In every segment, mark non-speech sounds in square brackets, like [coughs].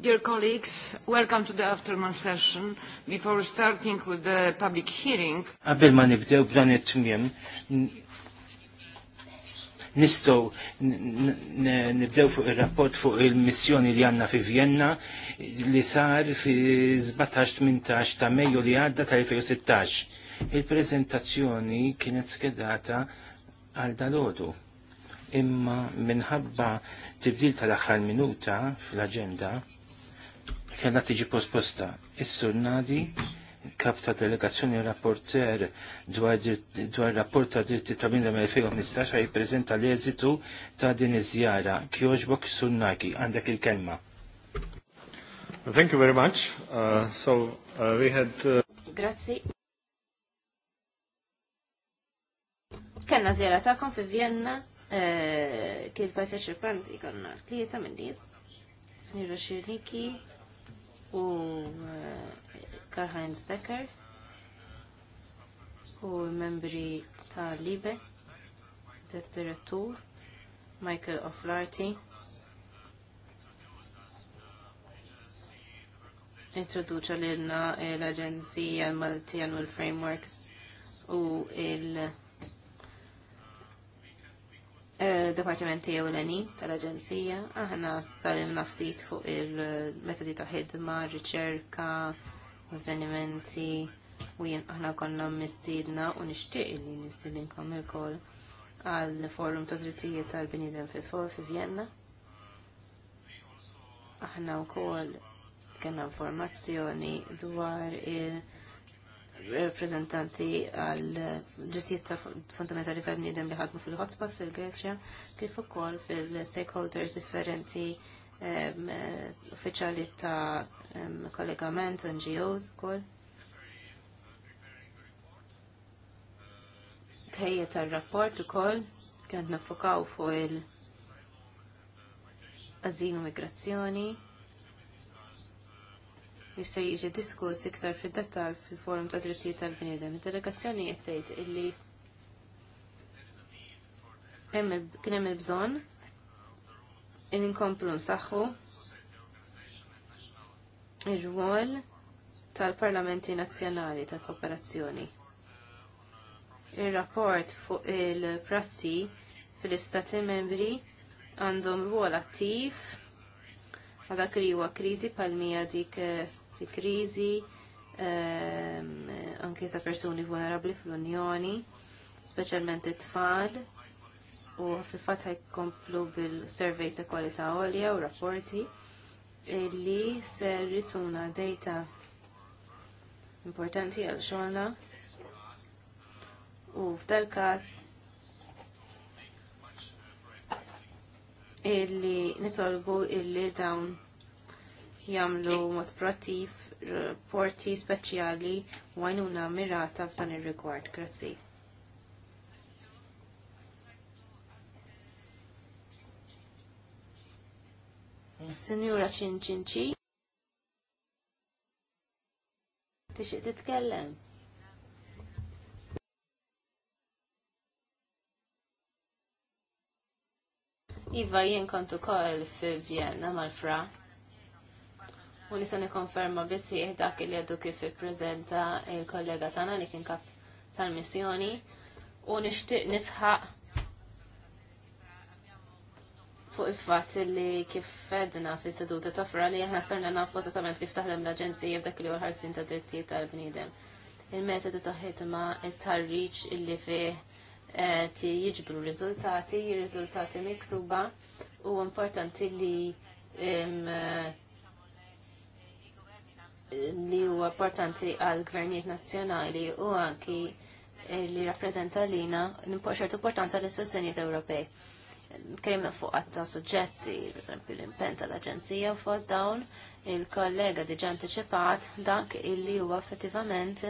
Dear colleagues, welcome to the afternoon session. Before starting with the public hearing... Qabel ma nibdew b'dan it-tmiem, Nistgħu nibdew fuq ir rapport fuq il-missjoni li għandna fi Vienna li sar fi 17-18 ta' Mejju li għadda tal-2016. Il-prezentazzjoni kienet skedata għal dalodu imma minħabba tibdil tal-axħar minuta fl-agenda kellna tiġi posposta. Is-sur Nadi, kap ta' delegazzjoni rapporter dwar, rapport ta' dirti ta' bindem 2015 jippreżenta l-eżitu ta' din iż-żjara. Kjoġbok Sunnaki, għandek il-kelma. Thank you very much. Uh, so uh, we had. Grazie. Uh, Grazzi. Kenna zjara ta'kom fi Vienna Eh, kien parteċipant ikonna klieta minn nies, Snira Xirniki u eh, Karl-Heinz Decker u membri ta' Libe, Tour, Michael O'Flaherty. Introduċa l-agenzija Maltijan u l-framework u il- departimenti ewleni tal-Aġenzija, aħna tal-imna ftit fuq il-metodi ta' ħidma, riċerka, avvenimenti, u jien aħna konna mistidna u nixtieq li nistidinkom il-kol għal forum ta' drittijiet tal-Binidem fi for fi Vienna. Aħna wkoll kena informazzjoni dwar il- rappresentanti għal ġittijiet ta' fundamentali tal-bniedem li ħadmu fil-hotspots il greċja kif ukoll fil-stakeholders differenti uffiċjali ta' kollegament, NGOs ukoll. Tejja tal-rapport ukoll kien nafokaw fuq il-azil migrazzjoni li jiġi diskuss iktar fid-dettal fil-forum ta' drittijiet tal-bniedem. Delegazzjoni qed tgħid illi kienem hemm il-bżonn il inkomplu nsaħħu ir-rwol tal-parlamenti nazzjonali tal-kooperazzjoni. Ir-rapport fuq il-prassi fil-istati membri għandhom rwol attiv għal dak li huwa kriżi palmija dik eh, fi kriżi ehm, anke ta' persuni vulnerabbli fl-Unjoni, speċjalment it-tfal, u fil-fatt ħajkomplu bil-surveys ta' kwalità għolja u rapporti li ser rituna data importanti għal xorna u f'tal kas illi nitolbu illi dawn jagħmlu mod pratif porti speċjali u għajnuna mirata f'dan ir-rigward. Grazzi. Sinjura ċinċinċi. Tixtieq titkellem? Iva jien kont ukoll fi Vienna mal-Fra u nisa nikonferma biss jih dak li għaddu kif ippreżenta il-kollega tagħna li kien kap tal-missjoni u nixtieq nisħaq fuq il-fatt li kif fedna fis-seduta ta' fra li aħna sarna nafu esattament kif taħdem l-Aġenzija f'dak li ħarsin ta' drittijiet tal-bniedem. Il-metodu ta' ħidma istħarriġ illi fih eh, jiġbru riżultati, riżultati miksuba u importanti li eh, li huwa importanti għal gvernijiet nazzjonali u anki eh, li rappresenta lina l-importanza importanza l sostenijiet Ewropej. Kemna fuq għatta suġġetti, per esempio l-impen tal-Aġenzija u fost dawn, il-kollega diġa anticipat dak illi huwa effettivament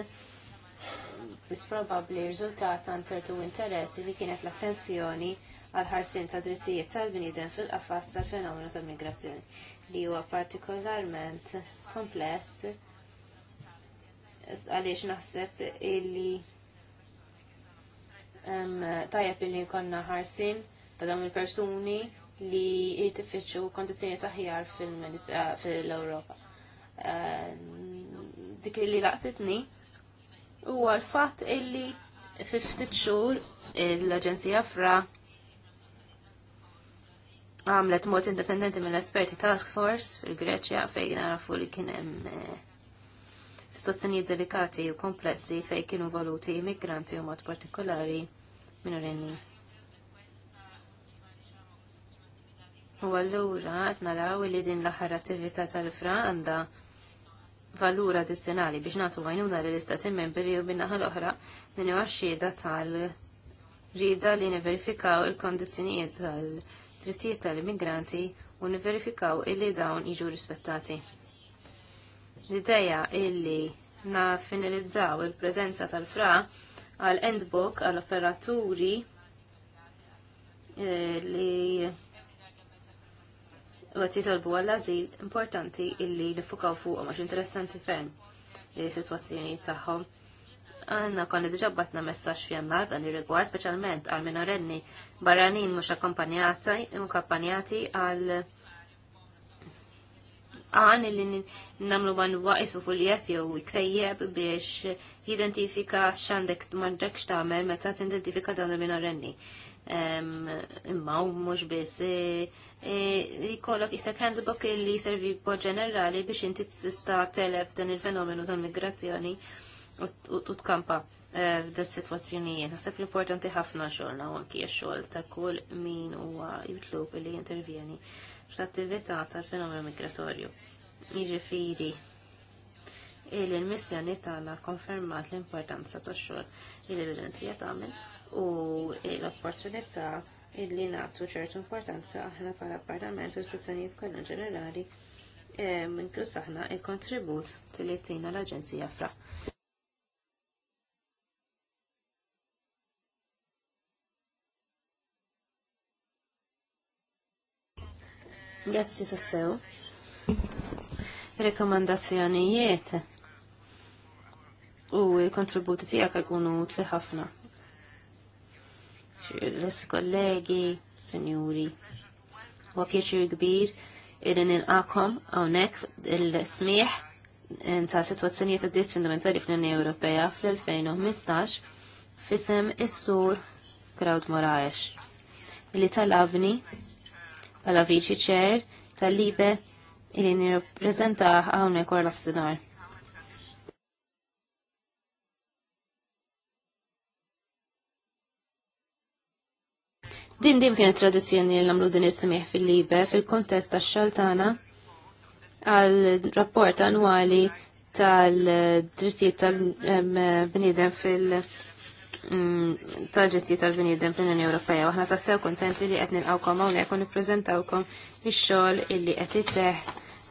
bis probabli riżultat ta' ċertu interessi li kienet l-attenzjoni għal ħarsin ta' drittijiet tal bnidem fil-qafas tal-fenomenu tal-migrazzjoni li huwa partikolarment kompless għaliex naħseb illi tajjeb illi konna ħarsin ta' dawn il-persuni li jitifiċu kondizjoni taħjar fil-Europa. Eh, dik li laqtitni u għal-fat illi 50 xhur l-Aġenzija Fra għamlet mod indipendenti mill-esperti task force fil-Greċja fejn narafu li kien hemm eh, situazzjonijiet delikati u komplessi fejn kienu voluti immigranti u mod partikolari minorenni. U allura għat naraw li din l-aħħar attività tal-fra għandha valur addizzjonali biex nagħtu għajnuna lill istati membri u bin naħa l-oħra din huwa xhieda tal-rida li niverifikaw il-kondizzjonijiet tal-, -tal drittijiet tal-immigranti u niverifikaw illi dawn jiġu rispettati. L-ideja illi finalizzaw il prezenza tal-fra għal endbook għal operaturi eh, li għat jitolbu għall-azil importanti illi nifukaw fuq għax interessanti ferm il-situazzjoni eh, tagħhom Għanna konni diġabbatna batna messax fjannar dan ir-rigward, specialment għal minorenni barranin mux akkompanjati għal għan li namlu man waqisu fuljet jew iktajjeb biex jidentifika xandek mandek xtamer meta t-identifika dan il-minorenni. Imma u mux biss e, e, jikollok jisek handbook li servi po ġenerali biex inti t-sista teleb dan il-fenomenu tal-migrazzjoni u tkampa eh, situazzjoni jien. Naħseb l-importanti ħafna xogħolna u anki xol xogħol ta' kull min huwa jitlub li jintervjeni fl-attività tal-fenomenu migratorju. Jiġifieri il l-missjoni tagħna konfermat l-importanza tax-xogħol li l-Aġenzija tagħmel u l-opportunità illi nagħtu ċertu importanza aħna bħala parlament u istituzzjonijiet kollha ġenerali eh, minn kus aħna il-kontribut li tina l-Aġenzija fra. Grazzi tassew. Rekomandazzjonijiet u kontributi tijak għagunu tli ħafna. kollegi, senjuri, u għapjeċir kbir irin il-akom għonek il-smiħ ta' situazzjoniet ta' dis fundamentali fl-Unjoni Ewropea fl-2015 fisem is-sur Kraut Moraes li talabni għala viċi ċer tal-libe illi għawne hawnhekk laf f'sinar. Din dim kienet tradizzjoni li nagħmlu din is-semieħ fil-libe fil-kontest tax-xaltana għal rapport annwali tal-drittijiet tal-bniedem fil- Mm, tal ġestiet tal-bniedem fl-Unjoni Ewropea. Waħna tassew kontenti li qed nilqawkom hawnhekk jekk nippreżentawkom ix-xogħol illi qed iseħħ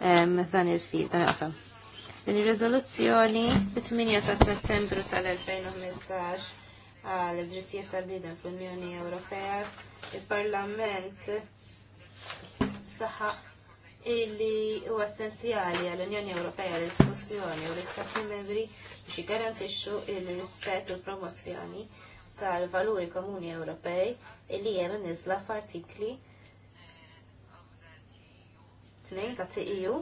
ehm, dan il-fil dan il-qasam. Din ir-riżoluzzjoni fit-8 ta' Settembru tal-2015 għal id-drittijiet tal-bniedem fl-Unjoni Ewropea, il-Parlament saħaq illi huwa essenzjali għall-Unjoni Ewropea l-istruzzjoni u l-Istati Membri biex jgarantixxu il-rispett u l-promozzjoni tal-valuri komuni Ewropej illi hemm inniżla f'artikli tnejn ta' TEU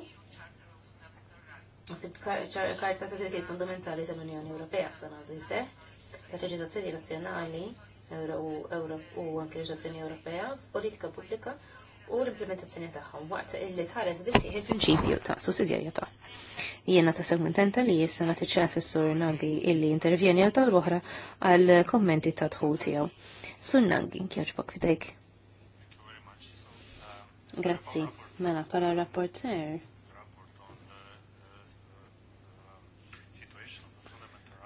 fil-Karta ta' Drittijiet Fundamentali tal-Unjoni Ewropea dan għadu jseħ ta' leġiżlazzjoni nazzjonali u anke leġiżlazzjoni Ewropea f'politika pubblika u l-implementazzjoni tagħhom waqt illi tħares biss il-prinċipju ta' sussidjarjetà. Jiena ta' segmententa li jissa ma tiċċa fis-sur Nagi illi intervjeni għal tal-oħra għal kommenti ta' tħu tiegħu. Sur Nagi, kjoġbok fidejk. Grazzi. Mela, para rapporter.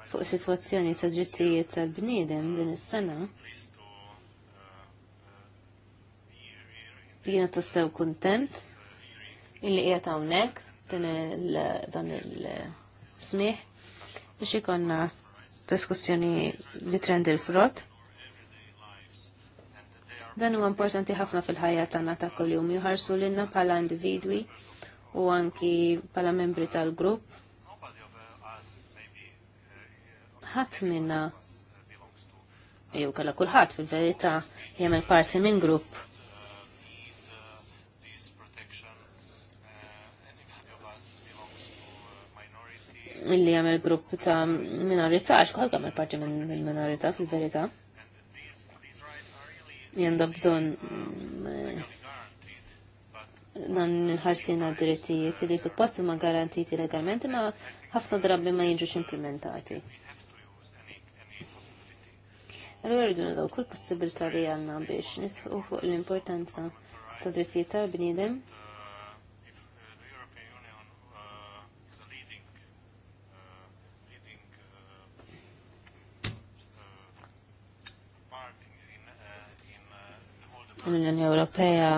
Fuq situazzjoni ta' drittijiet tal-bniedem din is-sena, jina tassew kuntent illi qiegħed hawnhekk dan il-smieħ biex ikonna diskussjoni li trend il-frott. Dan huwa importanti ħafna fil-ħajja tagħna ta' kuljum jħarsu lilna bħala individwi u anki bħala membri tal-grupp. Ħadd minna jew kalla kulħadd fil-verità jagħmel parti minn grupp illi għamil grupp ta' minorita, għax kħal għamil parti minn minorita fil-verita. Jenda bżon mm, dan il-ħarsin drittijiet li supposti ma garantiti legalment ma ħafna drabi ma jiġux implementati. Allora rridu nużaw kull possibilità li għanna biex nisfuq fuq l-importanza ta' drittijiet tal-bniedem l-Unjoni Ewropea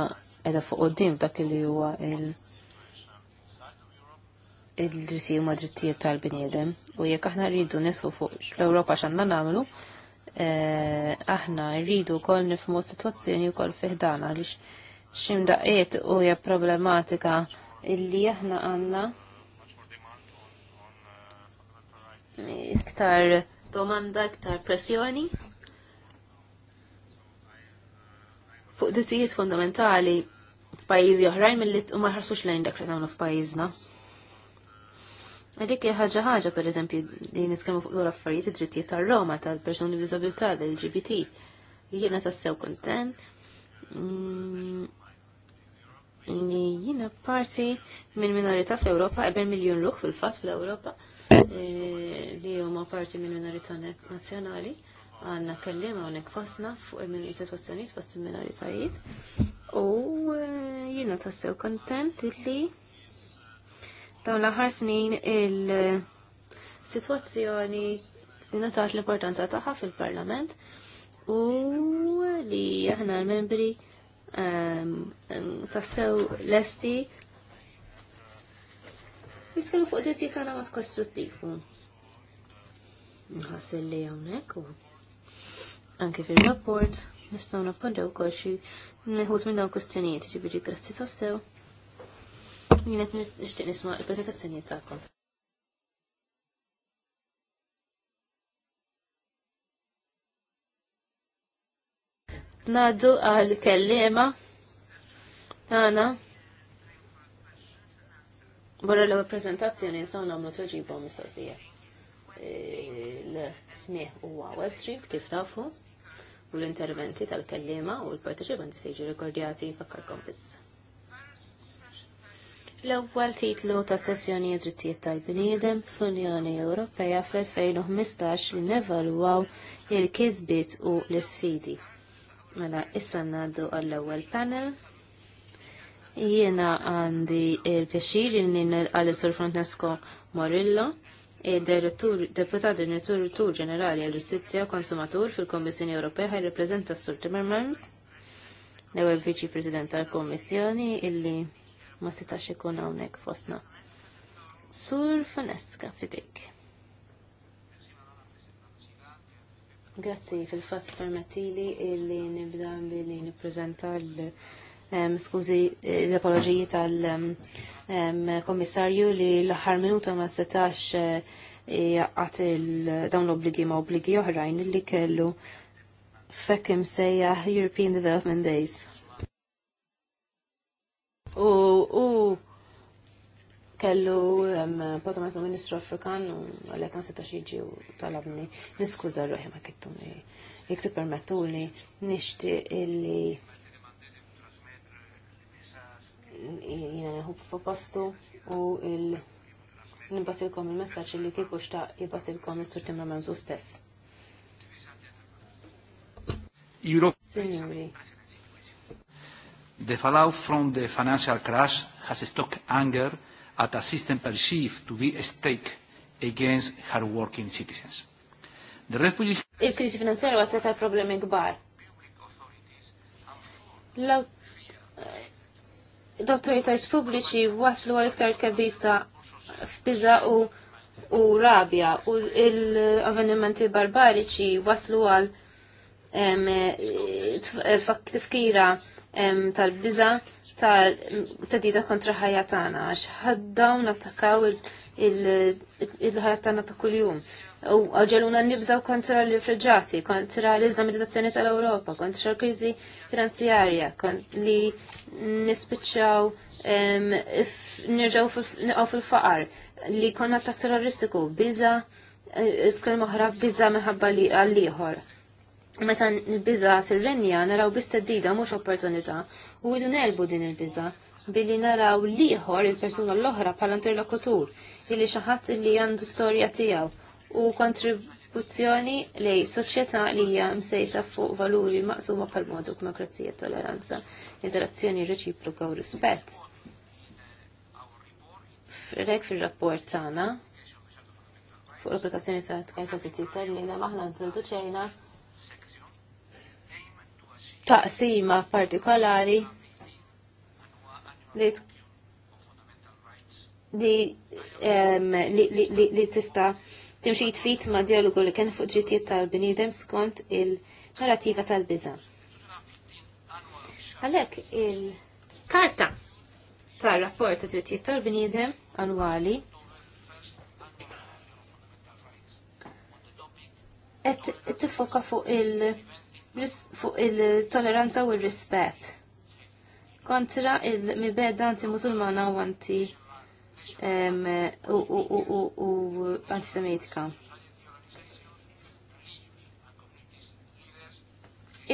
edha fuq qoddim dak li huwa il- il-ġritijiet ma drittijiet tal-bniedem u jekk aħna rridu nisfu fuq l-Ewropa x'għandna nagħmlu, eh, aħna rridu wkoll nifhmu sitwazzjoni wkoll fiħdana għaliex x'imdaqiet u hija problematika illi aħna għandna iktar domanda, iktar pressjoni fuq dittijiet fundamentali f'pajjiżi oħrajn milli ma ħarsux lejn dak li nagħmlu f'pajjiżna. Għadik ħaġa ħaġa pereżempju li nitkellmu fuq dwar affarijiet id-drittijiet tar-Roma tal-persuni b'diżabilità l-LGBT. Jiena tassew kuntent mm, li jiena parti minn minorità fl-Ewropa, qabel miljon ruħ fil-fatt fl-Ewropa eh, li huma parti minn minorità nazzjonali għanna kellim unek fosna fuq il-minu situazzjoniet fost il-minori sajid u eh, jina tassew kontent illi dawn l-ħar snin il-situazzjoni taħt l-importanza taħħa fil-parlament u li aħna l-membri ehm, tassew l-esti jitkellu fuq ditti tagħna mod kostruttivu. Nħass li hawnhekk u anke fil-rapport nistgħu nappondew wkoll xi neħuż minn dawn kwistjonijiet ġifieri grazzi tassew. Jien qed nixtieq nisma' l-preżentazzjonijiet tagħkom. Nadu għal kellima tagħna Barra l-ewwel prezentazzjoni nistgħu nagħmlu tweġibhom mistoqsija l-smieħ u Wall Street kif tafu u l-interventi tal-kellima u l-parteċipanti se jiġu rekordjati fakkarkom biss. L-ewwel titlu ta' sessjoni drittijiet tal-bniedem fl-Unjoni Ewropea fl-2015 li nevalwaw il-kisbiet u l-sfidi. Mela, issa ngħaddu għall-ewwel panel. Jiena għandi il-pjaċir li għal sur Francesco Morillo, Il-direttur, Deputat Direttur Ġenerali għal ġustizja u Konsumatur fil-Kommissjoni Ewropea ħaj reprezenta s-Sur Timmermans, l-ewwel Viċi President tal-Kommissjoni illi ma setax ikun hawnhekk fosna. Sur Faneska fidik. Grazzi fil-fatt permettili illi nibda billi nippreżenta l- skużi eh, l-apologiji tal-komissarju li l-ħar minuta ma setax eh, il dawn l-obligi ma obligi oħrajn li kellu fekkim sejjaħ European Development Days. U, u kellu Patamak Ministru Afrikan u għalek ma setax jiġi u talabni niskuza ruħi ma kittu li jek permettu li nishti illi jina neħu postu u il- nibatilkom il-messagġ li kikux ta' jibatilkom il-sur Timmermans u stess. Signori. The fallout from the financial crash has stuck anger at a system perceived to be a stake against hard-working citizens. The refugee... Il-krisi finanzjarja waslet problemi kbar l-autoritajt pubbliċi waslu għal iktar kabista f'biża u u rabja u l-avvenimenti barbariċi waslu għal tifkira tal-biża tal-tadida kontra ħajja tagħna għax dawn attakkaw il ħajatana ta' kuljum u għagġaluna nibżaw kontra l-rifreġati, kontra l izlamizzazzjoni tal-Europa, kontra l-krizi finanzjarja, li nispiċċaw nirġaw fil-faqar, li konna attak terroristiku, biza, eh, f'kelma oħra biza meħabba li għall-ieħor. Meta l-biza tir-renja naraw bisteddida mhux opportunità u li nelbu din il-biza billi naraw liħor il-persuna l-oħra pal interlokutur illi xaħat illi għandu storja tijaw u kontribuzzjoni lej soċjetà li hija msejsa fuq valuri maqsuma bħal modu demokrazija, toleranza, interazzjoni reċiproka u rispett. Rek fil-rapport tagħna fuq l-applikazzjoni ta' kajsa t-titter li maħna ċejna taqsima partikolari li li li li tista' timxi jitfit ma' dialogu li kien fuq drittijiet tal-bnidem skont il-narrativa tal biza Għalhekk il-karta tar-rapport ta' drittijiet tal-bniedem annwali qed tiffoka fuq il- fuq il-toleranza u r-rispett kontra il-mibeda anti-musulmana u anti u antisemitika.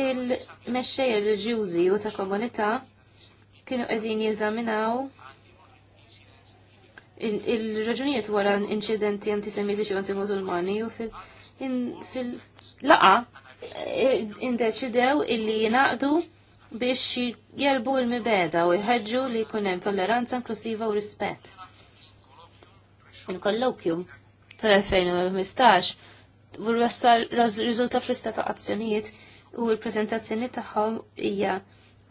Il-mexxej reġjużi u ta' komunità kienu qegħdin jeżaminaw il-raġunijiet wara inċidenti antisemitiċi u Musulmani u fil-laqa eh, indeċidew illi jinaqdu biex jelbu l-mibeda u jħedġu li kunem tolleranza inklusiva u rispett il-kollokju tal-2015 u r-riżulta fl istat ta' azzjonijiet u l-prezentazzjoni tagħhom hija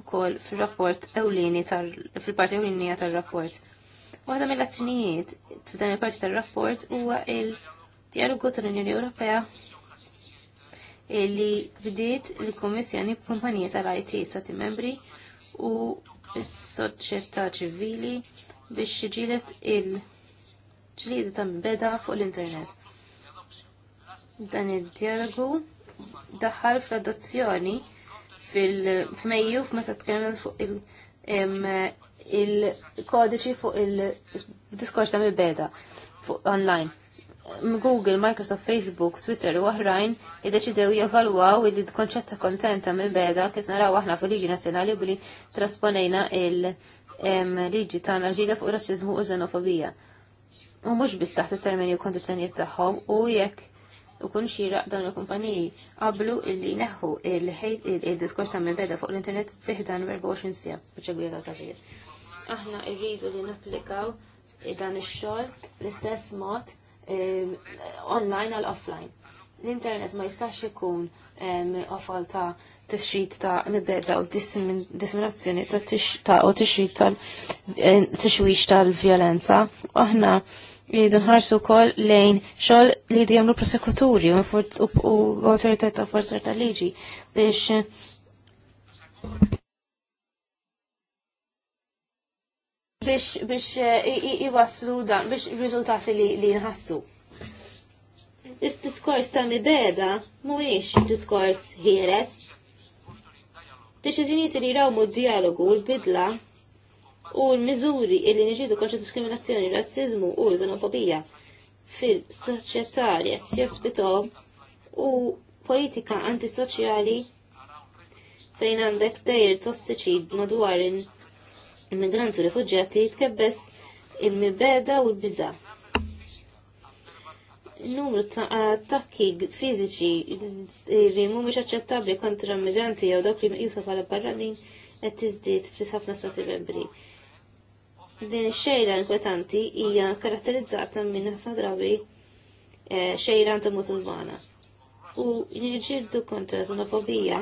wkoll fir-rapport ewlini fil-parti ewlini tar-rapport. Waħda mill-azzjonijiet f'dan il-parti tar-rapport huwa il-dialogu tal-Unjoni Ewropea li bdiet il-Kummissjoni Kumpanija tal-IT Stati Membri u s-soċjetà ċivili biex ġilet il- ġlieda ta' beda fuq l-internet. Dan id-dialogu daħal fl-adozzjoni fil-fmejju f'meta tkellmet fuq il-kodiċi fuq il-diskors ta' beda fuq online. Google, Microsoft, Facebook, Twitter u oħrajn id-deċidew jivalwaw il konċett ta' kontenta minn beda kif naraw aħna fil-liġi nazzjonali billi trasponejna il-liġi tagħna ġida fuq raċiżmu u xenofobija u mhux biss taħt il termini u kondizjoniet tagħhom u jekk kun xira dawn il-kumpaniji qablu illi neħu il-diskors ta' minn beda fuq l-internet fiħdan 24 sija biex kbira tal-każijiet. Aħna rridu li napplikaw dan ix-xogħol l-istess mod online għal offline. L-internet ma jistax ikun offal ta' tixrid ta' mibeda u disseminazzjoni ta' u tixrid tal-tixwix tal-vjolenza. Aħna jridu nħarsu kol lejn xol li jridu jamlu prosekuturi u autoritet ta' forza ta' liġi biex eh, biex biex eh, iwaslu dan biex riżultati li nħassu. Is-diskors ta' mibeda mhuwiex diskors ħieles. Deċiżjonijiet li rawmu d-dialogu u l-bidla u l-miżuri illi niġidu kontra diskriminazzjoni, razzizmu u xenofobija fil-soċjetà li qed jospitaw u politika antisoċjali fejn għandek dejjer tossiċi madwar immigranti u rifuġġjati tkebbes il-mibeda u l-biża. Numru ta' attakki fiżiċi li mhumiex aċċettabbli kontra immigranti jew dawk li meqjusa bħala barranin qed tiżdied fis ħafna stati membri. Din xejra inkwetanti hija karatterizzata minn ħafna drabi eh, xejra antimusulmana. U nirġirdu kontra xenofobija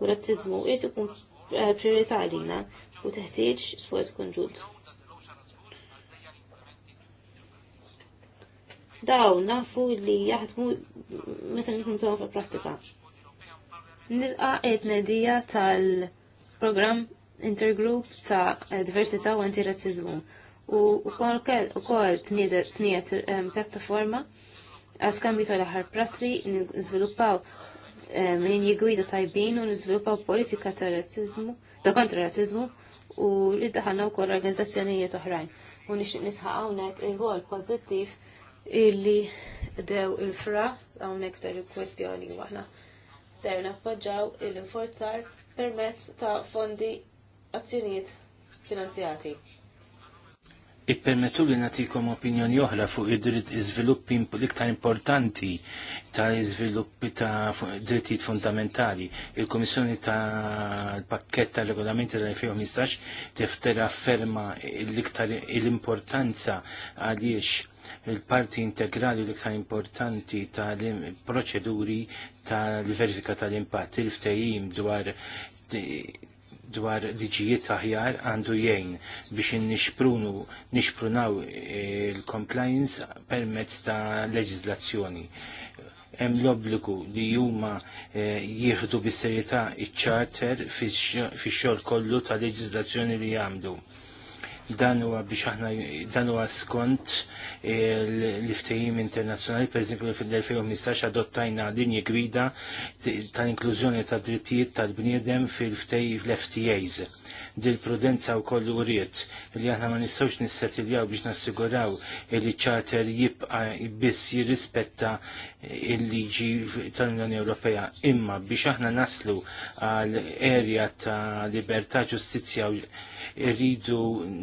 u razzizmu irid kun eh, priorità għalina u teħtieġ sforz konġunt. daw nafu li jaħdmu meta nkun fil-prattika. Nilqa' etnedija nedija tal program intergroup ta' diversità u antirazzizmu. U kol tniet pjattaforma għaskambi tal-ħar prassi nizviluppaw min jigwida tajbin u nizviluppaw politika ta' razzizmu, ta' kontra razzizmu u li daħanna u kol organizzazzjonijiet oħrajn. U nixtieq nisħaq hawnhekk il-rwol pożittiv illi dew il-fra hawnhekk tal kwestjoni waħna Serna nappoġġaw il-forzar permezz ta' fondi azzjonijiet finanzjati. Ippermettu li natikom opinjoni oħra fuq id-dritt iżviluppi l-iktar importanti ta' iżviluppi ta' drittijiet fundamentali. Il-Komissjoni ta' l-pakket ta' regolamenti tal-2015 teftera ferma l-iktar l-importanza għaliex il-parti integrali l-iktar importanti ta' proċeduri ta' l-verifika tal-impatt, il-ftejim dwar dwar liġijiet aħjar għandu jgħin biex nixprunaw e, il-compliance permezz ta' leġizlazzjoni. Hemm l-obbligu li huma e, jieħdu bis-serjetà iċ-charter fix-xogħol kollu ta' leġizlazzjoni li jagħmlu dan huwa biex aħna dan huwa skont l iftehim internazzjonali, eżempju fil-2015 adottajna linji gwida tal-inklużjoni ta' drittijiet tal-bniedem fil-ftej fl-FTAs. Dil prudenza u kollu uriet li aħna ma nistgħux nissetiljaw biex nassiguraw li ċarter jibqa biss jirrispetta il-liġi tal-Unjoni Ewropea imma biex aħna naslu għal erja ta' libertà, ġustizzja u irridu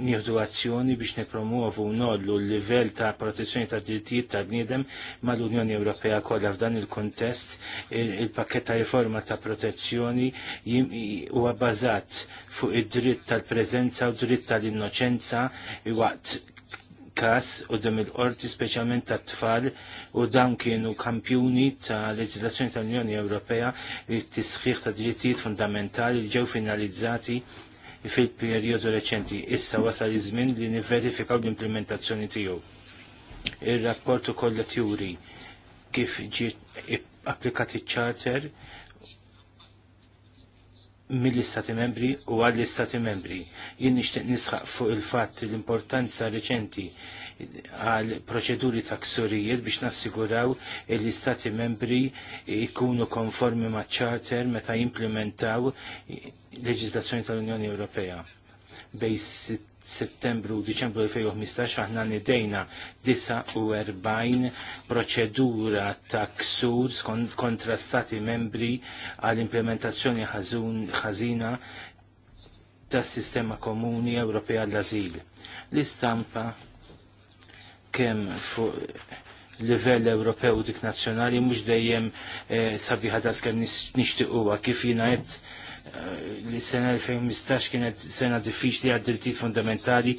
nieħdu azzjoni biex nipromuovu nollu l-livell ta' protezzjoni ta' drittijiet tal-bniedem mal-Unjoni Ewropea kollha f'dan il-kontest il-pakket ta' riforma ta' protezzjoni huwa bbażat fuq id-dritt tal-preżenza u dritt tal-innoċenza waqt kas u dem il-qorti speċjalment ta' tfal u dawn kienu kampjuni ta' leġislazzjoni tal-Unjoni Ewropea li tisħiħ ta' drittijiet fundamentali li ġew finalizzati fil-perjodu reċenti. Issa wasal iż-żmien li nivverifikaw l-implementazzjoni tiegħu. Ir-rapport ukoll juri kif ġiet applikati ċ charter mill-istati membri u għall-istati membri. Jien nixtieq nisħaq fuq il-fatt l-importanza reċenti għal proċeduri ta' ksurijiet biex nassiguraw l-istati membri ikunu konformi ma' charter meta jimplementaw leġislazzjoni tal-Unjoni Ewropea Bejs settembru u Diċembru 2015 aħna nidejna 49 proċedura ta' ksur kontra stati membri għall implementazzjoni ħażina tas sistema komuni Ewropea l-Azil. L-istampa kemm fuq livell Ewropew dik nazzjonali mhux dejjem eh, sabiħa ta' kemm nixtiequha kif jingħid li sena 2015 kienet sena diffiċli għad drittijiet fundamentali,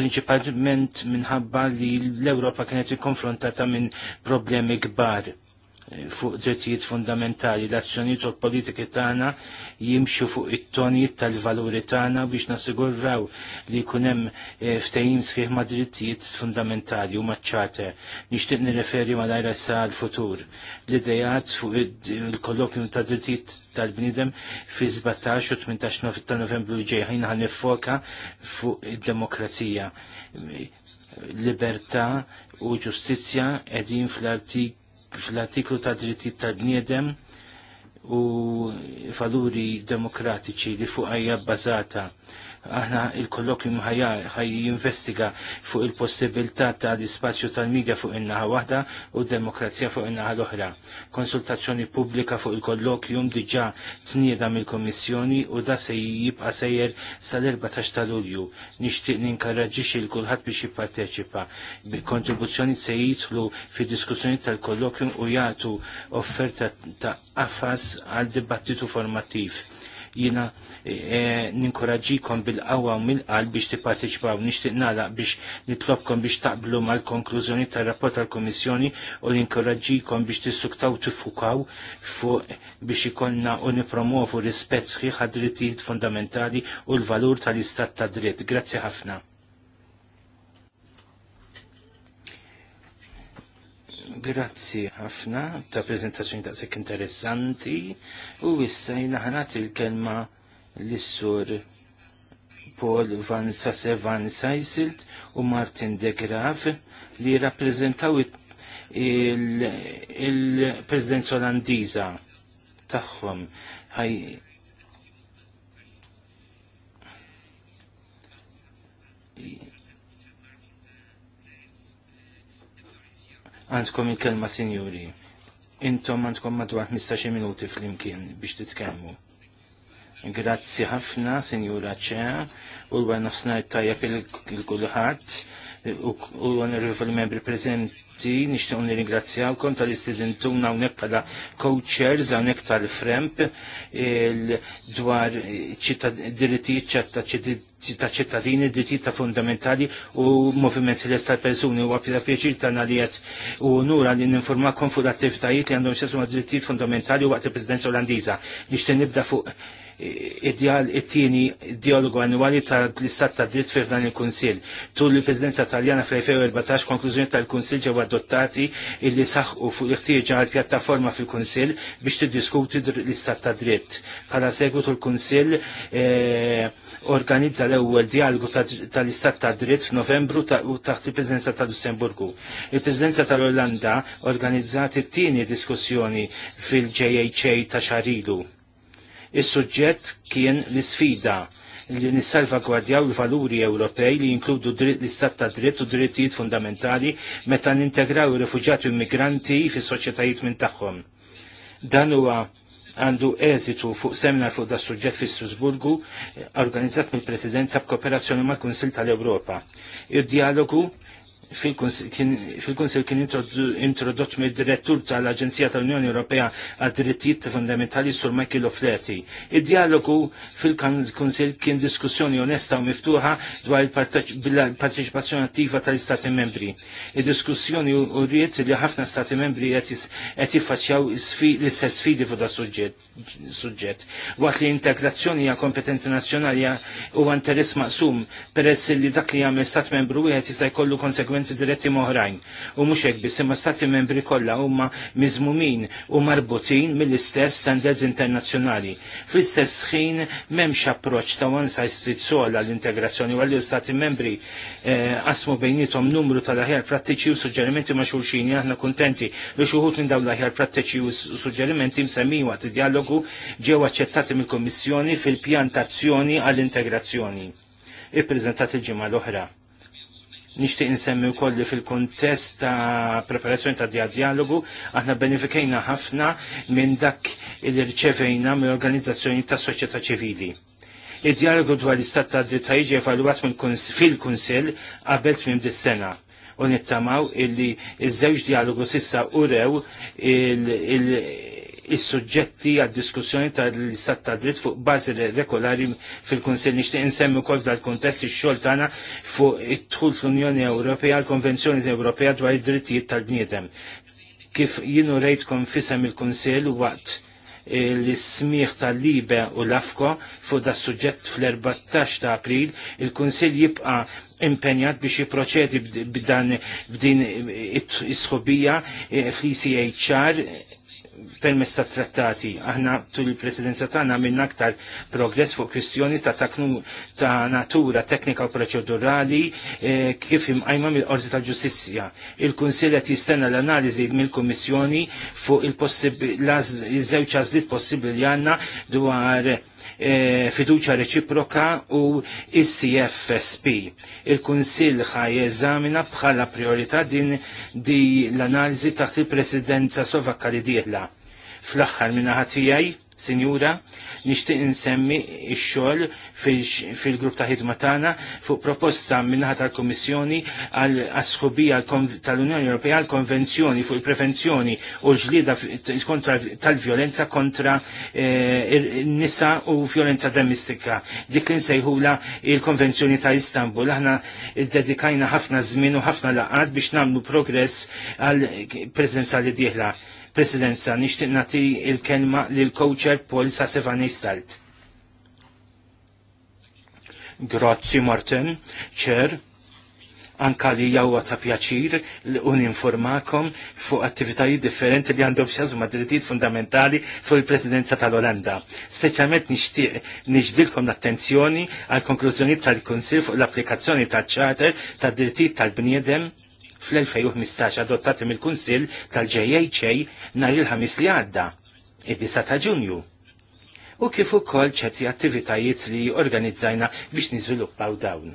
prinċipalment minħabba li l-Europa kienet konfrontata minn problemi kbar fuq drittijiet fundamentali, l-azzjonijiet u l-politiki tagħna jimxu fuq it-tonijiet tal-valuri tagħna biex nassigurraw li jkun hemm eh, ftehim sħiħ ma' drittijiet fundamentali u maċ-ċarter. Nixtieq nirreferi malajra sa l-futur. L-idejat fuq il-kollokju ta' drittijiet tal-bnidem fi 17 u 18 ta' novembru ġej ħin ħan nifoka fuq id-demokrazija libertà u ġustizzja edin fl-artik fl-artiklu ta' dritti tal-bniedem u valuri demokratiċi li fuq hija bbażata aħna il-kollokju ħaj jinvestiga fuq il-possibilità ta' l-ispazju tal-medja fuq in-naħa waħda u d-demokrazija fuq in-naħa l-oħra. Konsultazzjoni pubblika fuq il-kollokjum diġà tnieda mill-Kommissjoni u da se jibqa' sejjer sal-14 ta' Lulju. Nixtieq ninkarraġġix il kulħadd biex jipparteċipa. Bil-kontribuzzjoni se jidħlu fid-diskussjoni tal kollokju u jagħtu offerta ta' affas għal dibattitu formattiv. Jina Eh, ninkoraġikom bil-qawwa u mill-qalb biex tipparteċipaw nixtieq nagħlaq biex nitlobkom biex taqblu mal-konklużjoni tar-rapport tal-Kummissjoni u ninkoraġikom biex tissuktaw tifukaw fuq biex ikollna u nipromovu rispett sħiħ għad-drittijiet fundamentali u l-valur tal-istat ta' dritt. Grazzi ħafna. Grazzi ħafna ta' prezentazzjoni ta' sekk interessanti u issa jina ħanat il-kelma l-issur Paul Van van Saiselt u Martin de Graaf li rappresentaw il-President il Olandiza tagħhom. Għandkom il-kelma, sinjuri. Intom għandkom madwar 15 minuti fl-imkien biex titkellmu. Grazzi ħafna, Sinjura Ċea, u għan nafsna tajjeb pil kulħat u għan il membri prezenti, nishtiq un għalkom tal-istudentuna unek pala coachers, unek tal-fremp, dwar diritti ta' ċittadini, diritti ta' fundamentali u movimenti l-est tal-persuni u għapja pieċir ta' nalijet u nura li n-informakom fuq l-attivitajiet li għandhom xesum diritti fundamentali u għat il-Presidenza Olandiza. Nishtiq nibda fuq it-tieni dialogu annwali tal-istat ta' dritt fir dan il-Kunsill. Tul il-Presidenza Taljana fl-2014 konklużjoni tal-Kunsill ġew adottati illi u fuq l-ħtieġa għal pjattaforma fil-Kunsill biex tiddiskuti l-istat ta' dritt. Bħala segwitu l-Kunsill eh, organizza l-ewwel dialogu tal-istat ta' dritt f'Novembru u taħt il-Presidenza tal-Lussemburgu. Il-Presidenza tal-Olanda organizzat it-tieni diskussjoni fil-JHA ta' xarilu Is-suġġett kien l-isfida li nissalvagwardjaw il-valuri Ewropej li jinkludu l-istat ta' dritt u drittijiet fundamentali meta nintegraw ir-refuġjati u immigranti fis-soċjetajiet minn tagħhom. Dan huwa għandu eżitu fuq seminar fuq da suġġett fi Strasburgu, organizzat mill-Presidenza b'kooperazzjoni mal kunsil tal-Ewropa. il dialogu fil-Konsil kien introdott mid direttur tal-Aġenzija tal-Unjoni Ewropea għad drittijiet fundamentali sur Michael O'Flaherty. Id-dialogu fil-Konsil kien diskussjoni onesta u miftuħa dwar il-parteċipazzjoni attiva tal-Istati membri. Id-diskussjoni u rrit li ħafna Stati membri qed jiffaċċjaw l-istess sfidi fuq da suġġett. Waqt li integrazzjoni hija kompetenzi nazzjonali huwa interess maqsum peress li dak li jagħmel Stat membru wieħed jista' jkollu konsekwenzi konsekwenzi diretti moħrajn. U mhux hekk biss imma stati membri kollha huma miżmumin u marbutin mill-istess standards internazzjonali. Fl-istess xin m'hemmx approċċ ta' one size fits all għall-integrazzjoni u għall-istati membri eh, qasmu bejnietom numru tal-aħjar prattiċi u suġġerimenti ma' xulxin aħna kuntenti li xuħut minn dawn l-aħjar prattiċi u suġġerimenti msemmi waqt id-dialogu ġew aċċettati mill-Kommissjoni fil-pjantazzjoni għall-integrazzjoni ippreżentat il-ġimgħa l-oħra nixtieq insemmi wkoll li fil-kuntest ta' preparazzjoni ta' dialogu aħna benefikejna ħafna minn dak il rċevejna mill organizzazzjoni ta' soċjetà ċivili. il dialogu dwar l-istat ta' dritta jiġi evalwat fil-Kunsill qabel tmiem dis-sena u nittamaw illi iż-żewġ dialogu sissa urew il-, il, is-suġġetti għad-diskussjoni tal-istat ta' dritt fuq bażi regolari fil-Kunsill nixtieq insemmi wkoll dal kontest il xogħol tagħna fuq it tħul fl-Unjoni Ewropea għal konvenzjoni Ewropea dwar id-drittijiet tal-bniedem. Kif jienu rejtkom fissem il-Kunsill waqt l-ismiħ tal-libe u l-afko fuq da suġġett fl-14 ta' april, il-Kunsil jibqa impenjat biex jiproċedi b'dan b'din it-sħobija eh, fl-ICHR permess ta' trattati. Aħna tul il-presidenza tagħna minn aktar progress fuq kwistjoni ta' taknu ta' natura teknika u proċedurali eh, kif imqajma mill-Qorti tal-Ġustizzja. Il-Kunsill qed jistenna l-analiżi mill-Kummissjoni fuq il-żewġ għażliet possibbli li għandna dwar eh, fiduċa reċiproka u ICFSP. Il-Kunsill ħaj eżamina bħala priorità din di l-analiżi taħt il-Presidenza Slovakka li dieħla. Fl-axħar minna ħatijaj, Sinjura, nixtieq insemmi x-xogħol fil-grupp ta' ħidma tagħna fuq proposta minnaħa tal-Kummissjoni għal asħubija tal-Unjoni Ewropea għal konvenzjoni fuq il-prevenzjoni u l-ġlieda tal-vjolenza kontra eh, nisa u vjolenza domestika. Dik li nsejħula il-Konvenzjoni ta' Istanbul. Aħna ddedikajna ħafna żmien u ħafna laqgħat biex nagħmlu progress għal prezidenza li dieħla. Presidenza, nixtieq nagħti il-kelma l coacher Paul Sasevanistalt. Grazzi Martin, ċer, anka li jawa ta' pjaċir un-informakom fuq attivitajiet differenti li għandhom xazum drittijiet fundamentali fuq il-presidenza tal-Olanda. Speċjalment nixtieq nixdilkom l-attenzjoni għal konklużjoni tal-Kunsil fuq l-applikazzjoni tal-ċarter tad drittijiet tal-bniedem fl-2015 adottati mill-Kunsill tal-JHA nhar il-ħamis li għadda, id-9 ta' Ġunju. U kif ukoll ċerti attivitajiet li organizzajna biex niżviluppaw dawn.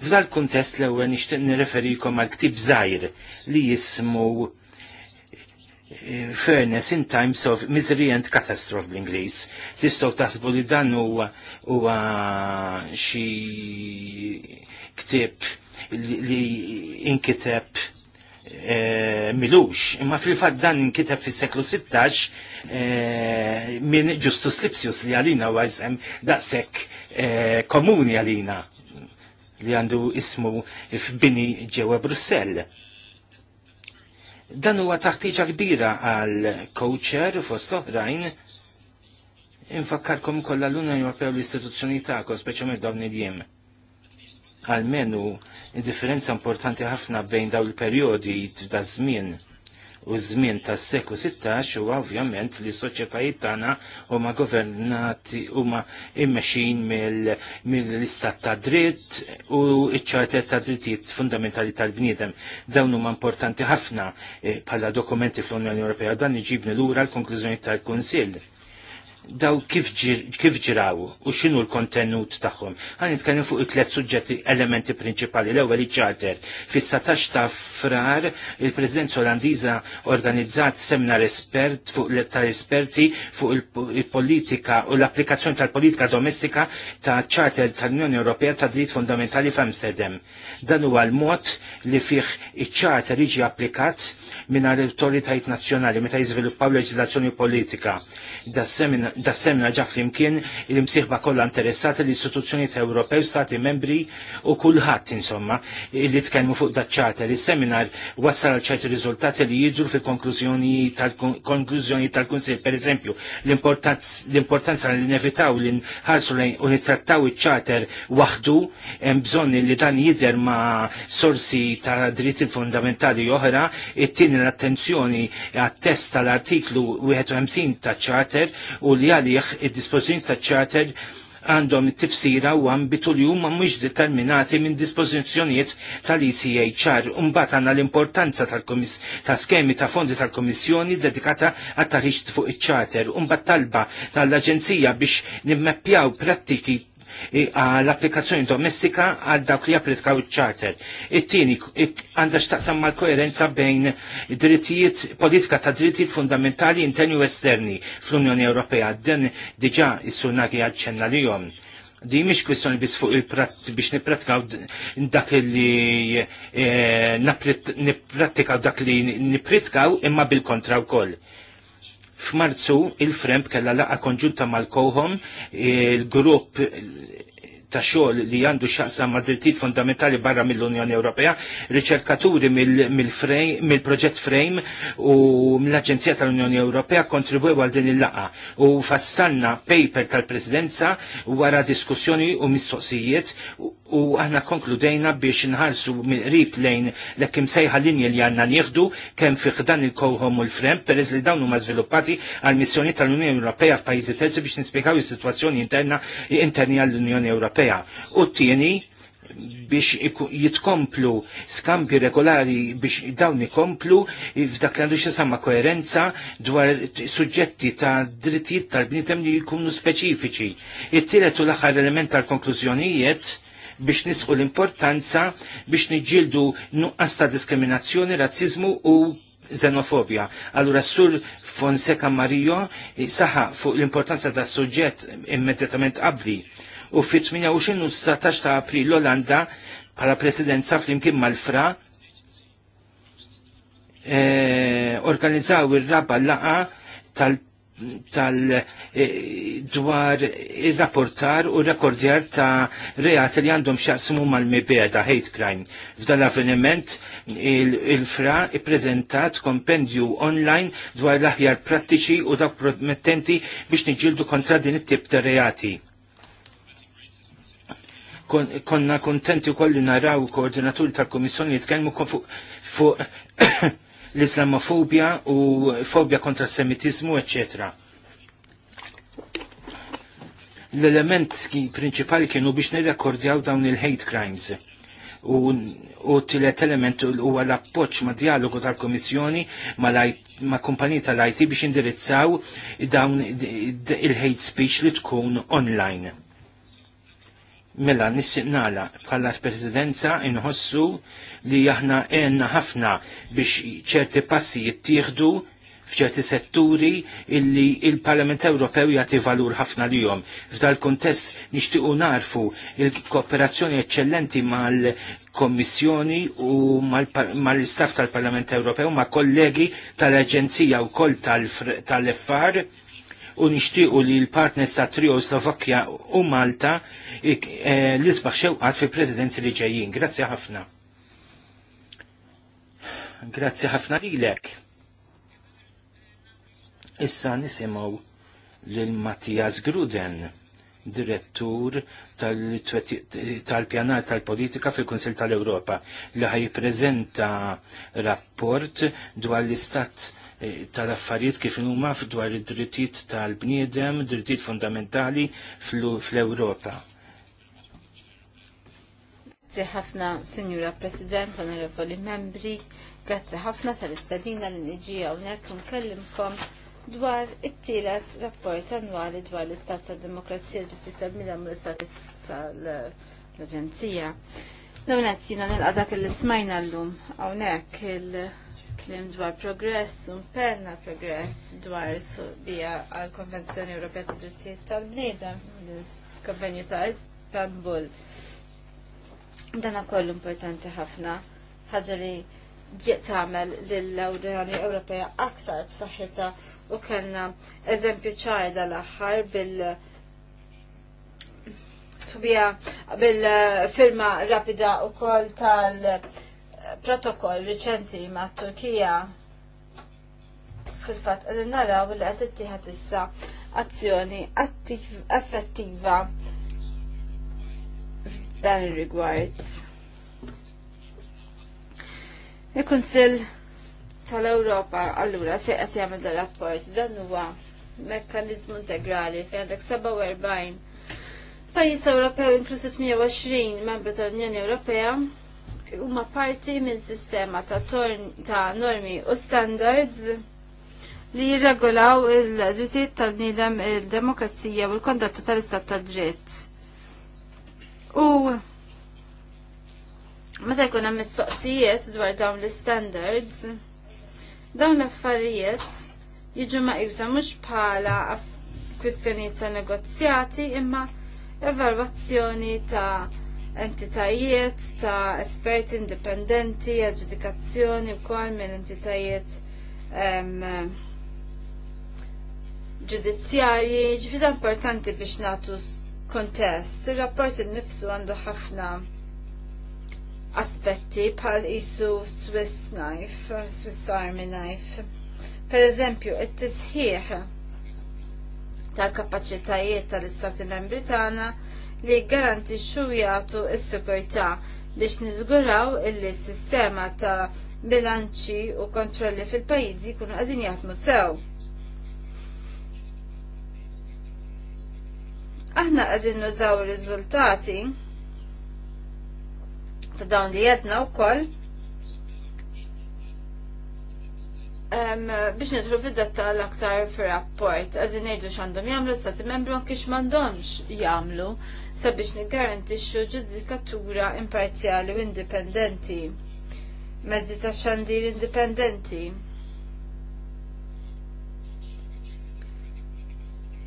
F'dal kuntest l-ewwel nixtieq nirreferikom għal ktib żgħir li jismu eh, Fairness in Times of Misery and Catastrophe bl-Ingliż. Tistgħu taħsbu li dan huwa huwa xi ktieb li inkiteb E, milux, imma fil-fat dan inkiteb fis seklu 16 e, eh, minn Ġustus Lipsius li għalina u għazem daqsek e, komuni għalina li għandu ismu f'bini ġewa Brussell. Dan huwa taħtiġa kbira għal coacher fost oħrajn infakkarkom kollha l-Unjoni Ewropea u l-istituzzjoni tagħkom speċjalment dawn il-jiem għalmenu differenza importanti ħafna bejn daw il-perjodi ta' żmien u żmien tas seklu 16 huwa ovvjament li s-soċjetajiet tagħna huma governati huma immexxin mill-istat ta' dritt u ċ-ċarter ta' drittijiet fundamentali tal-bniedem. Dawn huma importanti ħafna eh, bħala dokumenti fl-Unjoni Ewropea dan iġibni lura l-konklużjoni tal-Kunsill daw kif ġiraw u xinu l-kontenut tagħhom. Għan nitkellem fuq it-tlet suġġetti elementi prinċipali. L-ewwel iċ Fis-satax ta' frar il-President Olandiża organizzat seminar espert fuq ta' esperti fuq il-politika u l-applikazzjoni tal-politika domestika ta' charter tal-Unjoni Ewropea ta' dritt fundamentali f'Amsterdam. Dan huwa l-mod li fih iċ ċarter jiġi applikat minn l-autoritajiet nazzjonali meta jiżviluppaw leġislazzjoni politika. Da' seminar semna ġa flimkien il-msiħba kollha interessati l ta' Ewropew, stati membri u kulħadd insomma li tkellmu fuq daċċata li seminar wassal għal ċerti riżultati li jidru fil-konklużjoni tal kunsil kunsill Per eżempju, l-importanza li nevitaw li nħarsu u nittrattaw iċ waħdu hemm bżonn li dan jidher ma' sorsi ta' dritti fundamentali oħra, it-tieni l-attenzjoni għat-test tal-artiklu 51 ta' ċarter u li raġuni għalih id dispozizjoni ta' charter għandhom tifsira u ambitu li huma mhux determinati minn dispożizzjonijiet tal-ECHR u mbagħad għandna l-importanza ta' skemi ta' fondi tal-Komissjoni dedikata għat taħriġ fuq iċ-ċarter u mbagħad talba tal-Aġenzija biex nimmeppjaw prattiki l applikazzjoni domestika għal dawk li applikaw il-charter. It-tieni għandha x'taqsam mal-koerenza bejn drittijiet politika ta' drittijiet fundamentali interni u esterni fl-Unjoni Ewropea. Den diġà is-sunaki għadċenna li jom di mish kwistjoni biex fuq il-prat biex nipratikaw dak li eh, nipratikaw dak li nipratikaw imma bil-kontra u koll. F'Marzu il-Fremp kella laqa konġunta mal-Kohom, il-grupp ta' xogħol li għandu xaqsam ma' drittijiet fundamentali barra mill-Unjoni Ewropea, riċerkaturi mill-proġett Frame u mill-Aġenzija tal-Unjoni Ewropea kontribwew għal din il-laqa u fassalna paper tal-Presidenza wara diskussjoni u mistoqsijiet u aħna konkludejna biex nħarsu qrib lejn l-ekim sejħa linja li għanna nieħdu kemm fi dan il kowħom u l-frem peress li dawn huma żviluppati għal missjoni tal-Unjoni Ewropea f'pajjiżi terzi biex nispjegaw is-sitwazzjoni interna interni għall-Unjoni Ewropea. U t-tieni biex jitkomplu skampi regolari biex dawn ikomplu f'dak li għandu sama koerenza dwar suġġetti ta' drittijiet tal-bnietem li jkunu speċifiċi. It-tielet u l-aħħar element tal-konklużjonijiet biex nisqu l-importanza biex nġildu nuqqas ta' diskriminazzjoni, razzizmu u xenofobja. Allura sur Fonseca Mario eh, saħa fuq l-importanza ta' suġġett immedjatament qabli u fit-28 u ta' april l-Olanda bħala presidenza flimkien mal-Fra e, organizzaw ir-raba laqa tal- tal eh, dwar il-rapportar u rekordjar ta' reati li għandhom xaqsmu mal-mibeda hate crime. F'dan l-avveniment il-fra i prezentat kompendju online dwar l-aħjar prattiċi u dak promettenti biex niġildu kontra din it-tip ta' reati konna kontenti kolli naraw koordinatur tal-Komissjoni jitkellmu fuq l islamofobia u fobja kontra s-semitizmu, eccetera l-element principali kienu biex nirrekordjaw dawn il-hate crimes. U, u t-tilet element u għal-appoċ ma dialogu tal-Komissjoni ma, ma tal-IT biex indirizzaw dawn il-hate speech li tkun online. Mela, nissiqnala bħala presidenza inħossu li aħna għenna ħafna biex ċerti passi jittieħdu f'ċerti setturi illi il-Parlament Ewropew jagħti valur ħafna lihom. F'dal kuntest nixtiequ narfu il-kooperazzjoni eċċellenti mal-Kommissjoni u mal-istaff mal kommissjoni u mal istaff tal parlament Ewropew ma' kollegi tal-Aġenzija wkoll tal-FR tal, u nixtiequ li l-partners ta' trio Slovakkja u Malta eh, li sbaħ xewqat fil prezidenzi li ġejjin. Grazzi ħafna. Grazzi ħafna lilek. Issa nisimgħu lil Mattias Gruden direttur tal-pjanar tal-politika fil-Konsil tal-Europa li ħaj prezenta rapport dwar l-istat Eh, tal-affarijiet kif huma dwar id-drittijiet tal-bniedem, drittijiet fundamentali fl-Ewropa. Grazzi ħafna, Signora President, Onorevoli Membri, grazzi ħafna tal-istadina li niġi hawnhekk nkellimkom dwar it-tielet rapport annwali dwar l-istat tad-demokrazija li titabmilha mill-istat tal-Aġenzija. L-għonet jina nilqa dak il-smajna l-lum, għonek il- klim dwar progress, un penna progress dwar bija għal Konvenzjoni Ewropea ta' Drittijiet tal-Bniedem, l ta' Istanbul. Dan kollu importanti ħafna, ħaġa li tagħmel lill-Unjoni Ewropea aktar b'saħħitha u kellna eżempju ċarda l-aħħar bil- subija bil-firma rapida u kol tal- protokoll riċenti ma' Turkija fil-fat għadin naraw li għad ittieħed issa azzjoni effettiva f'dan il-rigward. il kunsill tal-Europa allura fejn qed jagħmel dan rapport dan huwa mekkaniżmu integrali fejn għandek 47 pajjiż Ewropew inklużi 120 membru tal-Unjoni Ewropea huma parti minn sistema ta', ta normi u standards li jirregolaw il-drittijiet tal-bniedem il-demokrazija u l-kondotta tal-istat ta' dritt. U meta jkun hemm mistoqsijiet dwar dawn l-standards, dawn l-affarijiet jiġu meqjusa mhux bħala kwistjonijiet ta' negozjati imma evalwazzjoni ta' entitajiet ta' esperti indipendenti, u wkoll minn entitajiet ġudizzjarji, ġifida importanti biex nagħtu kontest. Il-rapport il-nifsu għandu ħafna aspetti bħal isu Swiss knife, Swiss Army knife. Per eżempju, it-tisħiħ tal-kapacitajiet tal-Istati Membri tagħna li garantixxu jagħtu s sekurta biex niżguraw illi s-sistema ta' bilanċi u kontrolli fil-pajjiżi jkunu qegħdin jaħdmu sew. Aħna għadin nużaw rizultati riżultati ta' dawn li u wkoll biex nidħlu fid-detta l-aktar fir-rapport, għazin nejdu xandom jamlu, stati membru kiex mandomx jamlu, sabiex xo ġudikatura imparzjali u indipendenti, mezzi ta' xandir indipendenti.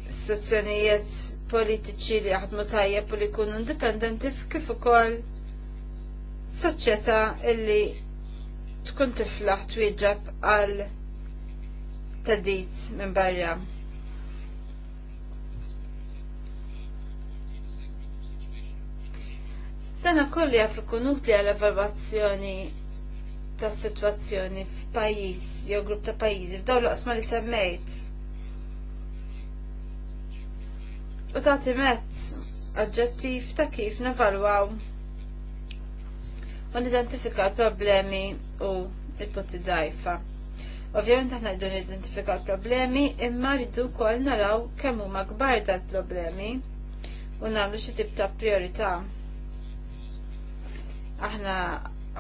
Istituzzjonijiet politiċi li jaħdmu tajjeb u li jkunu indipendenti kif ukoll soċjetà illi tkun tiflaħ twieġab għal tadit minn barra. Dana kolli għaf ikun utli għal evalwazzjoni ta' situazzjoni f'pajis jew grupp ta' pajizi f'daw l-qasma li semmejt. U ta' timet aġġettiv ta' kif nevalwaw u nidentifika l-problemi u il-punti dajfa. Ovvjament aħna rridu nidentifika l-problemi imma rridu wkoll naraw kemm huma kbar tal problemi u nagħmlu xi tip ta' priorità. Aħna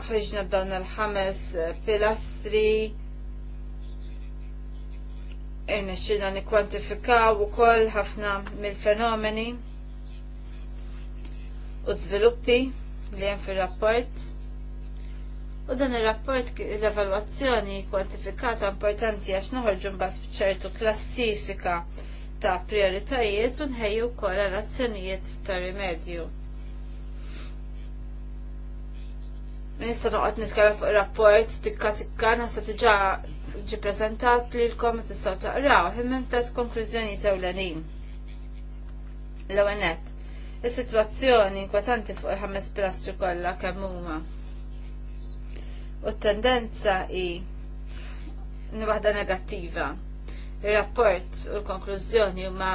ħriġna b'dawn il-ħames eh, pilastri irnexxina nikkwantifikaw ukoll ħafna mill-fenomeni u żviluppi li hemm fir-rapport U dan il-rapport l-evalwazzjoni kwantifikata importanti għax noħorġu mbagħad b'ċertu klassifika ta' prioritajiet u nħejju wkoll għal azzjonijiet ta' rimedju. Minista noqgħod niskara fuq rapport tikka tikka naħseb diġà ġi preżentat lilkom ma tistgħu taqraw ħimmem tliet konklużjoni tewlenin. L-ewwel nett, is-sitwazzjoni inkwetanti fuq il-ħames plastru kollha kemm huma u tendenza i waħda negattiva. Il-rapport u l-konklużjoni huma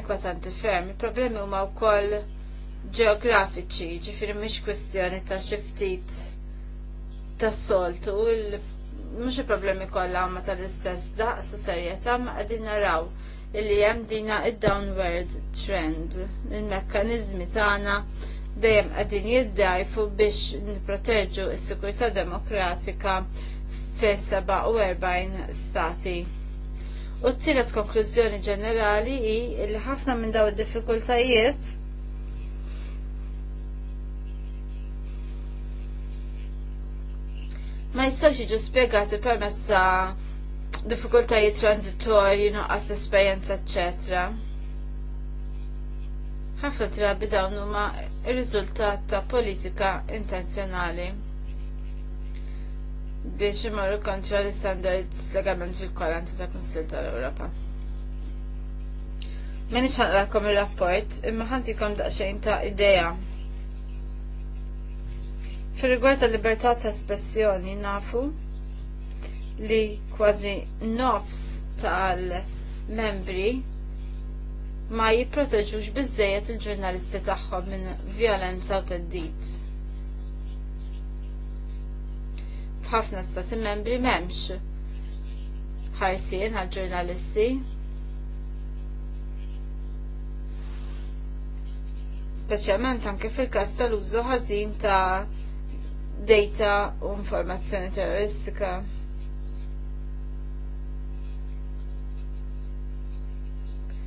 inkwetanti ferm. Il-problemi huma wkoll ġeografiċi, ġifir mhix kwestjoni ta' xi ftit tas-soltu u l mux il-problemi kolla għamma tal-istess daqs u serjeta ma raw naraw li jem dina il-downward trend il-mekkanizmi tana dejjem qegħdin jiddajfu biex nipproteġu s-sikurtà demokratika f-47 stati. U t-tielet konklużjoni ġenerali hi li ħafna minn daw id-diffikultajiet ma jistawx jiġu spiegati permezz ta' diffikultajiet transitorji, nuqqas l-esperjenza, eccetera ħafna drabi dawn huma r-riżultat ta' politika intenzjonali biex imorru kontra l-standards legalment fil-kwaranti ta' Kunsil tal-Ewropa. Meni ħanqrakom il-rapport, imma ħantikom daqsxejn ta' ideja. Fil-rigward tal-libertà ta' espressjoni nafu li kważi nofs tal-membri ma jipproteġux bizzejet il-ġurnalisti tagħhom minn violenza u teddit. F'ħafna stati membri m'hemmx ħarsien għal ġurnalisti. Speċjalment anke fil-każ tal-użu ħażin ta' data u informazzjoni terroristika.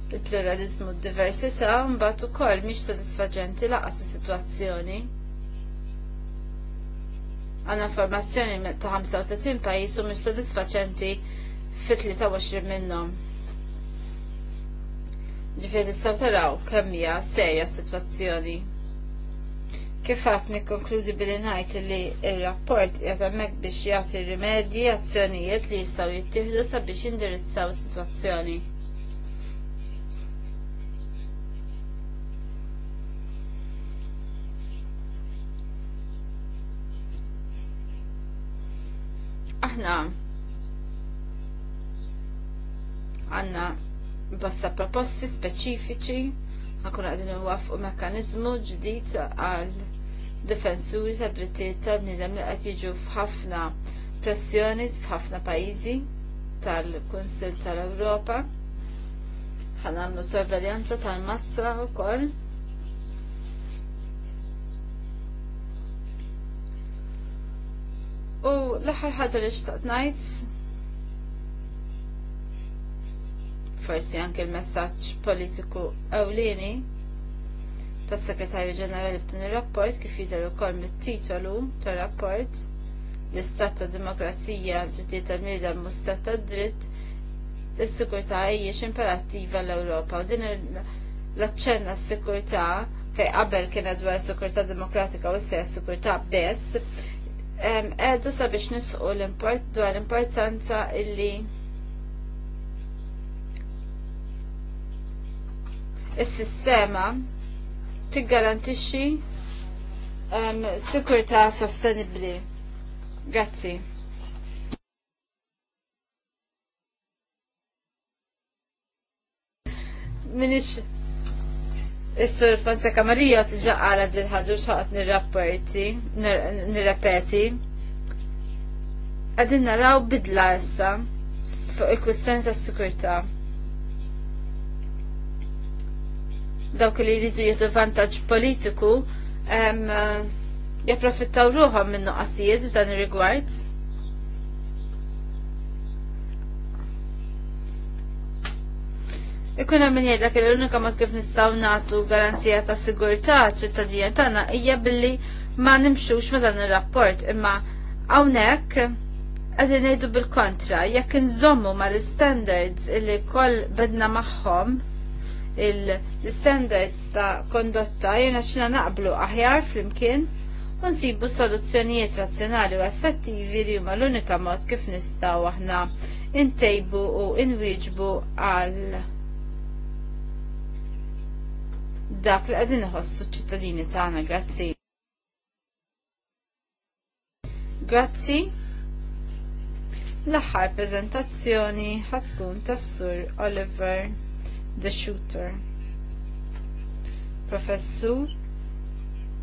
il-pluralizmu d diversità mbagħad ukoll mhix sodisfaġenti laqas is-sitwazzjoni. Għandna informazzjoni ta' 35 pajjiż u mhix fitli fit-23 minnhom. Ġifieri tistgħu taraw kemm hija serja s-sitwazzjoni. Kif qatt nikkonkludi billi ngħid li r-rapport qiegħed hemmhekk biex jagħti rimedji azzjonijiet li jistgħu jittieħdu sabiex jindirizzaw is-sitwazzjoni. aħna għanna bosta proposti speċifiċi għakun għadin u mekanizmu ġdid għal difensuri ta' drittijiet tal nidem li qed jiġu f'ħafna pressjoni f'ħafna pajjiżi tal-Kunsill tal-Ewropa. Ħan għamlu sorveljanza tal-mazza wkoll U l-aħħar ħaġa li xtaqt ngħid forsi anke l-messaġġ politiku ewlieni tas-Segretarju Ġenerali f'din ir-rapport kif jidher ukoll mit-titolu tar-rapport l-istat ta' demokrazija drittijiet tal-mida mustat ta' dritt is-sikurtà hijiex imperattiva l-Ewropa u din l-aċċenna s-sikurtà fej qabel kienet dwar sikurtà demokratika u s sikurtà bess edda sabiex nisqu l-import dwar l-importanza illi il-sistema tiggarantixxi garantixi sikurta sostenibli. Grazzi. Minix Is-sur Fonseca Marija t-ġaqqala d-dilħadġu xaqt nir-rapporti, nir-repeti. Għadin naraw bidla issa fuq il-kustan ta' sikurta. Dawk li jridu jieħdu vantaġġ politiku eh, japprofittaw ruħom minn nuqqasijiet f'dan ir-rigward. Ikun hemm jgħidlek li l-unika mod kif nistgħu nagħtu garanzija ta' sigurtà ċittadina tagħna hija billi ma nimxux ma dan ir-rapport imma hawnhekk qegħdin ngħidu bil-kontra jekk inżommu mal-standards li koll bedna magħhom il-standards ta' kondotta jiena xina naqblu aħjar flimkien u nsibu soluzzjonijiet razzjonali u effettivi li huma l-unika mod kif nistgħu aħna intejbu u inwieġbu għal dak li qegħdin iħossu ċ-ċittadini tagħna, grazzi. Grazzi. L-aħħar preżentazzjoni ħatkun tas-sur Oliver the Shooter. Professur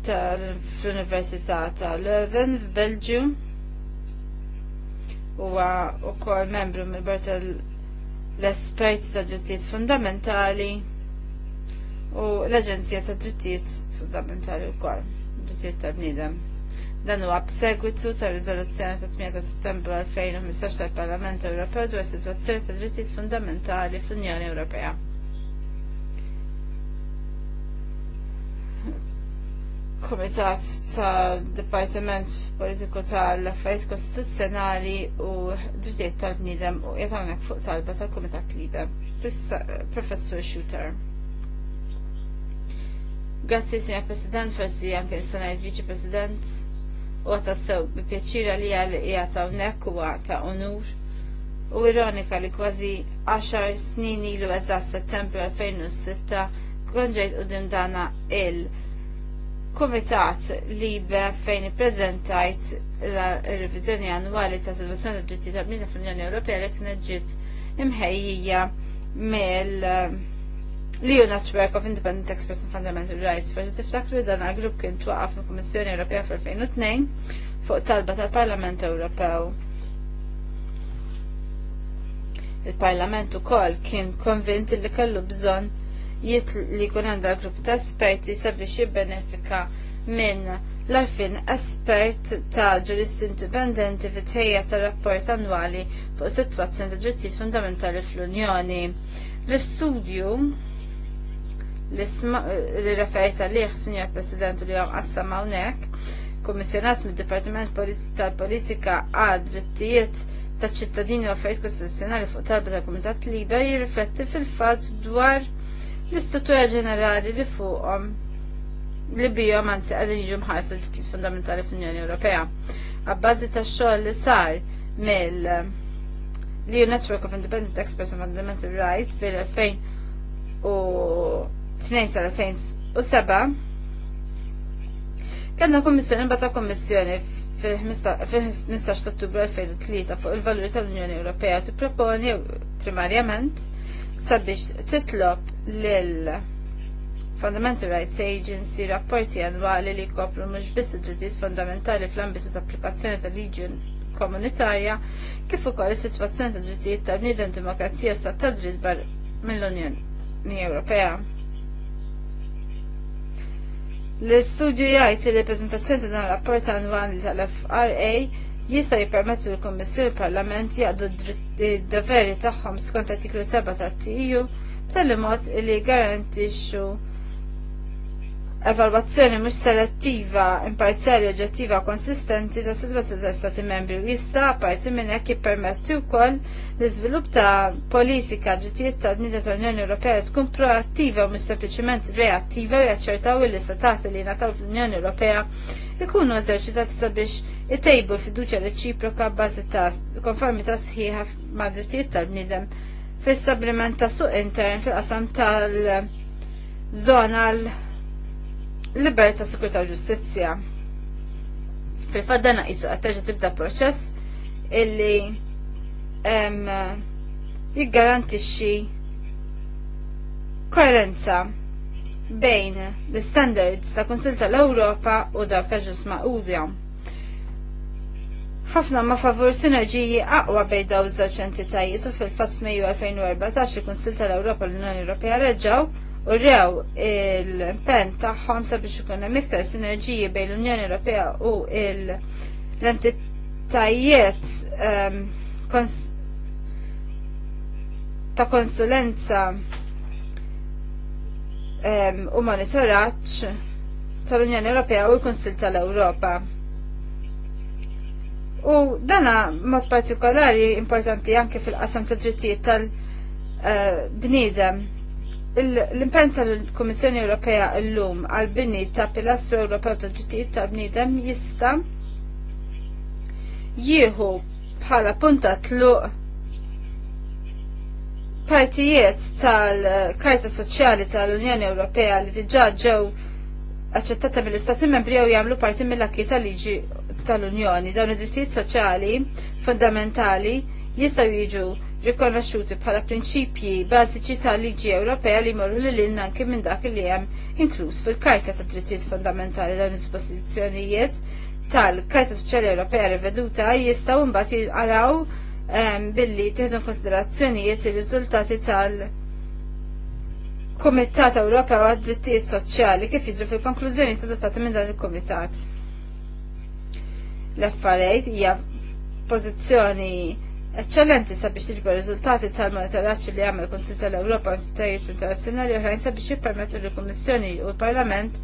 tal-Università ta' Leuven f'Belġju huwa wkoll membru mill-Bord l-esperti ta' drittijiet fundamentali u l-Aġenzija ta' Drittijiet Fundamentali wkoll, Drittijiet tal-Bniedem. Dan huwa b'segwitu ta' riżoluzzjoni ta' 8 ta' Settembru 2015 tal-Parlament Ewropew dwar is-sitwazzjoni ta' drittijiet fundamentali fl-Unjoni Ewropea. Komitat tal Dipartiment Politiku tal-Affarijiet Kostituzzjonali u Drittijiet tal-Bniedem u jgħet fuq talba tal-Komitat Lider, Professor Shooter. Grazzi, Signor President, forsi anke s-sanajt Viċi President, u għata sew bi pjaċira li għal jgħata unnek u għata unur. U ironika li kważi 10 snin ilu eżaf settembru 2006 konġejt u dimdana il Komitat Libe fejn prezentajt il-revizjoni annuali ta' situazzjoni ta' dritti tal mina fl-Unjoni Ewropea li kienet ġiet imħejjija mill Leo Network of Independent Experts on Fundamental Rights, for the tiftakru dan għal-grupp kien twaqaf mill kummissjoni Ewropea fil 2002 fuq talba tal-Parlament Ewropew. Il-Parlament ukoll kien konvint li kellu bżonn li jkun għanda grupp ta' esperti sabiex jibbenefika minn l-arfin espert ta' ġurist indipendenti fit-ħejja ta' rapport annwali fuq sitwazzjoni ta' drittijiet fundamentali fl-Unjoni. L-istudju li referita liħ, Sinjor President, li għom għassa mawnek, kommissjonat mid dipartiment tal-Politika għad drittijiet ta' ċittadini u affarijiet kostituzzjonali fuq talba ta' Kumitat Liba jirrifletti fil-fatt dwar l-istruttura ġenerali li fuqhom li bihom anzi għadin jiġu mħarsa l-ġittis fundamentali fl-Unjoni Ewropea. Għabbażi ta' xogħol li sar mill li Network of Independent Experts on Fundamental Rights bil-2000 u tal-2007 kellna kommissjoni bata kommissjoni fil-15 ta' ottubru 2003 fuq il-valuri tal-Unjoni Ewropea tipproponi primarjament sabiex titlob lil Fundamental Rights Agency rapporti annwali li kopru mhux biss id-drittijiet fundamentali fl-ambitu ta' applikazzjoni tal-liġi komunitarja kif ukoll is-sitwazzjoni tad drittijiet tal-bniedem demokrazija u stat ta' dritt bar mill-Unjoni Ewropea. L-istudju jgħid li l-preżentazzjoni ta' dan rapport annwali tal-FRA jista' jippermettu l-Kummissjoni l-Parlament jgħaddu d-doveri tagħhom skont artiklu 7 tat-TU e tal-mod li garantixxu evalwazzjoni mhux selettiva, imparzjali, oġġettiva, konsistenti ta' situazzjoni ta' stati membri u jista' parti minn hekk jippermetti wkoll l-iżvilupp ta' politika ġittijiet ta' bnida tal-Unjoni Ewropea tkun proattiva u mhux sempliċement reattiva u jaċċertaw li istatati li nataw fl-Unjoni Ewropea ikunu eżerċitati sabiex itejbu l-fiduċja reċiproka bbażi ta' konformità sħiħa ma' ġittijiet tal-bniedem fl-istabliment ta' suq intern fil-qasam tal-żona l liberta sikur ta' ġustizzja. Fil-faddana jisu għattaġa tibda proċess illi jiggarantixxi koerenza bejn l-standards ta' Kunsil tal-Ewropa u dawk ta' ġus maqudja. Ħafna ma' favur sinerġiji aqwa bejn daw żewġ entitajiet u fil-fatt Mejju 2014 il-Kunsil tal-Ewropa l-Unjoni Ewropea reġgħu u rew il-pen tagħhom sabiex ikun hemm iktar sinerġiji bejn l-Unjoni Ewropea u l-entitajiet ehm, ta' konsulenza ehm, u monitoraġġ tal-Unjoni Ewropea u l-Kunsil tal-Ewropa. U dana mod partikolari importanti anke fil-qasam tal drittijiet eh, tal-bnidem. Uh, l-impenn tal-Komissjoni Ewropea llum għall bini ta' pilastru Ewropew ta' ġittijiet ta' bniedem jista' jieħu bħala punta tluq partijiet tal-Karta Soċjali tal-Unjoni Ewropea li diġà ġew aċċettata mill-Istati Membri jew jagħmlu parti mill-akki tal-liġi tal-Unjoni. Dawn id-drittijiet soċjali fundamentali jistgħu jiġu rikonoxxuti bħala prinċipji bażiċi tal-liġi Ewropea li jmorru lil lilna anke minn dak li hemm inkluż fil-Karta ta' Drittijiet Fundamentali dawn is-disposizzjonijiet tal-Karta Soċjali Ewropea riveduta jistgħu mbagħad jaraw ehm, billi tieħdu konsiderazzjonijiet ir-riżultati tal- Komitat Ewropew għad-Drittijiet Soċjali kif jiġu fil-konklużjoni adottati minn dan il-Komitat. l affarijiet hija pożizzjoni eccellenti sabiex tiġbor riżultati tal monitoraċ li għamel Kunsil tal-Ewropa u entitajiet internazzjonali oħrajn sabiex jippermettu li kummissjoni u l-Parlament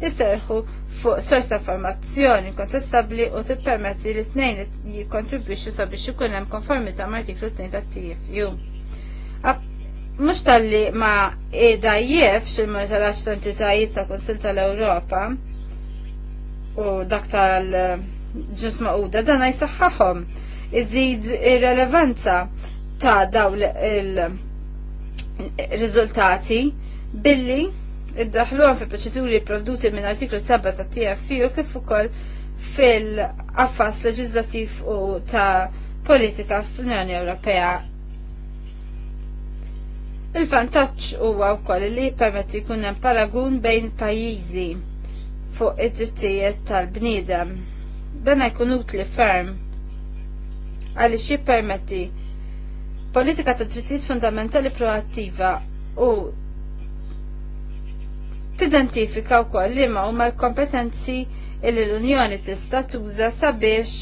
jisserħu fuq sors ta' informazzjoni kontestabbli u tippermetti li tnejn jikkontribwixxu sabiex ikun hemm konformità ma' artiklu 2 tat-TFU. Mhux tal-li ma e idajjefx il-monitoraġġ ta' entitajiet ta' Kunsil tal-Ewropa u dak tal-ġusma u da dan jsaħħaħom iżid ir-relevanza ta' dawl il-riżultati billi iddaħluhom fi proċeduri pprovduti minn artiklu 7 ta' u kif ukoll fil-affas leġislattiv u ta' politika fl-Unjoni Ewropea. Il-vantaġġ huwa wkoll li jippermetti jkun hemm paragun bejn pajjiżi fuq id-drittijiet tal-bniedem. Dan jkun utli ferm għaliex jippermetti politika ta' drittijiet fundamentali proattiva u tidentifika wkoll liema huma l-kompetenzi li l-Unjoni tista' tuża sabiex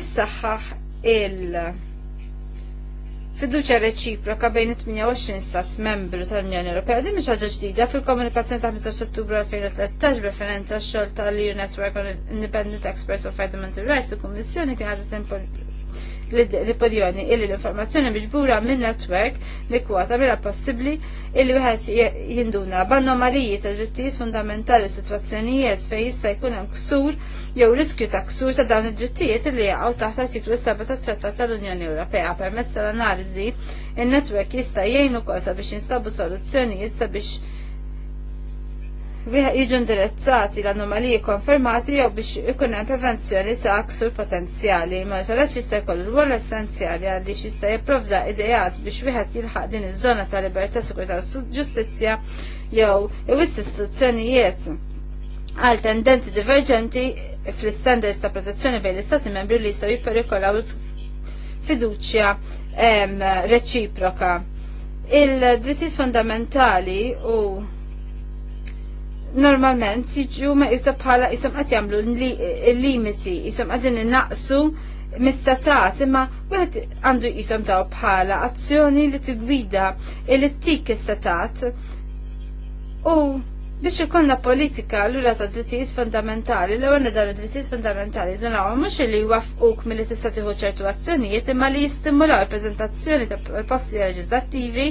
issaħħaħ il fiduċa reċiproka bejn 28 stat membru tal-Unjoni Ewropea. Din mhix ħaġa ġdida fil-komunikazzjoni ta' 15 Ottubru 2013 referenza x-xogħol tal-EU Network on Independent Experts of Fundamental Rights u Kummissjoni kien ħaġa li podjoni illi l-informazzjoni miġbura minn netwerk li kwata mela possibbli illi wieħed jinduna b'anomaliji ta' drittijiet fundamentali situazzjonijiet fejn jista' jkun hemm ksur jew riskju ta' ksur ta' dawn id-drittijiet illi jaqgħu taħt artiklu 7 tat-Trattat tal-Unjoni Ewropea permezz tal-analiżi in-netwerk jista' jgħin ukoll sabiex jinstabu soluzzjonijiet sabiex jiġu indirizzati l-anomaliji konfermati jew biex ikun hemm prevenzjoni sa' aksur potenzjali. Monitoraġġ jista' jkollu l-wol essenzjali għaliex jista' jipprovda idejat biex wieħed jilħaq din iż-żona ta' libertà, sigurità u ġustizzja jew iwiss istituzzjonijiet għal tendenti diverġenti fl-standards ta' protezzjoni bejn l-istati membri li jistgħu jipperikolaw il-fiduċja reċiproka. Il-drittijiet fondamentali u normalment jiġu ma jisab bħala jisom għat jagħmlu l-limiti, jisom qegħdin innaqsu mistatat imma wieħed għandu jisom daw bħala azzjoni li t-gwida li tik istatat u biex ikollna politika l-ula ta' drittijiet fundamentali, l għanna dan drittijiet fundamentali dun għaw mux li jwafquk mill-li tista' tieħu ċertu azzjonijiet imma li jistimulaw il-preżentazzjoni ta' proposti leġislattivi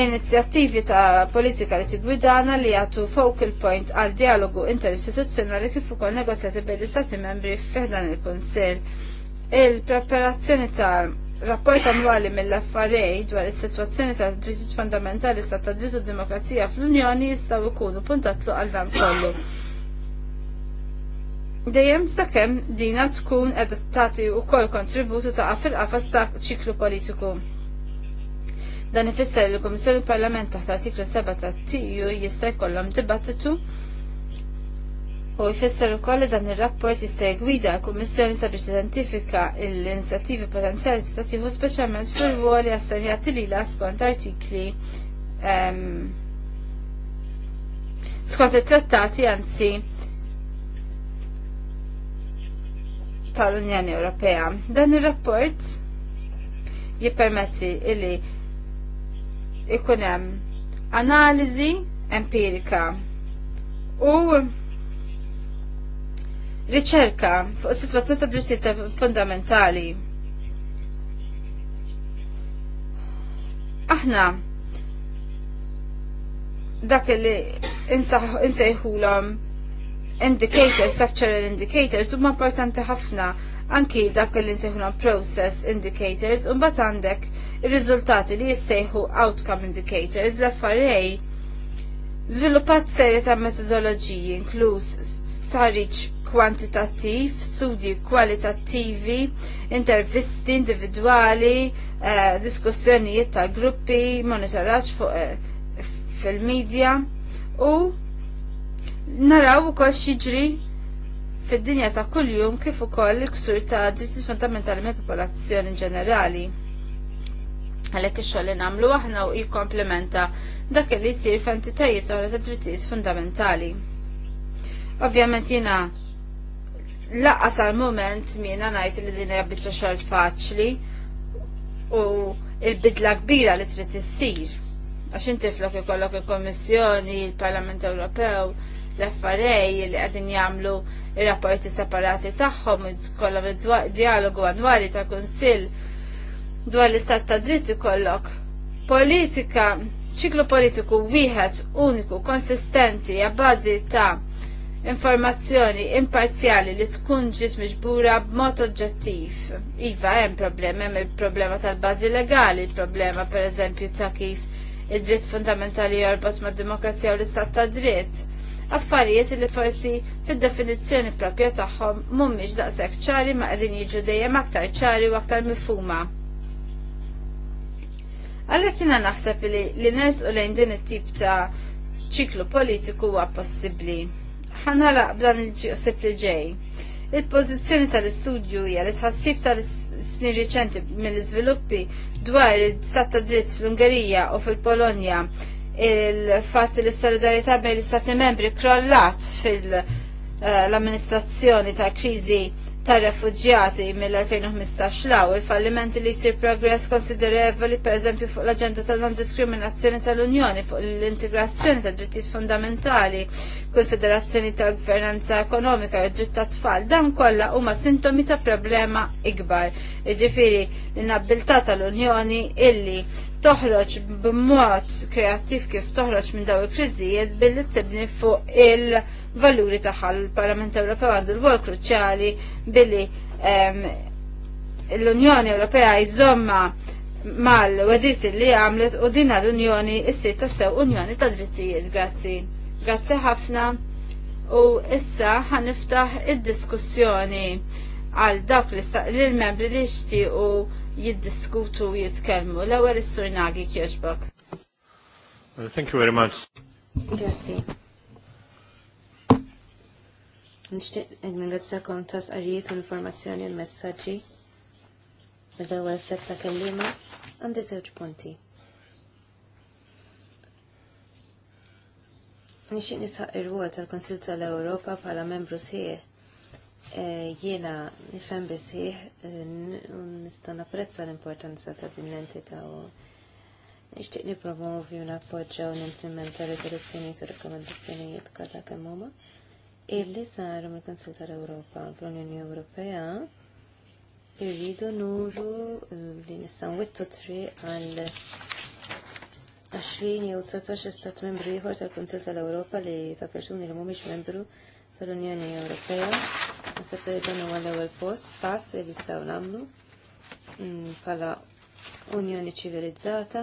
inizjattivi ta' politika li tigwidana li jagħtu focal point għal dialogu interistituzzjonali kif ukoll negozjati bejn l-Istati membri f'dan il-Kunsill. Il-preparazzjoni ta' rapport annwali mill-affarej dwar is-sitwazzjoni ta' drittijiet fundamentali sta' ta' drittu demokrazija fl-Unjoni jistgħu jkunu puntatlu għal dan kollu. Dejjem sakemm dina tkun adattati wkoll kontributu ta' fil-qafas ta' ċiklu politiku. Dan ifisser li l-Komissjoni Parlament taħt artiklu 7 ta' TU jista' jkollhom dibattitu u jfisser ukoll li dan ir-rapport jista' jgwida l-Kummissjoni sabiex identifika l-inizjattivi potenzjali tista' tieħu speċjalment fir ruoli assenjati lilha skont artikli skont it-trattati anzi tal-Unjoni Ewropea. Dan ir-rapport jippermetti li ikun hemm analiżi empirika u riċerka fuq situazzjoni ta' drittijiet fundamentali. Aħna dak li insejħulhom indicators, structural indicators, huma importanti ħafna anki dak li nsejħuna process indicators, un bat għandek il-rizultati li jissejħu outcome indicators, l-FRA Zviluppat serje ta' metodoloġiji inkluż sariċ kwantitattiv, studji kwalitattivi, intervisti individuali, eh, diskussjonijiet ta' gruppi, monitoraġġ fuq eh, fil-medja u naraw ukoll xiġri fid-dinja ta' kuljum kif ukoll il-ksur ta' dritti fundamentali mill popolazzjoni ġenerali. Għalhekk ix-xogħol li nagħmlu aħna u jikkomplementa dak li jsir f'entitajiet oħra ta' drittijiet fundamentali. Ovvjament jiena laqqa tal-moment mina najt li din hija biċċa xogħol faċli u il-bidla kbira li trid issir. Għax inti flok ikollok il-Kommissjoni, il-Parlament Ewropew, l affarej li għadin jamlu rapporti separati taħħom, kollom dialogu għanwali ta' konsil dwar l-istat ta' dritti kollok. Politika, ċiklu politiku wieħed uniku, konsistenti, għabazi ta' informazzjoni imparzjali li tkun ġiet miġbura b'mod oġġettiv. Iva, hemm problema, hemm il-problema tal-bażi legali, il-problema per eżempju ta' kif id-dritt fundamentali jorbot ma' demokrazija u l-istat ta' dritt affarijiet li forsi fid-definizzjoni propja tagħhom mhumiex daqshekk ċari ma qegħdin jiġu dejjem aktar ċari u aktar mifhuma. Għalhekk jiena naħseb li li nerzqu lejn din it-tip ta' ċiklu politiku huwa possibbli. Ħanħalaq b'dan il-ġiqsib li ġej. Il-pożizzjoni tal-istudju hija li tħassib tal-snin riċenti mill-iżviluppi dwar il-stat ta' dritt fl-Ungerija u fil-Polonja il fat li solidarità bejn l-istati membri krollat fil-amministrazzjoni ta' kriżi ta' refugjati mill-2015 law il-fallimenti li jsir progress konsiderevoli per eżempju fuq l-agenda ta' non-diskriminazzjoni tal-Unjoni fuq l-integrazzjoni ta' drittijiet fundamentali, konsiderazzjoni ta' gvernanza ekonomika u dritt ta' tfal, dan kollha huma sintomi ta' problema ikbar. Iġifieri l-inabilità tal-Unjoni illi toħroġ b'mod kreattiv kif toħroġ minn daw il-kriżijiet billi tibni fuq il-valuri tagħha l-Parlament Ewropew għandu l rwol kruċjali billi l-Unjoni Ewropea jżomma mal wadis li għamlet u dina l-Unjoni issir tassew Unjoni ta' drittijiet. Grazzi. Grazzi ħafna u issa ħaniftaħ id-diskussjoni għal dak l-membri li xtiequ u jiddiskutu u jitkellmu. L-ewwel is-Sur Nagi kieġbok. Uh, thank you very much. Grazzi. Nixtieq nirringrazzjakom ta' sqarijiet u l-informazzjoni u l-messaġġi. Mill-ewwel set ta' kelliema għandi żewġ punti. Nixtieq nisħaq ir-rwol tal-Konsil tal-Ewropa bħala membru sħiħ Eh, jiena nifem bisħiħ eh, nista' napprezza l-importanza ta' din l entita u nixtieq nippromovi u nappoġġa u nimplementa riżoluzzjonijiet u rekomendazzjonijiet kollha kemm huma illi saru mill-Konsil tal-Ewropa fl-Unjoni Ewropea irridu nuru eh, li nissan wittu tri għal 20 jew 19 stat membri ieħor tal-Kunsil tal-Ewropa li ta' persuni li mhumiex membru tal-Unjoni Ewropea Nasab dan u għal ewel post pass li jistaw nagħmlu pala mm, Unjoni Ċivilizzata.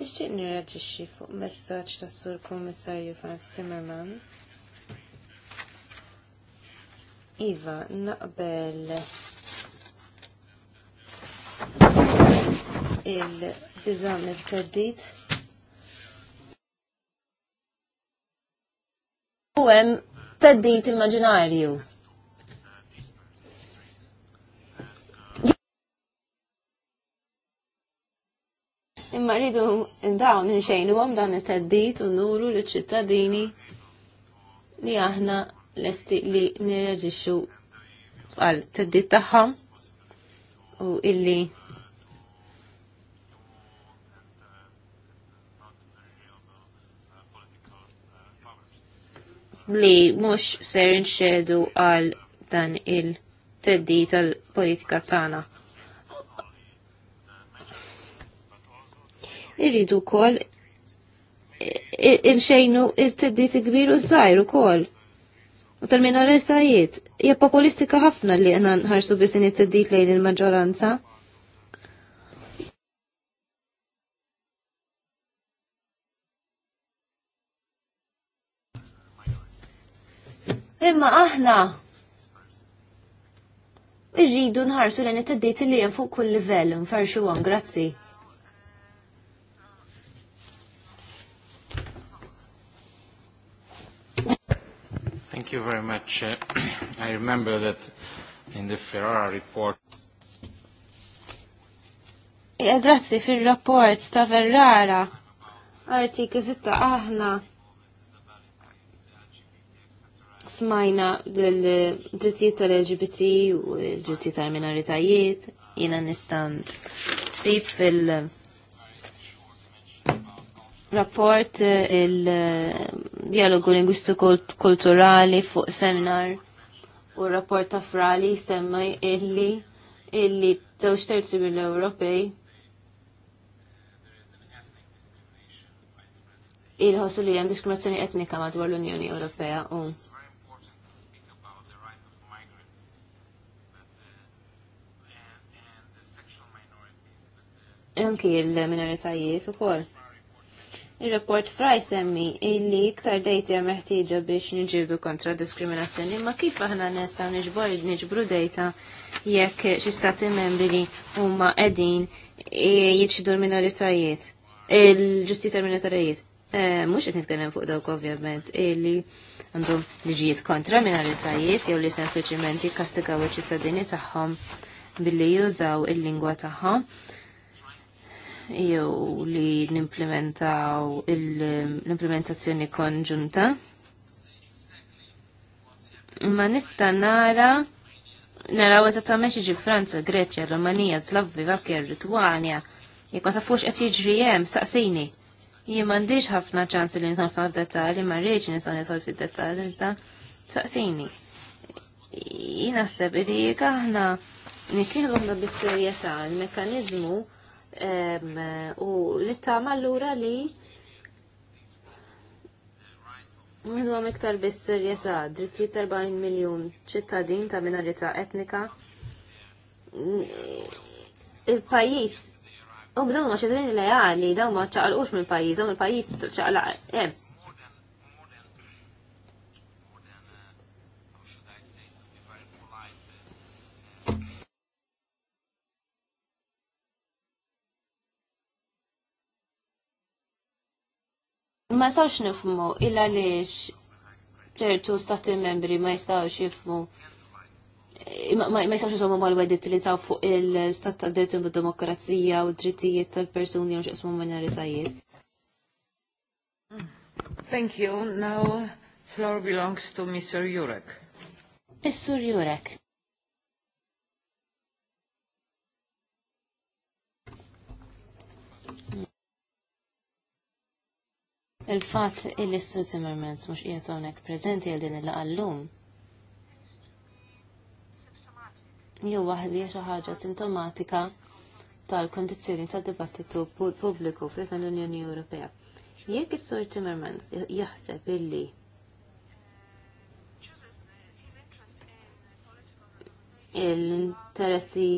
Nixtieq nirreġixxi fuq messaġġ tas-Sur Kummissarju Franz Timmermans. Iva, naqbel il-bizam il-teddit teddit immaġinarju. Imma rridu dawn u għom dan it-teddit u nuru li ċittadini li aħna l-esti li nirreġiċu għal teddit taħħam u illi li mhux ser nxedu għal dan il-teddi tal-politika tagħna. Irridu wkoll inxejnu il-teddit kbir u żgħir ukoll. U tal-minoritajiet, hija populistika ħafna li għana nħarsu bisin it-teddit lejn il-maġġoranza. Imma aħna irridu nħarsu l-għan it li jen fuq kull livell, nfarxu għan, grazzi. Thank you very much. Uh, [clears throat] I remember that in the Ferrara report. Eh, grazzi fil-rapport ta' Ferrara. Artiklu zitta, aħna smajna l-ġittijiet tal-LGBT u l-ġittijiet tal-minoritajiet, jina nistan tsib fil-rapport il-dialogu lingwistu kulturali fuq seminar u rapport ta' frali semmaj illi illi ta' terzi bil ewropej il-ħossu li hemm diskriminazzjoni etnika madwar l-Unjoni Ewropea u anki il minoritajiet ukoll. Il-rapport fraj semmi illi iktar għam meħtieġa biex niġildu kontra diskriminazzjoni, ma kif aħna nesta niġbor niġbru dejta jekk xi stati membri huma qegħdin jiġġidu l-minoritajiet, il-ġustizja l minoritajiet eh, Mhux qed nitkellem fuq dawk ovvjament illi għandhom liġijiet kontra minoritajiet jew li sempliċiment jikkastigaw iċ-ċittadini tagħhom billi jużaw il-lingwa tagħhom jew li nimplementaw um, l-implementazzjoni konġunta. Ma nista nara naraw eżattament xi Franza, Greċja, Romania, Slavvi, Vakir, Litwanja, jekk ma safux qed jiġri hemm saqsini. Jien m'għandix ħafna ċans li nitolfa f'dettalji, ma rridx nisa nidħol fid-dettalji iżda saqsini. Jien naħseb irriek aħna nikkieħdu bis-serjetà l-mekkaniżmu u nittama allura li Nidu għam iktar bis-serjetà, drittijiet 40 miljon ċittadin ta' minorità etnika. Il-pajis, u b'dawn ma ċittadin ċittadini lejali, dawn ma ċaqalqux mill-pajis, dawn il-pajis ċaqlaq, ma sawx nifmu illa għaliex ċertu stati membri ma jistawx jifmu ma jistawx jisomu mal wedit li taw fuq il-stat ta' dettum demokrazija u drittijiet tal-persuni u xqismu minoritajiet. Thank you. Now floor belongs to Mr. Jurek. Mr. Jurek. Il-fat il-listu Timmermans mux qiegħed hawnhekk preżenti għal din il-laqgħa llum. Jew waħdi xi ħaġa sintomatika tal-kondizzjoni tad-dibattitu pubbliku fih l-Unjoni Ewropea. Jekk is-Sur Timmermans jaħseb illi il interessi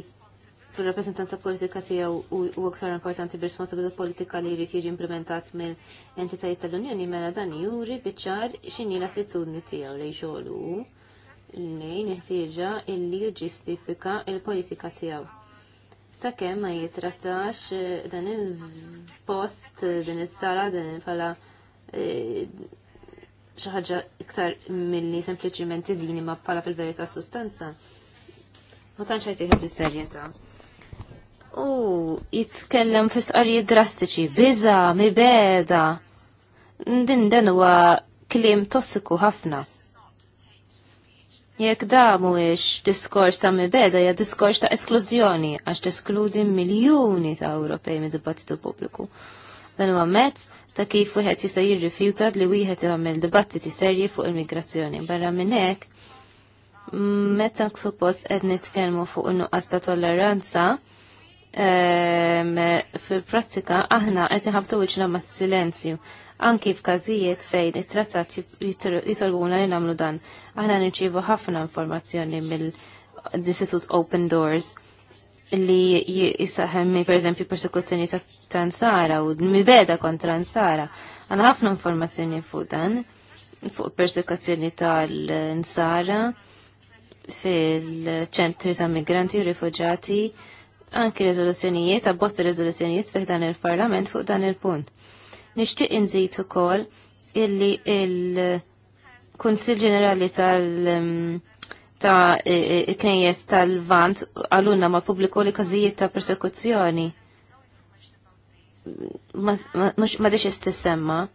fil-rappresentanza politika tiegħu u aktar importanti bil responsabilità politika li jrid jiġi implementat mill-entitajiet tal-Unjoni mela dan juri biċar ċar x'inhi l-attitudni tiegħu li jxogħlu lejn iħtieġa illi ġistifika il-politika tiegħu. Sakemm ma jitrattax eh, dan il-post, eh, din is-sala, din il fala eh, xi ħaġa iktar milli sempliciment iżini ma bħala fil verita sustanza. Ma tantx ħajtieħed bis serjeta U jitkellem fi sqarji drastiċi, mi mibeda. Din dan huwa kliem tossiku ħafna. Jekk da mhuwiex diskors ta' mibeda hija diskors ta' esklużjoni għax teskludi miljuni ta' Ewropej mid-dibattitu pubbliku. Dan huwa mezz ta' kif wieħed jista' jirrifjuta li wieħed jagħmel dibattiti serji fuq immigrazzjoni. Barra minn hekk, meta suppost qed nitkellmu fuq in-nuqqas ta' tolleranza, Ehm, fil-prattika aħna qed inħabtu wiċċna ma' silenzju anki f'każijiet fejn it-trattat jitolbuna li nagħmlu dan. Aħna nirċievu ħafna informazzjoni mill istitut Open Doors li jisaħemmi per eżempju persekuzzjoni ta' tansara u mibeda kontra tansara Għanna ħafna informazzjoni fuq dan, fuq persekuzzjoni tal-nsara fil-ċentri ta' migranti u rifugġati anki riżoluzzjonijiet abbozza riżoluzzjonijiet fih dan il-Parlament fuq dan il-punt. Nixtieq inżid ukoll illi il-Kunsil Ġenerali tal- mm, ta' knejjes tal-vant għalunna ma' publiku li każijiet ta' persekuzzjoni. Ma' diċi stessemma.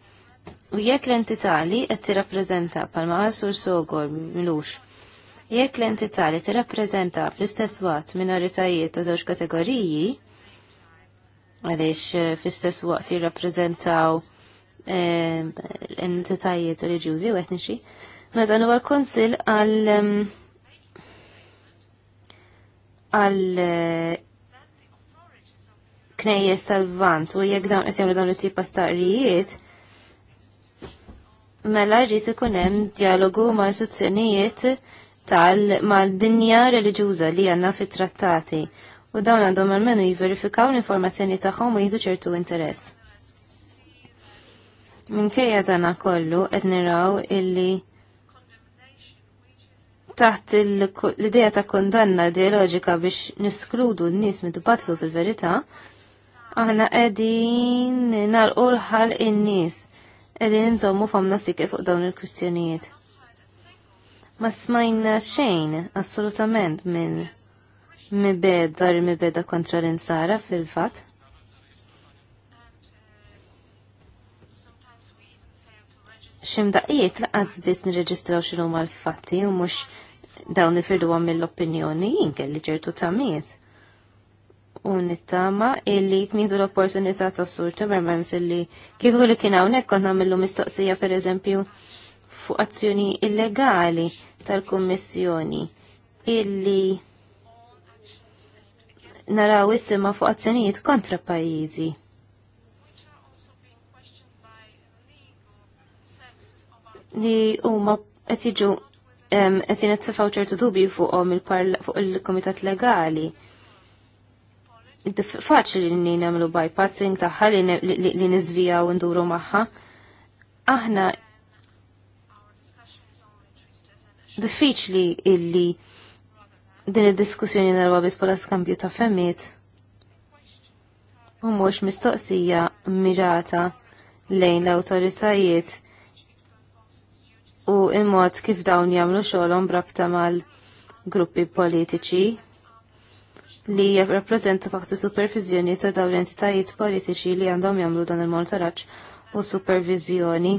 U jekk l-entità li qed tirrappreżenta palma għasur sur sogor milux Jekk l-entità li tirrappreżenta fl-istess waqt minoritajiet ta' żewġ kategoriji, għaliex eh, fl-istess waqt jirrappreżentaw eh, entitajiet reġjużi u etniċi, meta huwa l-Konsil għal ehm, għal eh, knejjes tal-vant u jekk dawn qed jagħmlu dawn it-tip ta' staqrijiet, mela jrid ikun hemm dialogu ma' istituzzjonijiet tal-mal-dinja reliġjuża li għanna fit-trattati u dawn għandhom almenu jiverifikaw l-informazzjoni tagħhom u jieħdu ċertu interess. Minkejja dana kollu qed niraw illi taħt l-idea ta' kondanna ideoloġika biex niskludu n-nies mid-dibattu fil-verità, aħna qegħdin nalqu l in-nies qegħdin nżommu f'amna fuq dawn il-kwistjonijiet ma smajna xejn assolutament minn mibeda mibeda kontra l-insara fil-fat. Ximdaqiet laqqas biss nirreġistraw xinu mal-fatti u mux dawn nifirdu għam l opinjoni jinkelli ġertu tamiet. U nittama illi knidu l-opportunità ta' surta ta' bermems illi kieku li kien hawnhekk kont nagħmillu mistoqsija pereżempju eżempju fuq azzjoni illegali tal-Kummissjoni illi naraw isimha fuq azzjonijiet kontra pajjiżi. Li huma qed jiġu qed jinitfifgħu ċertu dubju fuqhom fuq il-Kumitat Legali. Faċli li nagħmlu bypassing tagħha li niżvijaw nduru magħha. Aħna diffiċli illi din id-diskussjoni narwa biss bħala skambju ta' femmiet u mux mistoqsija mirata lejn l-awtoritajiet u il-mod kif dawn jagħmlu xogħolhom brabta mal-gruppi politiċi li jirrappreżenta faqti supervizjoni ta' dawn l-entitajiet politiċi li għandhom jagħmlu dan il-monitoraġġ u supervizjoni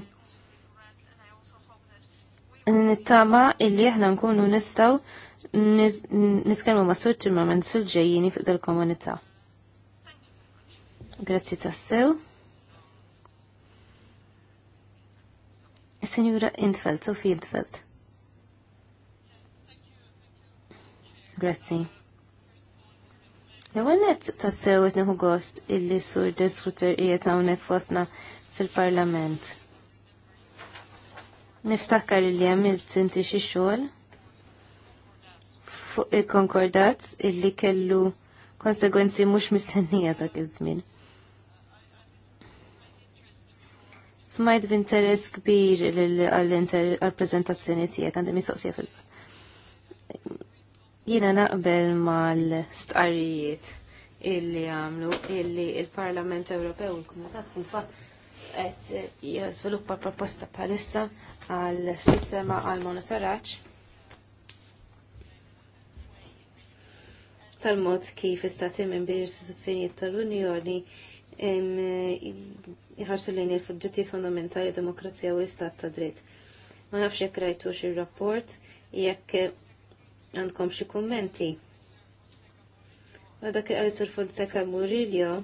nittama illi aħna nkunu nistaw niskelmu ma' sur ċirmament fil-ġejjini fuq dal-komunità. Grazzi tassew. Signora Intfeld, Sofie Intfeld. Grazzi. L-għanet tassew etniħu gost illi sur diskuter ijet għawnek fosna fil-parlament niftakar li għamilt inti xi xogħol fuq il-konkordat illi kellu konsegwenzi mhux mistennija dak iż-żmien. Smajt b'interess kbir għall-prezentazzjoni tiegħek għandhom mistoqsija fil Jiena naqbel mal-stqarrijiet illi għamlu illi il-Parlament Ewropew il kumitat fil-fatt qed jiżviluppa proposta bħalissa għal sistema għal monitoraċ tal-mod kif istati minn biex istituzzjonijiet tal-Unjoni jħarsu lejn il-fuġġettijiet fundamentali demokrazija u istat ta' dritt. Ma nafx jekk rajtu xi rapport jekk għandkom xi kummenti. Għadak għal Sur Fonseca Murillo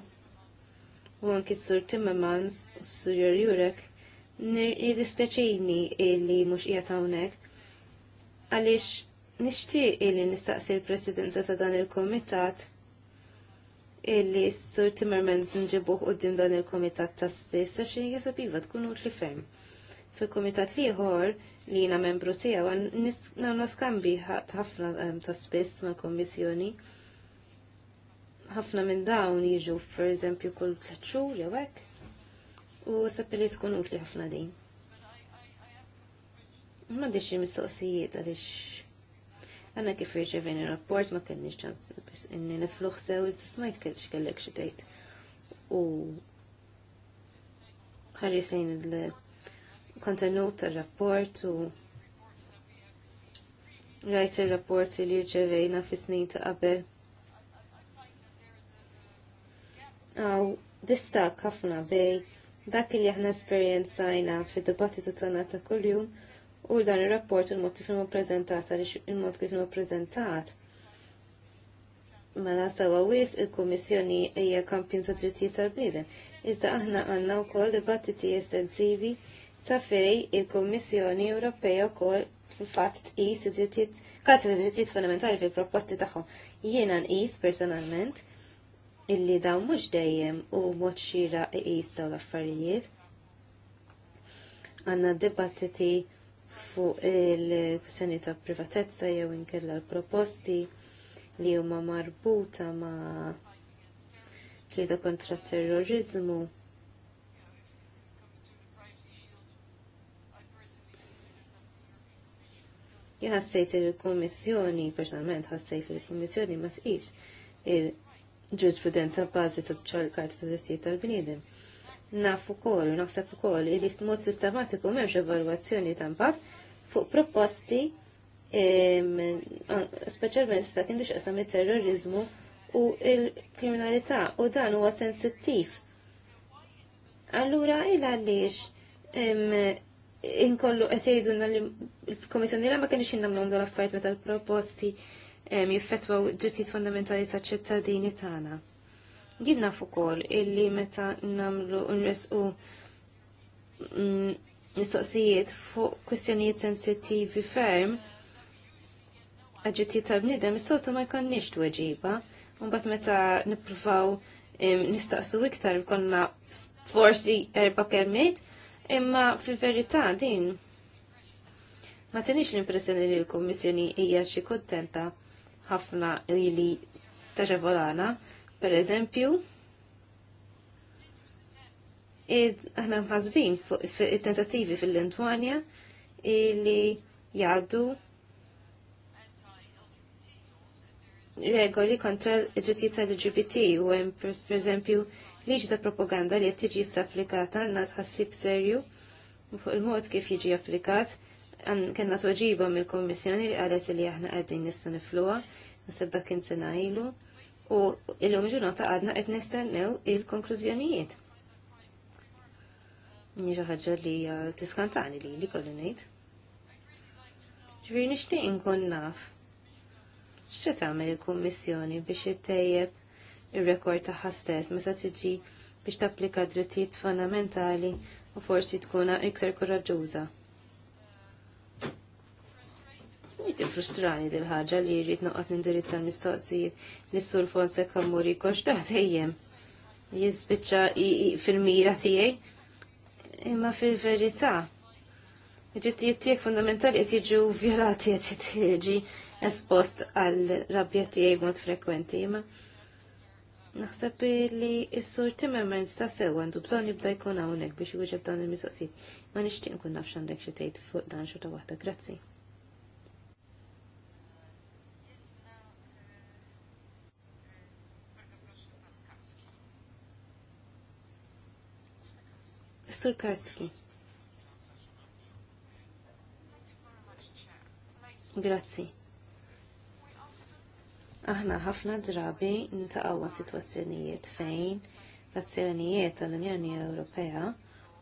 u anki s-sur Timmermans u s-sur Jurek jidispeċini illi mux qiegħed hawnhekk għaliex nixtieq illi nistaqsi l-presidenza ta' dan il-komitat illi s-sur Timmermans d-dim dan il-komitat ta' spessa xin jasab iva tkun tkun li ferm. Fil-komitat liħor li jina membru tiegħu għan naskambi ħafna ehm, ta' spiss mal komissjoni ħafna minn dawn jiġu per eżempju kull tliet xhur jew hekk u sappi li tkun utli ħafna din. Ma xi mistoqsijiet għaliex għanna kif irċevejni rapport ma kellniex ċans inni nifluħ sew iżda smajt kellix kellek xi tgħid. U ħarrisejn il-kontenut tar-rapport u rajt ir-rapporti li rċevejna fis-snin ta' qabel għaw distak ħafna bej dak li aħna esperjenzajna fid dibattitu tagħna ta' kuljum u dan ir-rapport il-mod kif huma prezentat, għaliex il-mod kif huma prezentat. Mela sawa wis il-Kummissjoni hija kampjun ta' drittijiet tal-bniedem. Iżda aħna għandna wkoll dibattiti estensivi sa fej il-Kummissjoni Ewropea wkoll fil-fatt tqis id-drittijiet karta drittijiet fundamentali fil-proposti tagħhom. Jiena nqis personalment illi dawn mhux dejjem u mod xira iqisaw l-affarijiet. Għandna dibattiti fuq il-kwistjoni ta' privatezza jew inkella l-proposti li huma marbuta ma' ġlieda kontra terrorizmu. Jħassajt il komissjoni personalment ħassejt il komissjoni ma tqix il ġurisprudenza bażi ta' ċarkart ta' drittijiet tal-bniedem. Naf ukoll, naħseb ukoll li mod sistematiku m'hemmx evalwazzjoni ta' impatt fuq proposti speċjalment f'dak indux qasam terrorizmu u il-kriminalità u dan huwa sensittiv. Allura il għaliex inkollu qed jgħidulna li l-Komissjoni ma kienx innamlu għandu l-affarijiet meta tal proposti jiffetwaw drittijiet fundamentali ta' ċittadini tagħna. Jien naf ukoll illi meta nagħmlu nresqu mm, mistoqsijiet fuq kwistjonijiet sensittivi ferm għadġittijiet tal-bnidem, is soltu ma jkonniex tweġiba, mbagħad meta nippruvaw nistaqsu iktar konna forsi erba kelmiet, imma fil-verità din ma tenix l-impressjoni li l-Kommissjoni hija xi kuntenta ħafna li taġavolana, per eżempju, aħna mħazbin fuq il-tentativi fil-Lintwanja li jaddu regoli kontra l-ġittijiet tal-LGBT u hemm per eżempju liġi ta' propaganda li tiġi applikata għanna tħassib serju fuq il-mod kif jiġi applikat kena tweġiba mill-Kommissjoni li qalet li aħna qegħdin nista' nifluha, nasib dak kien sena ilu, u il-lum ġurnata għadna qed nistennew il-konklużjonijiet. Nġa ħaġa li tiskantani li li kollu ngħid. Ġifieri nixtieq inkun naf xċet tagħmel il-Kummissjoni biex jittajjeb ir-rekord tagħha stess meta tiġi biex tapplika drittijiet fondamentali u forsi tkun iktar koraġġuża. Mux tifrustrani dil ħaġa li jrid noqgħod nindirizza l-mistoqsijiet li sur se kammuri kox daħt ejjem jispiċċa fil-mira tiegħi imma fil-verità. jittijek fundamentali qed jiġu vjolati qed jiġi espost għal rabja tiegħi mod frekwenti imma naħseb li s-sur Timmermans nista sewa għandu bżon jibda jkun hawnhekk biex jwieġeb dan il-mistoqsijiet. Ma nixtieq nkun naf x'għandek xi tgħid fuq dan xorta waħda. Grazzi. Sur Karski. Grazzi. Aħna ħafna drabi nintaqgħu situazzjonijiet fejn l-azzjonijiet tal-Unjoni Ewropea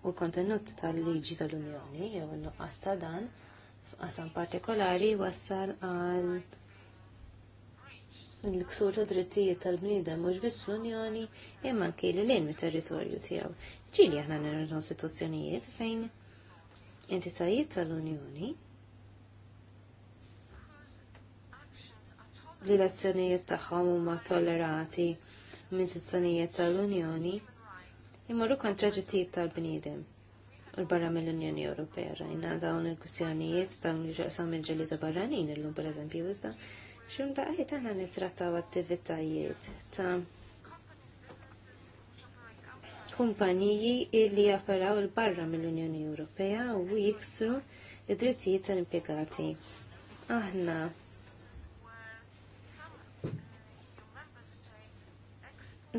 u kontenut tal-liġi tal-Unjoni jew n-nuqqas ta' dan f'qasam partikolari wassal għal l-ksur ta' drittijiet tal-bniedem mhux biss l-Unjoni imma anke li lejn mit-territorju tiegħu ġili aħna nirnu situazzjonijiet fejn entitajiet tal-Unjoni li l-azzjonijiet tagħhom huma tollerati minn istituzzjonijiet tal-Unjoni imorru kontra ġittijiet tal-bniedem u barra mill-Unjoni Ewropea rajna dawn il-kwistjonijiet dawn li ġaqsam il-ġelida barranin illum pereżempju iżda xum daqqiet aħna nittrattaw attivitajiet ta' kumpaniji illi japparaw il-barra mill-Unjoni Ewropea u jiksru id-drittijiet tal-impjegati. Aħna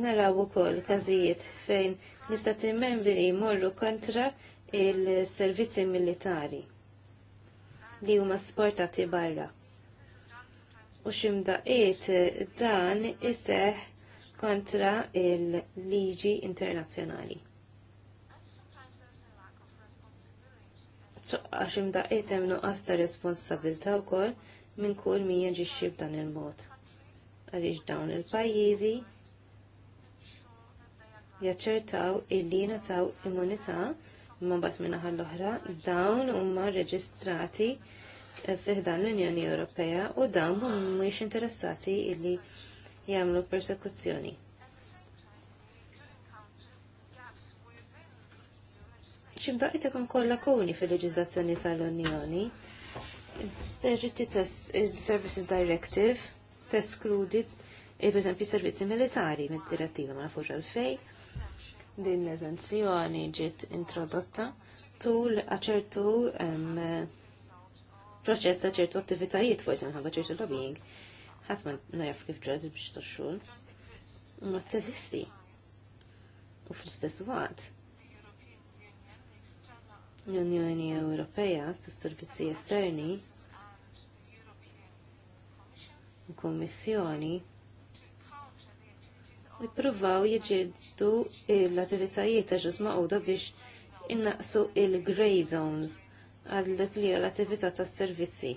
naraw ukoll każijiet fejn l-istati membri jmorru kontra il-servizzi militari li huma sportati barra. U ximdaqiet dan iseħ kontra il-liġi internazzjonali. għax imdaqqiet hemm nuqqas ta' responsabilità wkoll minn kull min jaġixxi b'dan il-mod. Għaliex dawn il-pajjiżi jaċċertaw illi nataw immunità imma mbagħad minn naħa l-oħra dawn huma reġistrati fiħdan l-Unjoni Ewropea u dawn mhumiex interessati illi Jamlu persekuzzjoni. ċimdaqit kon kollha kuni fil leġizazzjoni tal-Unjoni. Territi Services Directive teskludi eh, per eżempju servizzi militari mid-direttiva ma l fej. Din l-eżenzjoni ġiet introdotta tul għaċertu eh, proċess ta' ċertu attivitajiet fuq isem ħabba ċertu lobbying ħadd ma najaf kif ġradi biex tax-xogħol. Ma teżisti. U fl-istess waqt l-Unjoni Ewropea tas-servizzi esterni u kommissjoni Ippruvaw jiġiddu l-attivitajiet ta' ġuż maquda biex innaqsu il-grey zones għal dak li l-attività tas servizzi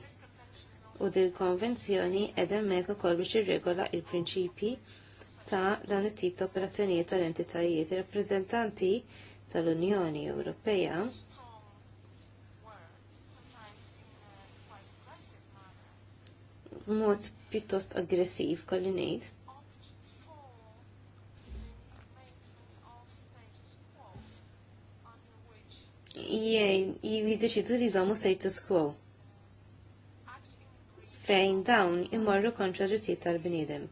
u din konvenzjoni edha mek kol biex irregola il-prinċipi ta' dan it-tip ta' operazzjonijiet tal-entitajiet rappreżentanti tal-Unjoni Ewropea mod pjuttost aggressiv kolli ngħid. Jgħid jiddeċidu li jżommu status quo fejn dawn imorru kontra ġutijiet tal-bnidem.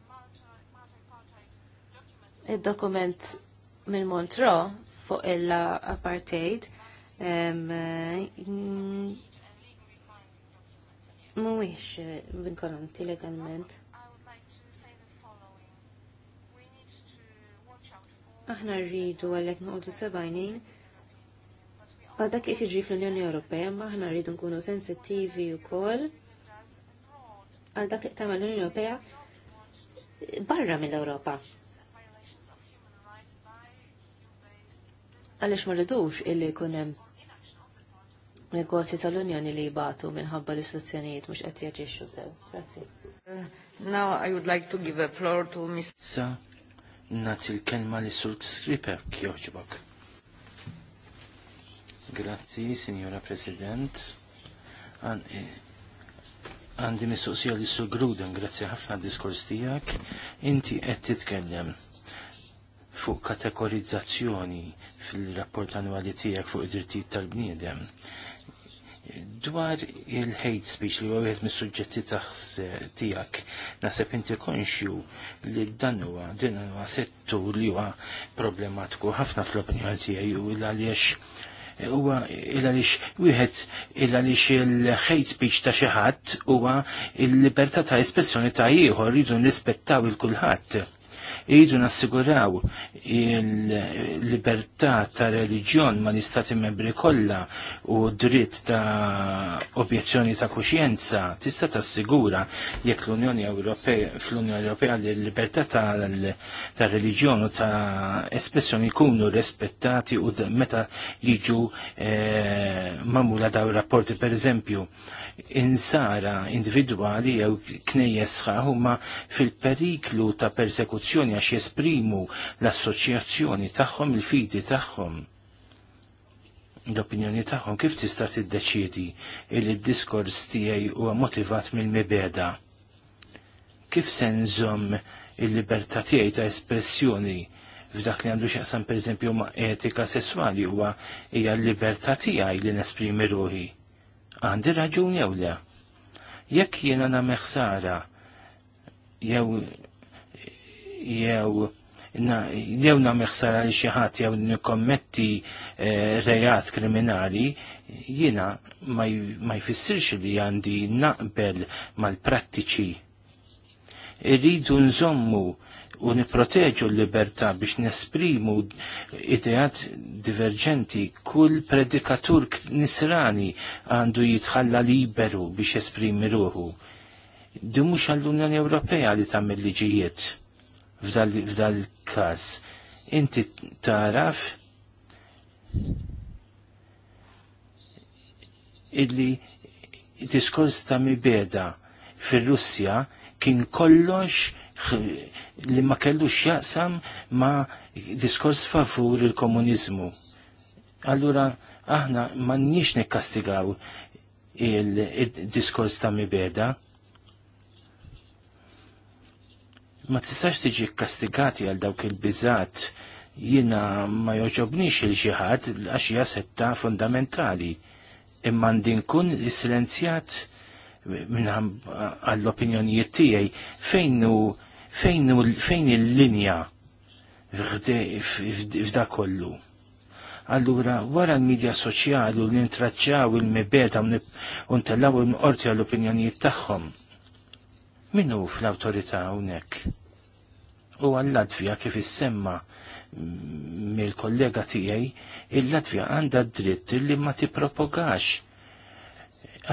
Id-dokument minn Montro fuq il-apartheid eh, mhuwiex vinkolanti legalment. Aħna rridu għallek noqogħdu sebajnin għal dak li tiġri fl-Unjoni Ewropea, ma aħna rridu nkunu sensittivi u koll għal dak li tagħmel l-Unjoni Ewropea barra mill-Ewropa. Għaliex ma rridux illi jkun hemm negozji tal-Unjoni li jibatu minħabba l-istituzzjonijiet mhux qed jaġixxu sew. Grazzi. Uh, now I would like to give a floor to Miss. Sa, nagħti l-kelma li sulk skriper kjoġbok. Grazzi, Signora President. Eh, Għandi mistoqsija li sur Gruden, grazzi ħafna diskors tijak, inti qed titkellem fuq kategorizzazzjoni fil-rapport annwali tijak fuq id-drittijiet tal-bniedem. Dwar il-hate speech li għawet mis suġġetti taħs tijak, nasib inti konxju li dan huwa din huwa settur li huwa problematiku ħafna fl-opinjoni tiegħi u l-għaliex huwa illa lix wieħed il lix il-hate speech ta' xi ħadd huwa il-libertà ta' espressjoni ta' ieħor jridu nrispettaw il-kulħadd. Iridu nassiguraw il-libertà ta' reliġjon ma' l-istati membri kollha u dritt ta' objezzjoni ta' kuxjenza tista' tassigura jekk l-Unjoni Ewropea fl-Unjoni Ewropea li l-libertà ta' reliġjon u ta' espressjoni jkunu rispettati u meta jiġu eh, mamula daw rapporti per eżempju insara individwali jew knejjes huma fil-periklu ta' persekuzzjoni ċittadini għax jesprimu l-assoċjazzjoni tagħhom il-fidi tagħhom l-opinjoni tagħhom kif tista' tiddeċiedi li d-diskors tiegħi huwa motivat mill-mibeda. Kif se nżomm il-libertà tiegħi ta' espressjoni f'dak li għandu x'aqsam pereżempju ma' etika sesswali huwa hija l-libertà tiegħi li nesprimi ruħi. Għandi raġun jew le. Jekk jiena nagħmel ħsara jew jew jew namiħsara li xieħat jew nikommetti eh, rejat kriminali, jina ma, jfissirx li għandi naqbel mal-prattiċi. Irridu nżommu u niproteġu l-libertà biex nesprimu ideat divergenti. Kull predikatur nisrani għandu jitħalla liberu biex esprimi ruħu. Dimux għall-Unjoni Ewropea li tagħmel liġijiet f'dal każ. Inti taraf illi diskors ta' mibeda fir-Russja kien kollox li ma kellux jaqsam ma diskors favur il-komunizmu. Allura, aħna ma nix nekkastigaw il-diskors ta' mibeda, ma tistax tiġi kastigati għal dawk il bizat jina ma joġobnix il-ġihad għax hija setta fundamentali imma ndinkun silenzjat minnħam għall-opinjonijiet tiegħi fejn fejn il-linja f'da kollu. Allura, wara l-medja soċjali u l-intraċċaw il-mibeta u ntellaw il-mqorti għall-opinjonijiet tagħhom minnu fl autorita hawnhekk. U għall-Latvija kif issemma mill-kollega tiegħi, il-Latvija għandha dritt li ma tippropogax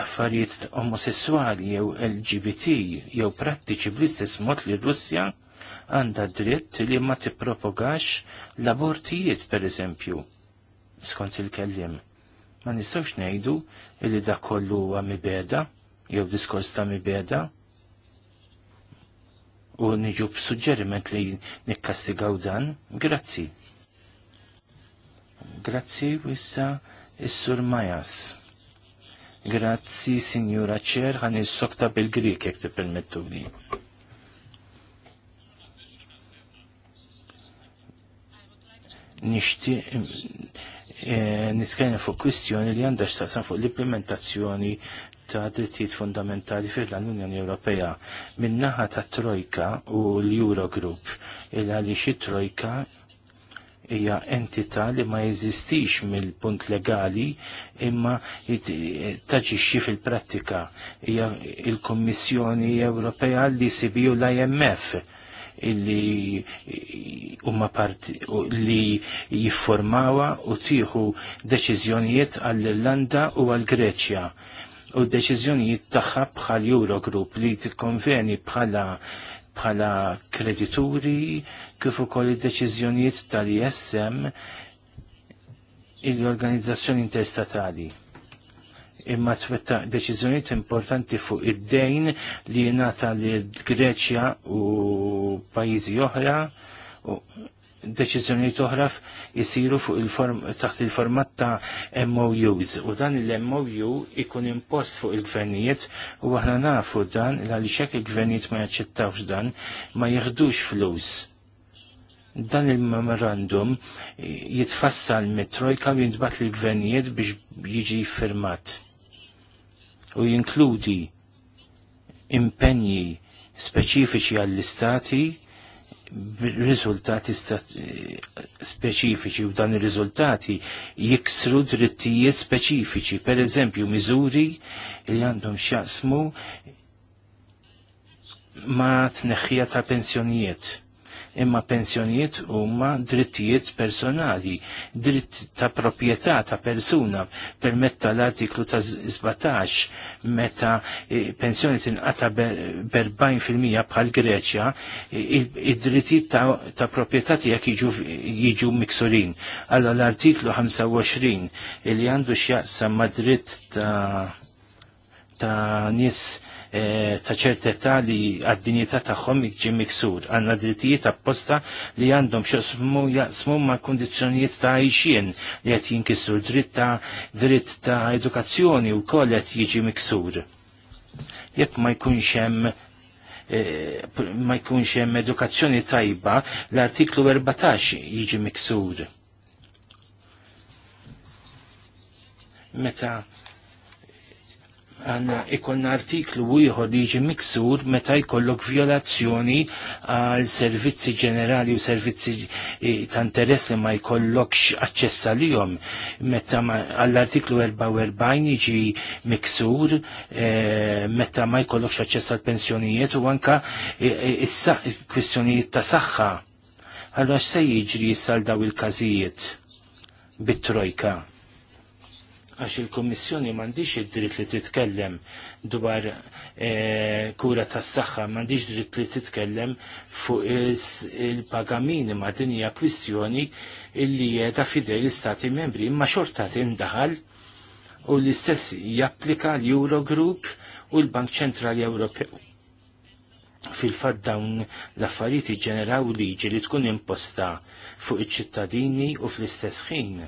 affarijiet omosessuali jew LGBT jew prattiċi bl-istess mod li Russja għandha dritt li ma tippropogax l-abortijiet pereżempju skont il-kellim. Ma nistgħux ngħidu li dak kollu għamibeda mibeda jew diskors ta' mibeda u niġu b'suġġeriment li nikkastigaw dan, grazzi. Grazzi wissa is-sur Majas. Grazzi, signora Ċer, għan il sokta bil-Grik jek permettu li. Nishti Eh, niskajna fuq kwistjoni li għandha x'taqsam fuq l-implementazzjoni ta' drittijiet fundamentali fil-Unjoni Ewropea min-naħa ta' Trojka u l-Eurogroup il għaliex trojka hija entità li ma jeżistix mill-punt legali imma taġixxi fil-prattika hija il-Kommissjoni Ewropea li sibi u l-IMF Illi huma eh, parti li jifformawa u tieħu deċiżjonijiet għall-Irlanda u għall-Greċja u deċiżjonijiet tagħha bħal Eurogroup li tikkonveni bħala bħala kredituri kif ukoll id-deċiżjonijiet tal-ISM il-organizzazzjoni interstatali imma twettaq deċiżjonijiet importanti fuq id-dejn li nata li Greċja u pajjiżi oħra u deċiżjonijiet oħra jisiru fuq il-form taħt il-format ta' MOUs u dan il-MOU ikun impost fuq il-gvernijiet u aħna nafu dan għaliex hekk il-gvernijiet ma jaċċettawx dan ma jeħdux flus. Dan il-memorandum jitfassal mit-trojka u jintbat l-gvernijiet biex jiġi firmat u jinkludi impenji speċifiċi għall-istati rizultati eh, speċifiċi u dan ir-riżultati jiksru drittijiet speċifiċi, per eżempju miżuri li għandhom xjaqsmu ma tneħħija ta' pensjonijiet imma pensjonijiet huma drittijiet personali, dritt ta' proprjetà ta' persuna permetta l artiklu ta' 17 meta e, pensjoni tinqata mija bħal Greċja, e, e, id-drittijiet ta', ta proprjetà tiegħek jiġu miksurin. Allora l-artiklu 25 li għandu x'jaqsam ma' dritt ta' ta' nis Eh, ta' ċertetta li għad-dinjità tagħhom ġi miksur. Għandna drittijiet apposta li għandhom xosmu jaqsmu ma' kundizzjonijiet ta' għajxien li qed jinkissru dritt ta' dritt ta' edukazzjoni wkoll qed jiġi miksur. Jekk ma jkunx hemm eh, ma jkunx hemm edukazzjoni tajba, l-artiklu 14 jiġi miksur. Meta għanna ikon artiklu ieħor li miksur meta jkollok violazzjoni għal servizzi ġenerali u servizzi e, ta' interess li ma jkollokx li jom. Meta għall-artiklu 44 jiġi miksur e, meta ma jkollokx aċċess l pensjonijiet u anka e, kwistjonijiet ta' saħħa. Allora se jiġri jissal daw il-każijiet bit-trojka għax il-Kommissjoni m'għandix id-dritt li titkellem dwar eh, kura tas saħħa m'għandix dritt li titkellem fuq il-pagamini ma' din hija kwistjoni illi jeda fidej l-Istati membri imma xorta tindaħal u l-istess japplika l-Eurogroup u l-Bank Ċentrali Ewropew. Fil-fat dawn l-affarijiet ġeneraw liġi li tkun imposta fuq iċ-ċittadini u fl-istess ħin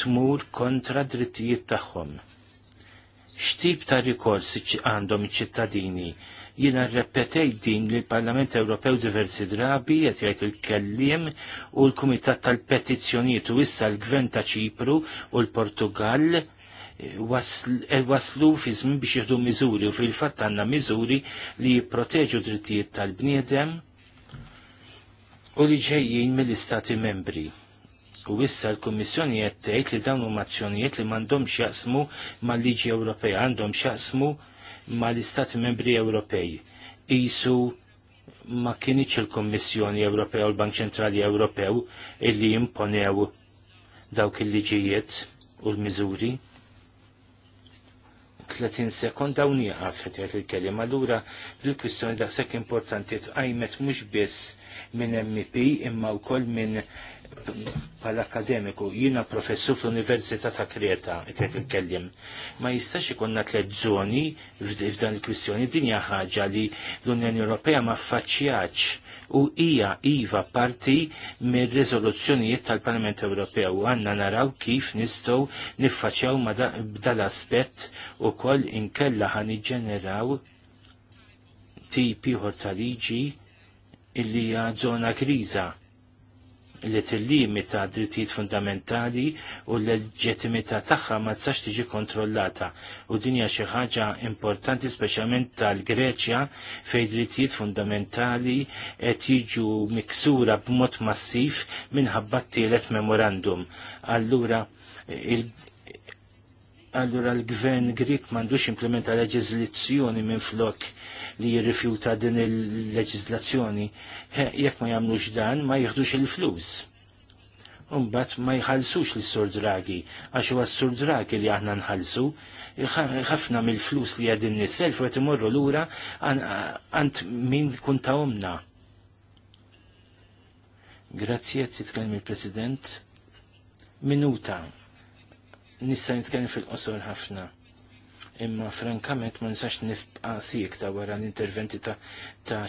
tmur kontra drittijiet tagħhom. X'tip ta' rikorsi għandhom iċ-ċittadini jina rrepetej din li l-Parlament Ewropew diversi drabi qed jgħid il-kellim u l-Kumitat tal-Petizzjonijiet u issa l-Gvern ta' Ċipru u l-Portugal eh, e, waslu fi żmien biex jieħdu miżuri u fil-fatt għandna miżuri li jipproteġu drittijiet tal-bniedem u li ġejjin mill-Istati membri. U issa l-Kummissjoni qed tgħid li dawn huma azzjonijiet li m'għandhom x'jaqsmu mal-liġi Ewropea, għandhom x'jaqsmu mal-Istati Membri Ewropej. Isu ma kienieċ il-Kommissjoni Ewropea u l-Bank Ċentrali Ewropew illi imponew dawk il-liġijiet u l-miżuri. 30 sekund dawn jaqaf qed il-keliem. Allura dil-kwistjoni daqshekk importanti tqajmet mhux biss minn MP imma wkoll minn pal akademiku jina professur fl-Università ta' Kreta, qed il-kellim. Ma jistax ikun tliet żoni f'dan il-kwistjoni din hija ħaġa li l-Unjoni Ewropea ma faċċjaċ u hija iva parti mir riżoluzzjonijiet tal-Parlament Ewropew għandna naraw kif nistgħu niffaċċjaw ma b'dal aspett ukoll inkella ħan iġġeneraw tip ieħor ta' liġi illi hija żona kriża li ta' drittijiet fundamentali u l leġitimità tagħha ma tistax tiġi kontrollata. U din hija xi ħaġa importanti speċjalment tal-Greċja fejn drittijiet fundamentali qed jiġu miksura b'mod massiv minħabba t-tielet memorandum. Allura Allura l-gvern Grik mandux implementa leġizlizzjoni minn flok li jirrifjuta din il-leġizlazzjoni. Jekk ma jagħmlux dan, ma jieħdux il-flus. Umbat ma jħalsux l-sur dragi, għax huwa s-sur dragi li aħna nħalsu, ħafna mill-flus li għadin nisself u imorru lura għand min kun omna. Grazie, titkellem il-President. Minuta. Nista' nitkellem fil-qosor ħafna imma frankament ma nsax nifqa sik ta' wara l-interventi ta'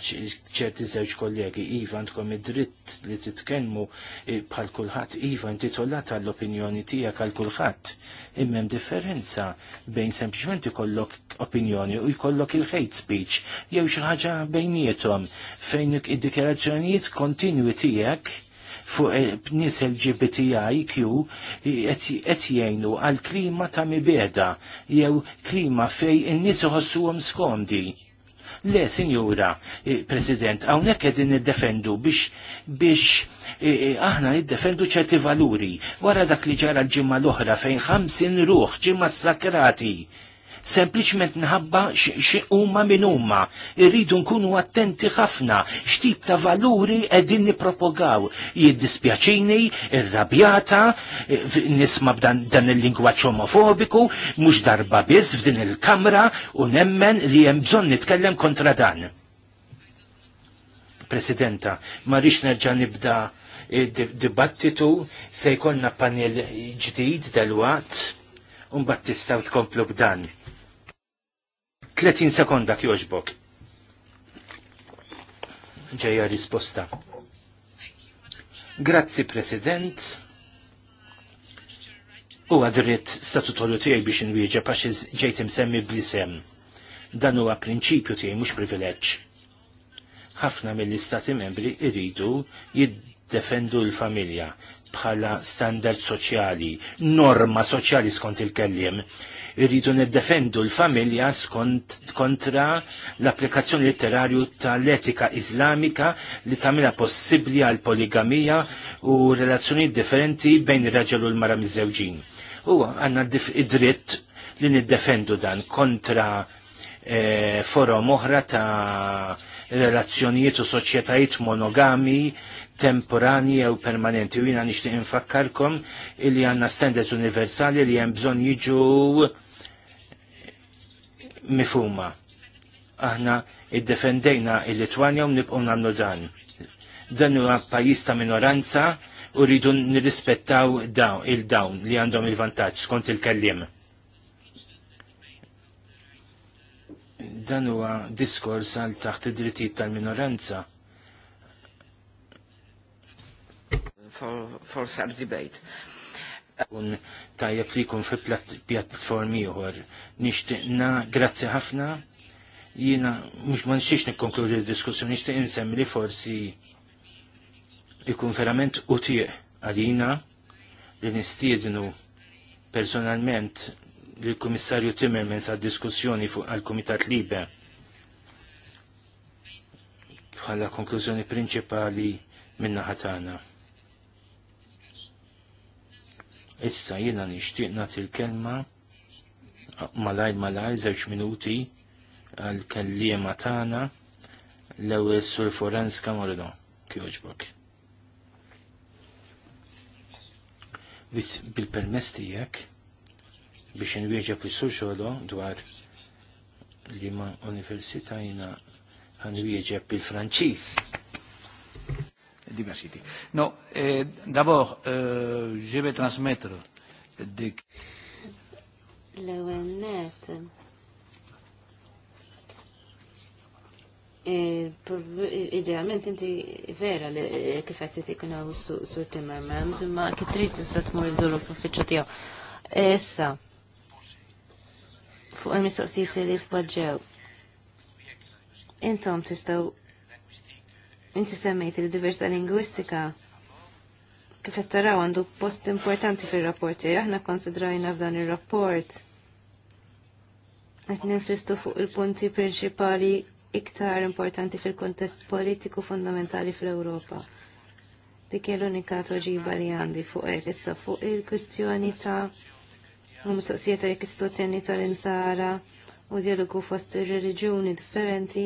ċerti żewġ kollegi. Iva għandkom id-dritt li titkellmu eh, bħal kulħadd, iva intitolat għall opinjoni tiegħek għal kulħadd. Imma hemm differenza bejn sempliciment ikollok opinjoni u jkollok il-hate speech jew xi ħaġa bejniethom fejn id-dikjarazzjonijiet kontinwi tiegħek fuq eh, nies LGBTIQ qed jgħinu għal klima ta' mibeda jew klima fej in-nies iħossuhom skondi. Le, sinjura, eh, President, hawnhekk qegħdin niddefendu biex biex eh, aħna niddefendu ċerti valuri wara dak li ġara l ġimma l-oħra fejn ħamsin ruħ ġimgħa sakrati sempliċement nħabba huma minn huma. Irridu nkunu attenti ħafna x'tip ta' valuri qegħdin nippropogaw. Jiddispjaċini, irrabjata, eh, nisma' b'dan dan il-lingwaġġ omofobiku, mhux darba biss f'din il-kamra u nemmen li hemm bżonn nitkellem kontra dan. Presidenta, ma rix nerġa' nibda dibattitu se jkollna panel ġdid dal-waqt un battista tkomplu b'dan. 30 sekonda kjoġbok. Ġeja risposta. Grazzi, President. U għadrit statutorju tijaj biex nwieġa paċiz ġejt imsemmi blisem. Dan huwa prinċipju tijaj mux privileġġ. Ħafna mill-istati membri irridu jiddefendu l-familja bħala standard soċjali, norma soċjali skont il-kellim. Irridu neddefendu l-familja skont kontra l-applikazzjoni letterarju tal-etika islamika li tamila possibli għal poligamija u relazzjoni differenti bejn ir-raġel u l-mara miż-żewġin. U għanna id-dritt li niddefendu dan kontra e, eh, forom oħra ta' relazzjonijiet u soċjetajiet monogami, temporani jew permanenti. U jina nixtieq infakkarkom illi għandna standards universali li hemm bżonn jiġu mifhuma. Aħna iddefendejna il-Litwanja u nibqgħu nagħmlu dan. Dan huwa pajjiż ta' minoranza u rridu nirrispettaw il-dawn li għandhom il-vantaġġ skont il-kelliem. il vantaġġ skont il kelliem Dan huwa diskors għal taħt id-drittijiet tal-minoranza. For, for such debate. Un tajjeb li kun fi pjattformi uħor. Nishtiqna, grazzi ħafna, jina mux ma nixtiex nikkonkludi l-diskussjoni, nixtieq insemmi li forsi ikun verament utieq għalina li nistiednu personalment l-Komissarju Timmermans għad diskussjoni fuq għal-Komitat Libe. Bħala konklużjoni prinċipali minna ħatana. Issa jina nishtiq nagħti l-kelma malaj malaj żewġ minuti għal-kellima tagħna l-ewwel sur Forens Kamorino, kjoġbok. bil Bil-permesti tiegħek biex nwieġeb li suġolo dwar li ma università jina għanwieġeb il-Franċis. Diversiti. No, eh, d'abord, euh, je vais transmettre dik. L-ewel net. Eh, idealment inti vera li eh, kifet inti kun għaw sur timmermans, ma kitrit tista tmur iżolu f'uffiċċju tiegħu. Issa, e, fuq il-mistoqsijiet li tpoġġew. Intom tistgħu inti semmejt il-diversità lingwistika kif qed taraw għandu post importanti fir-rapporti. Aħna konsidrajna f'dan ir-rapport qed ninsistu fuq il-punti prinċipali iktar importanti fil-kontest politiku fundamentali fl-Ewropa dik l-unika toġiba li għandi fuq hekk issa fuq il-kwistjoni ta' u mistoqsija tal istituzzjoni tal-insara u dialogu fost ir-reliġjuni differenti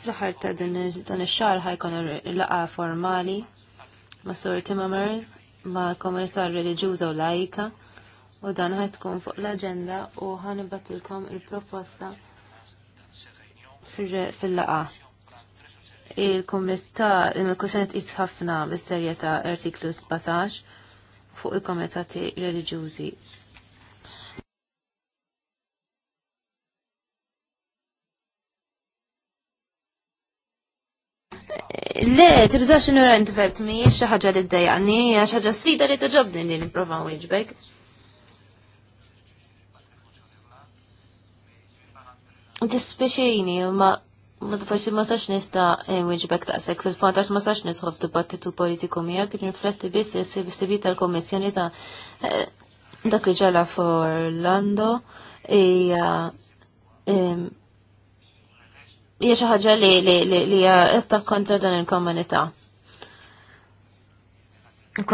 fl-ħar ta' dan ix-xahar il laqa formali ma' Sur Timmermans ma' komunità reliġjuża u lajka u dan ħajtkun tkun fuq l-aġenda u ħanibatilkom il-proposta fil-laqa. Il-komunità il-kussjoni tqis ħafna bis-serjetà artiklu 17 fuq il-komitati reliġjużi. Le, tibżax ignorant vert mi xaħġa li d-dajani, xaħġa ħaġa sfida li t-ġobni li n-prova wieġbek. Dispeċini, ma Ma forsi ma sax nista eh, wieġbek taqsek fil-fatt ma sax nidħol f'dibattitu politiku miegħek kien rifletti biss is-sibi tal-Kommissjoni ta' eh, dak li ġala f'Orlando i hija xi ħaġa li hija attakk kontra dan il-komunità.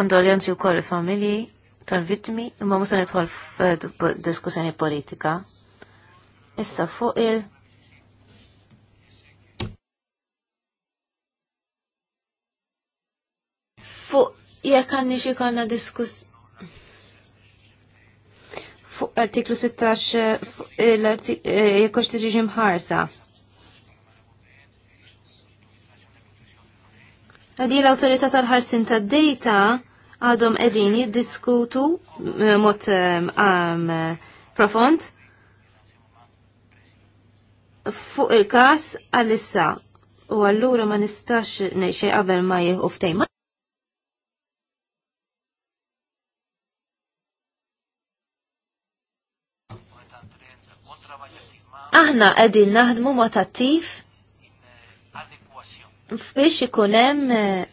Kondoljanzi wkoll il-familji tal-vittmi imma mhux se nidħol f'diskussjoni politika. Issa fuq il- fuq jekk għandni xi konna diskuss fuq artiklu 16 eh, eh, jekk tiġi ħarsa. Għaddi l-autorità tal-ħarsin tad dejta għadhom qegħdin jiddiskutu eh, mod profond fuq il-każ għalissa u allura ma nistax ngħid xejn qabel ma jieħu f'tejma. aħna għedin naħdmu mod attiv biex ikunem eh,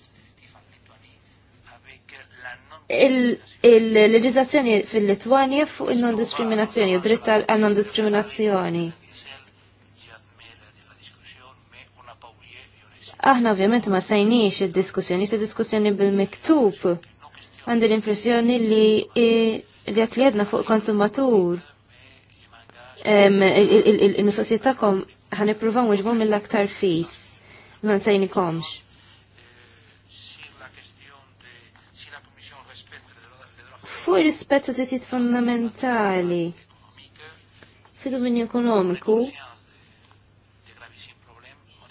il-leġizazzjoni il-leġizazzjoni fil-Litwanja fuq il-non-diskriminazzjoni, dritt għal-non-diskriminazzjoni. Aħna ovvjament ma sejniex il-diskussjoni, se diskussjoni bil-miktub. Għandi l-impressjoni li dak li għedna fuq konsumatur il-mistoqsijiet għan ħanippruvaw weġbu mill-aktar fis ma nsejnikomx. komx. rispett rispetta ġetit fundamentali fidu dominju ekonomiku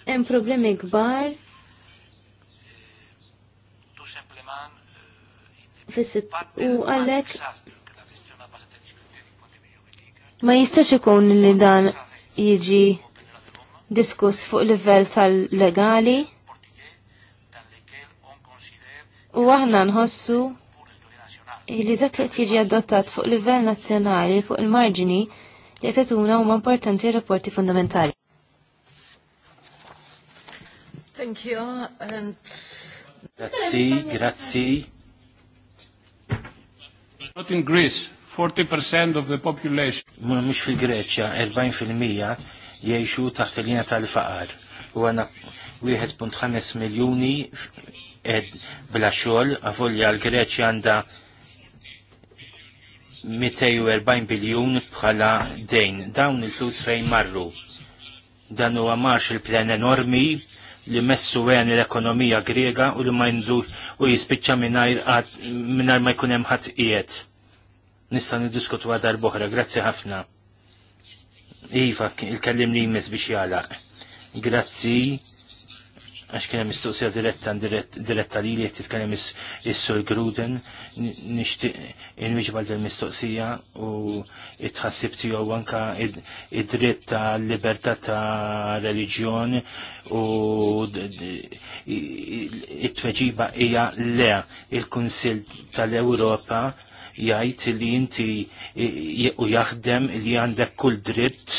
hemm problemi kbar u għalek, Ma jistax ikun li dan jiġi diskuss fuq livell tal-legali u aħna nħossu li dak li tiġi adottat fuq livell nazzjonali fuq il-marġini li tetuna huma importanti rapporti fundamentali. Thank you. And... grazie, grazie. Not in Greece. 40% of the population. Mux fil-Greċja, 40% jiexu taħt il-lina tal-faqar. U għana 1.5 miljoni bla xol, għavolja l-Greċja għanda 240 biljun bħala dejn. Dawn il-flus fejn marru. Dan huwa marx il-plan enormi li messu għen l-ekonomija grega u li ma jindu u jispicċa minnar ma jkunem ħat ijet nista' niddiskutu għadar boħra, grazzi ħafna. Iva, il-kellim li jmiss biex jalaq. Grazzi, għax kena mistoqsija diretta diretta li li jitkellem is-sur Gruden, nixtieq inwiġbal dil-mistoqsija u itħassib tiegħu anka id-dritt ta' libertà ta' religjon u it-tweġiba le il-Kunsill tal-Ewropa jgħid li inti u jaħdem li għandek kull dritt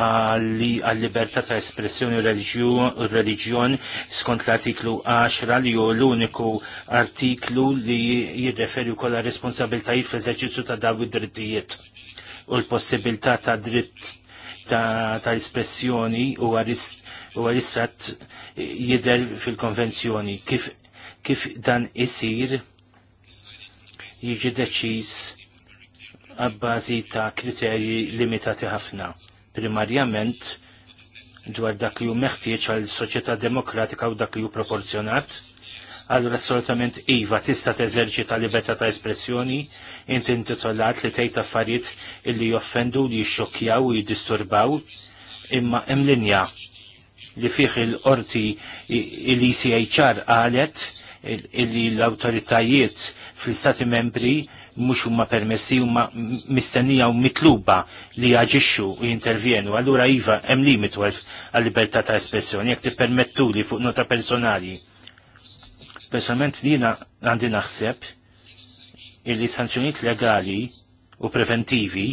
għall-libertà ta' espressjoni u reliġjon skont l-artiklu 10 li hu l-uniku artiklu li jirreferi wkoll kolla responsabiltajiet f'eżerċizzu ta' dawn id-drittijiet u l-possibilità ta' dritt ta' espressjoni u għaristrat jider fil-konvenzjoni. kif dan isir? jiġi deċiż għabbażi ta' kriterji limitati ħafna. Primarjament dwar dak li hu meħtieġ għal soċjetà demokratika u dak li hu proporzjonat, allura assolutament iva tista' teżerċita libertà ta' espressjoni, inti intitolat li tgħid affarijiet illi joffendu li jixxokjaw u jiddisturbaw, imma hemm linja li fih il-qorti il-ECHR qalet illi l-autoritajiet fl-istati membri mux huma permessi huma mistennija u mitluba li jaġixxu u jintervjenu. Allura iva hemm limitu għal-libertà ta' espressjoni jekk permettu li fuq nota personali. Personalment jiena għandi naħseb illi sanzjonijiet legali u preventivi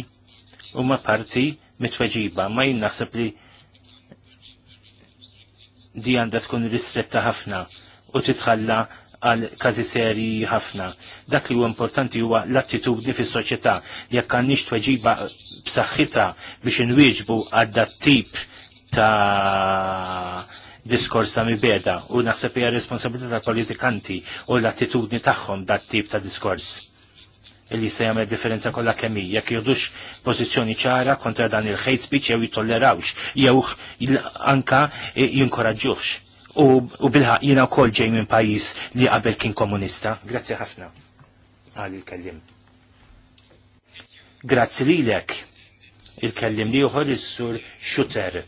huma parti mitweġiba ma jien naħseb li di għandha tkun ristretta ħafna u titħalla għal każi serji ħafna. Dak li huwa importanti huwa l-attitudni fis-soċjetà jekk għandniex tweġiba b'saħħitha biex inwieġbu għad tip ta' diskors ta' mibeda u naħseb hija responsabilità tal-politikanti u l-attitudni tagħhom dat tip ta' diskors illi se jagħmel differenza kollha kemm hi jekk jieħdux pożizzjoni ċara kontra dan il-hate speech jew jitollerawx jew anka jinkoraġġuhx u bilħaq jiena wkoll ġej minn pajjiż li qabel kien komunista. Grazzi ħafna għal il-kellim. Grazzi lilek il-kellim li uħor is-sur Xuter.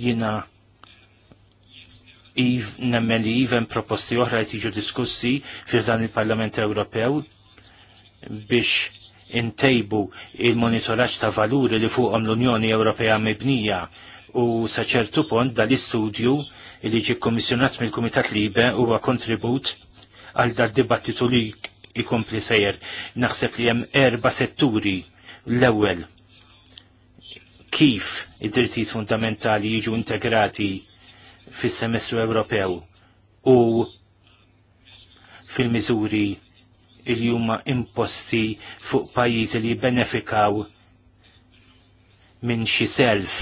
Jiena iv nemmen li even proposti oħra li tiġu diskussi fil dan il-Parlament Ewropew biex intejbu il-monitoraġġ ta' valuri li fuqhom l-Unjoni Ewropea mibnija u saċertu pont dal-istudju li ġi kommissjonat mill-Kumitat Libe huwa kontribut għal dal-dibattitu li jkompli sejjer. Naħseb li hemm erba' setturi l-ewwel kif id-drittijiet fundamentali jiġu integrati fis-semestru Ewropew u fil-miżuri li huma imposti fuq pajjiżi li jibbenefikaw minn xi self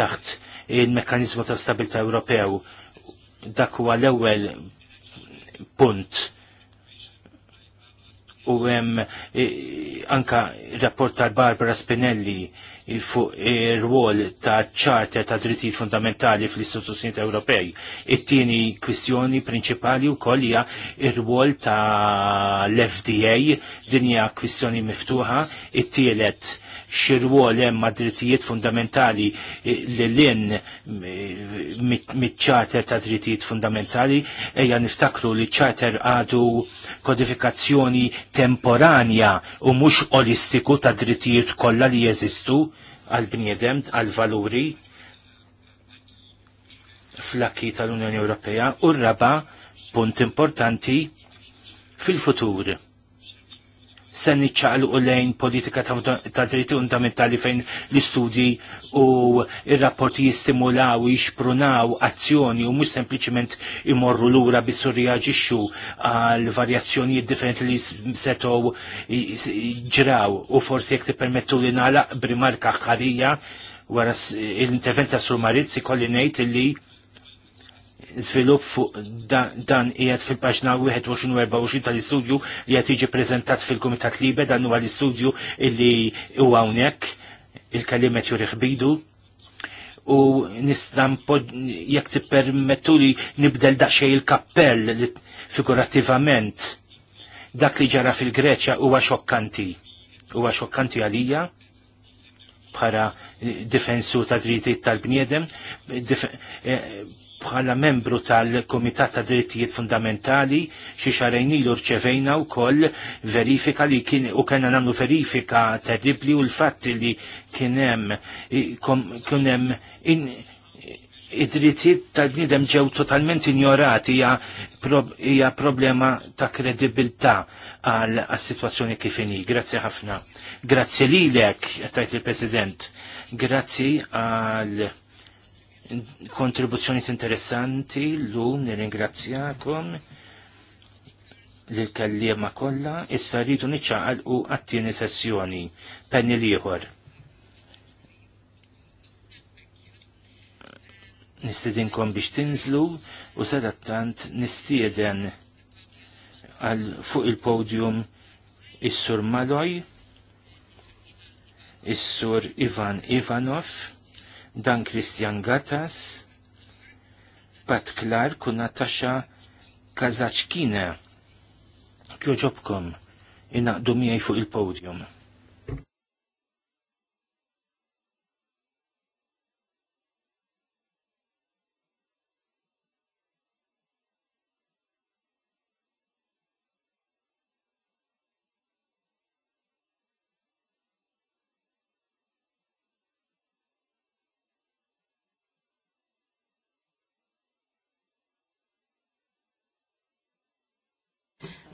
taħt il mekanizmu ta' stabilta' Ewropew. Dak huwa l-ewwel punt u hemm eh, anka rapport tal Barbara Spinelli fuq ir-rwol ta' ċarta ta' drittijiet fundamentali fl istituzzjoni Ewropej. It-tieni kwistjoni prinċipali wkoll hija il rwol ta' l-FDA din hija kwistjoni miftuħa, it-tielet x'irwol hemm ma' drittijiet fundamentali li lin mit ċarter ta' drittijiet fundamentali ejja niftakru li ċarter għadu kodifikazzjoni temporanja u mhux olistiku ta' drittijiet kollha li jeżistu għal-bniedem, għal-valuri fl-akki tal-Unjoni Ewropea u raba punt importanti fil-futur se u lejn politika ta' dritti fundamentali fejn l-istudji u il-rapporti jistimulaw, jixprunaw azzjoni u mux sempliciment imorru l-ura bissu reagġixxu għal varjazzjoni differenti li setow ġraw u forsi jek permettu li nalaq brimarka ħarija wara l-intervent ta' Sur Marizzi kolli ngħid illi żvilupp fuq dan qiegħed fil-paġna 21-24 tal-istudju li qed jiġi prezentat fil-Kumitat Libe dan huwa l-istudju illi huwa hawnhekk il-kalimet jurih bidu u nistan jekk tippermettu li nibdel daqsxejn il-kappell figurattivament dak li ġara fil-Greċja huwa xokkanti. Huwa xokkanti għalija bħala difensu ta' drittijiet tal-bniedem, eh, bħala membru tal-Komitat ta' Drittijiet Fundamentali xi xarajn ilu rċevejna wkoll verifika li kien u kellna nagħmlu verifika terribli u l-fatt li kien hemm kien hemm id-drittijiet tal-bniedem ġew totalment injorati hija problema ta' kredibilità għal situazzjoni kif inhi. Grazzi ħafna. Grazzi lilek, tajt il-President. Grazzi għal kontribuzzjoni interessanti l-lum nir-ingrazzjakom l kellima kolla issa rridu niċċaqal u għattini sessjoni penni liħor. Nistedinkom biex tinżlu u sadattant nistieden għal fuq il-podium is-sur Maloj, is-sur Ivan Ivanov, dan Christian Gattas, Pat Klar u Natasha Kazachkina. Kjoġobkom, inaqdu miħaj fuq il-podium.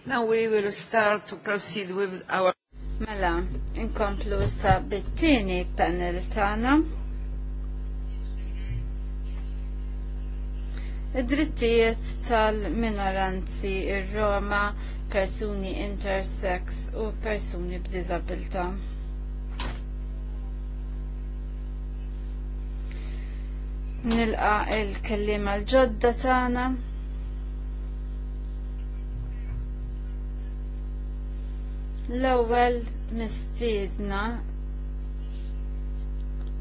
Now we will start to proceed with our... Mela, inkomplu issa bit-tieni panel tagħna. Id-drittijiet tal-minoranzi ir-Roma, persuni intersex u persuni b'diżabilità. Nilqa' il kellima l ġodda tagħna. L-ewwel mistiedna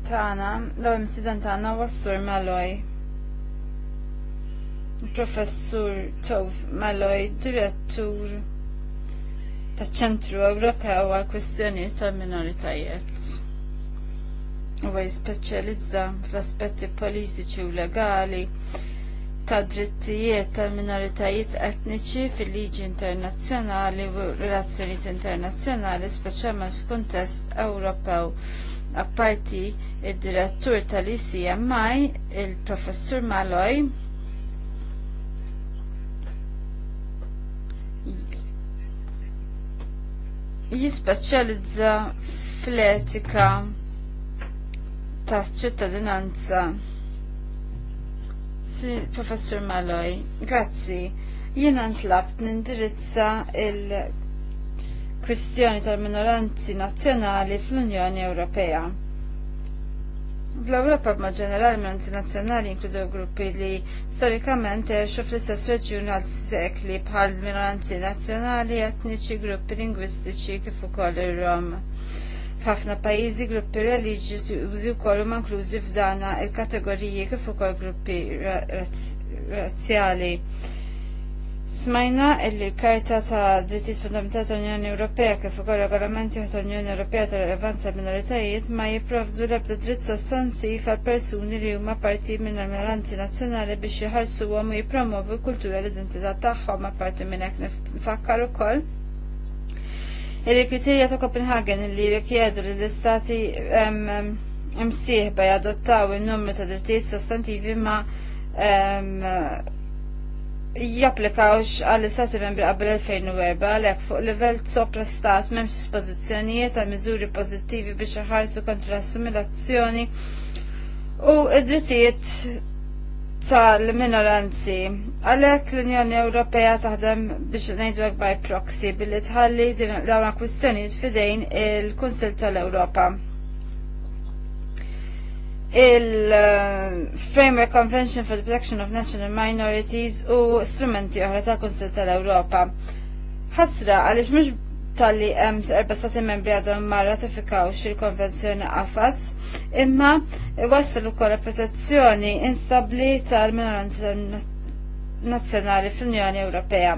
tagħna, l-ewwel mistieden tagħna wassur Maloj. Professur Tov Maloj, direttur taċ ċentru Ewropew għal kwistjonijiet tal-minoritajiet. Huwa jispeċjalizza fl-aspetti politiċi u legali ta' drittijiet tal-minoritajiet etniċi fil-liġi internazzjonali u relazzjonijiet internazzjonali, speċjalment f'kuntest Ewropew. Apparti id-direttur tal-ICMI, il-professur Maloj, jispeċjalizza fl-etika ta' ċittadinanza Professor Malloy, grazzi. Jiena ntlabt nindirizza il-kwistjoni tal-minoranzi nazzjonali fl-Unjoni Ewropea. Fl-Ewropa ma ġenerali minoranzi nazzjonali inkludu gruppi li storikament eħxu fl-istess reġjun għal sekli bħal minoranzi nazzjonali, etniċi, gruppi lingwistiċi kif ukoll ir-Rom. F'ħafna pajjiżi gruppi reliġjużi wkoll huma inklużi f'dana il-kategoriji kif ukoll gruppi razzjali. Smajna l karta ta' drittijiet fundamentali tal-Unjoni Ewropea kif ukoll regolamenti tal-Unjoni Ewropea ta' relevanza minoritajiet ma jipprovdu l-ebda dritt sostanziv għal persuni li huma parti minn minoranzi nazzjonali biex jħarsuhom u jippromovu l-kultura l-identità tagħhom apparti minn hekk nifakkar ukoll Il-kriterja ta' Copenhagen li rikjedu li l-istati msieħba jadottaw il-numru ta' drittijiet sostantivi ma' japplikawx għall-istati membri qabel 2004 għalhekk fuq livell sopra stat m'hemmx dispożizzjonijiet ta' miżuri pożittivi biex iħarsu kontra l-assimilazzjoni u id-drittijiet tal-minoranzi. Għalhekk l-Unjoni Ewropea taħdem biex nejdwek by proxy billi tħalli dawn kwistjonijiet fidejn il-Kunsill tal-Ewropa. Il-Framework Convention for the Protection of National Minorities u strumenti oħra tal-Kunsill tal-Ewropa ħasra għalix mux tal-li hemm erba' stati membri għadhom ma ratifikawx il-konvenzjoni qafas, imma wassal ukoll protezzjoni instabbli tal-minoranza nazzjonali fl-Unjoni Ewropea.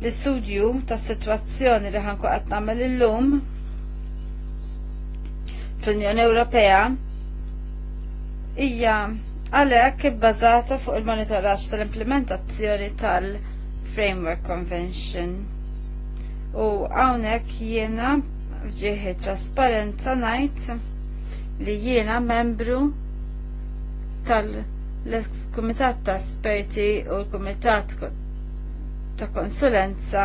L-istudju tas-sitwazzjoni li ħanku qed nagħmel illum fl-Unjoni Ewropea hija għalhekk ibbażata fuq il-monitoraġġ tal-implementazzjoni tal-Framework Convention u hawnhekk jiena fġieħi trasparenza ngħid li jiena membru tal-Kumitat ta' Esperti u l-Kumitat ta' Konsulenza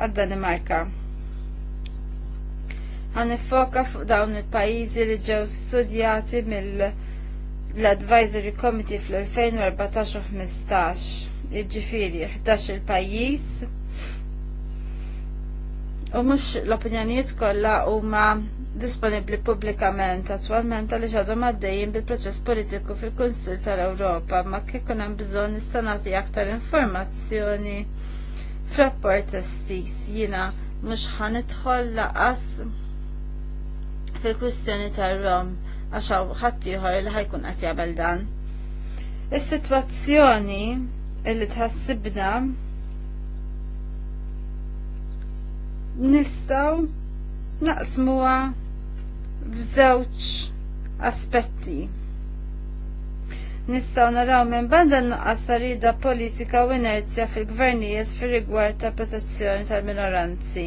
għad-Danimarka. Għan nifoka fuq dawn il-pajizi li ġew studjati mill-Advisory Committee fl-2014 u 15. Iġifiri, 11 il-pajjiż u mux l-opinjonijiet kollha huma disponibbli pubblikament attualment għaliex għadhom għaddejjin bil-proċess politiku fil-Kunsil tal-Ewropa ma kif hemm bżonn nista' nagħti aktar informazzjoni f'rapport estis mux mhux ħanidħol laqas fil-kwistjoni tar-Rom għax hawn li ħajkun qed jagħmel dan. Is-sitwazzjoni illi tħassibna nistaw naqsmuha f'żewġ aspetti. Nistaw naraw minn banda nuqqas rida politika u inerzja fil-gvernijiet fir rigward ta' protezzjoni tal-minoranzi.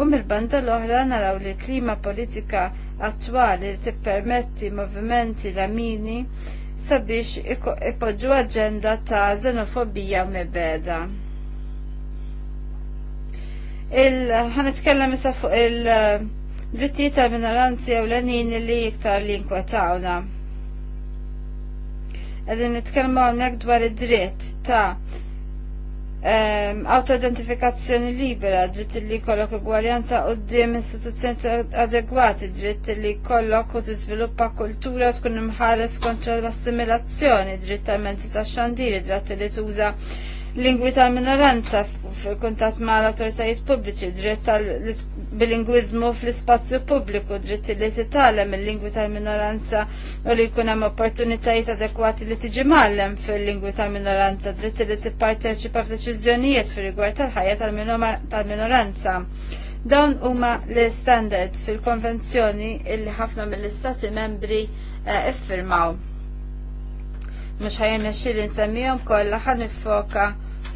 U mill-banda l-oħra naraw li klima politika attwali li tippermetti movimenti lamini sabiex ipoġġu aġenda ta' xenofobija mebeda. beda ħanitkellem issa fuq il-drittijiet eh, tal-minoranzi u l-għanin li iktar li nkwetawna. Għadin nitkellmu għonek dwar id-dritt ta' eh, auto-identifikazzjoni libera, dritt li kollok ugwaljanza u d-dim istituzzjoni adegwati, dritt li kollok u t-izviluppa kultura tkun imħares kontra l-assimilazzjoni, dritt tal-menzi ta' xandiri, dritt li tuża lingwi tal-minoranza fil-kuntat ma' l-autoritajiet pubbliċi, dritt tal-bilingwizmu fl-spazju pubbliku, dritt li titalem il-lingwi tal-minoranza u li jkun hemm opportunitajiet adekwati li tiġi mallem fil-lingwi tal-minoranza, dritt li tipparteċipa f'deċiżjonijiet fir-rigward tal-ħajja tal-minoranza. Dawn huma l-standards fil-konvenzjoni illi ħafna mill-istati membri eh, iffirmaw. Mhux ħajrna xil insemmihom kollha ħan foka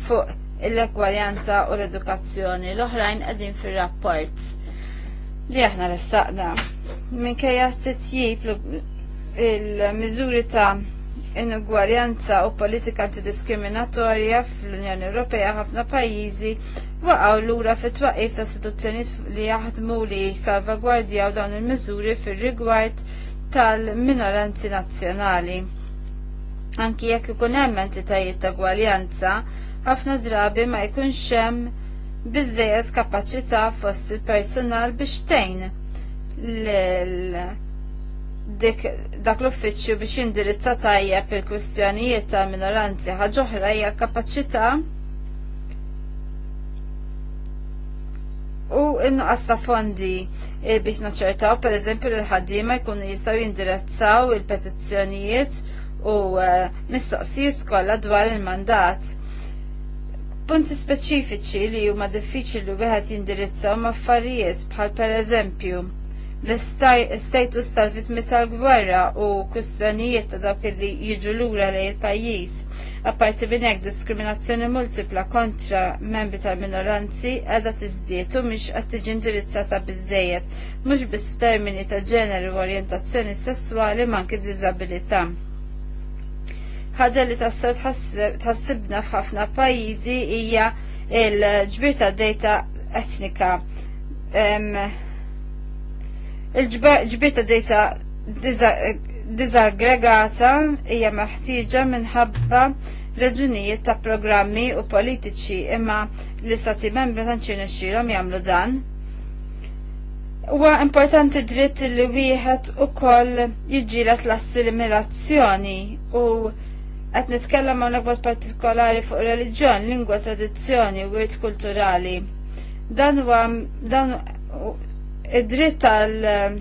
fuq l-ekwaljanza u l-edukazzjoni. L-oħrajn qegħdin fir-rapport li aħna ressaqna. Minkejja titjib il-miżuri ta' inugwaljanza u politika antidiskriminatorja fl-Unjoni Ewropea ħafna pajjiżi waqgħu lura fit-twaqif ta' istituzzjonijiet li jaħdmu li salvagwardjaw dawn il-miżuri fir-rigward tal-minoranzi nazzjonali. Anki jekk ikun hemm entitajiet ta' gwaljanza, ħafna drabi ma jkunx hemm bizzejet kapaċità fost il-personal biex tejn dik dak l-uffiċċju biex jindirizza tajjeb il-kwistjonijiet ta' minoranzi ħaġa oħra hija kapaċità u inqas ta' fondi e, biex naċċertaw pereżempju l ħaddiema jkunu jistgħu jindirizzaw il-petizzjonijiet u e, mistoqsijiet kollha dwar il-mandat punti speċifiċi li huma diffiċli wieħed jindirizzaw ma' affarijiet bħal pereżempju l-status tal-vittmi tal-gwerra u kustjonijiet ta' dawk li jiġu lura lejn il-pajjiż. Apparti minn hekk diskriminazzjoni multipla kontra membri tal-minoranzi għadha tiżdied u mhix qed tiġi indirizzata biżejjed, mhux biss f'termini ta' ġeneru u orjentazzjoni sesswali ma anke diżabilità ħaġa li tassew tħassibna f'ħafna pajjiżi hija l ġbir ta' data etnika. Il-ġbir ta' data dizaggregata hija meħtieġa minħabba raġunijiet ta' programmi u politiċi imma l-istati membri tanċin xilhom jagħmlu dan. Huwa importanti dritt li wieħed ukoll jiġġielet l-assimilazzjoni u Qed nitkellem hawnhekk bod partikolari fuq reliġjon, lingwa, tradizzjoni, wirt kulturali. Dan huwa dan id-dritt tal eh,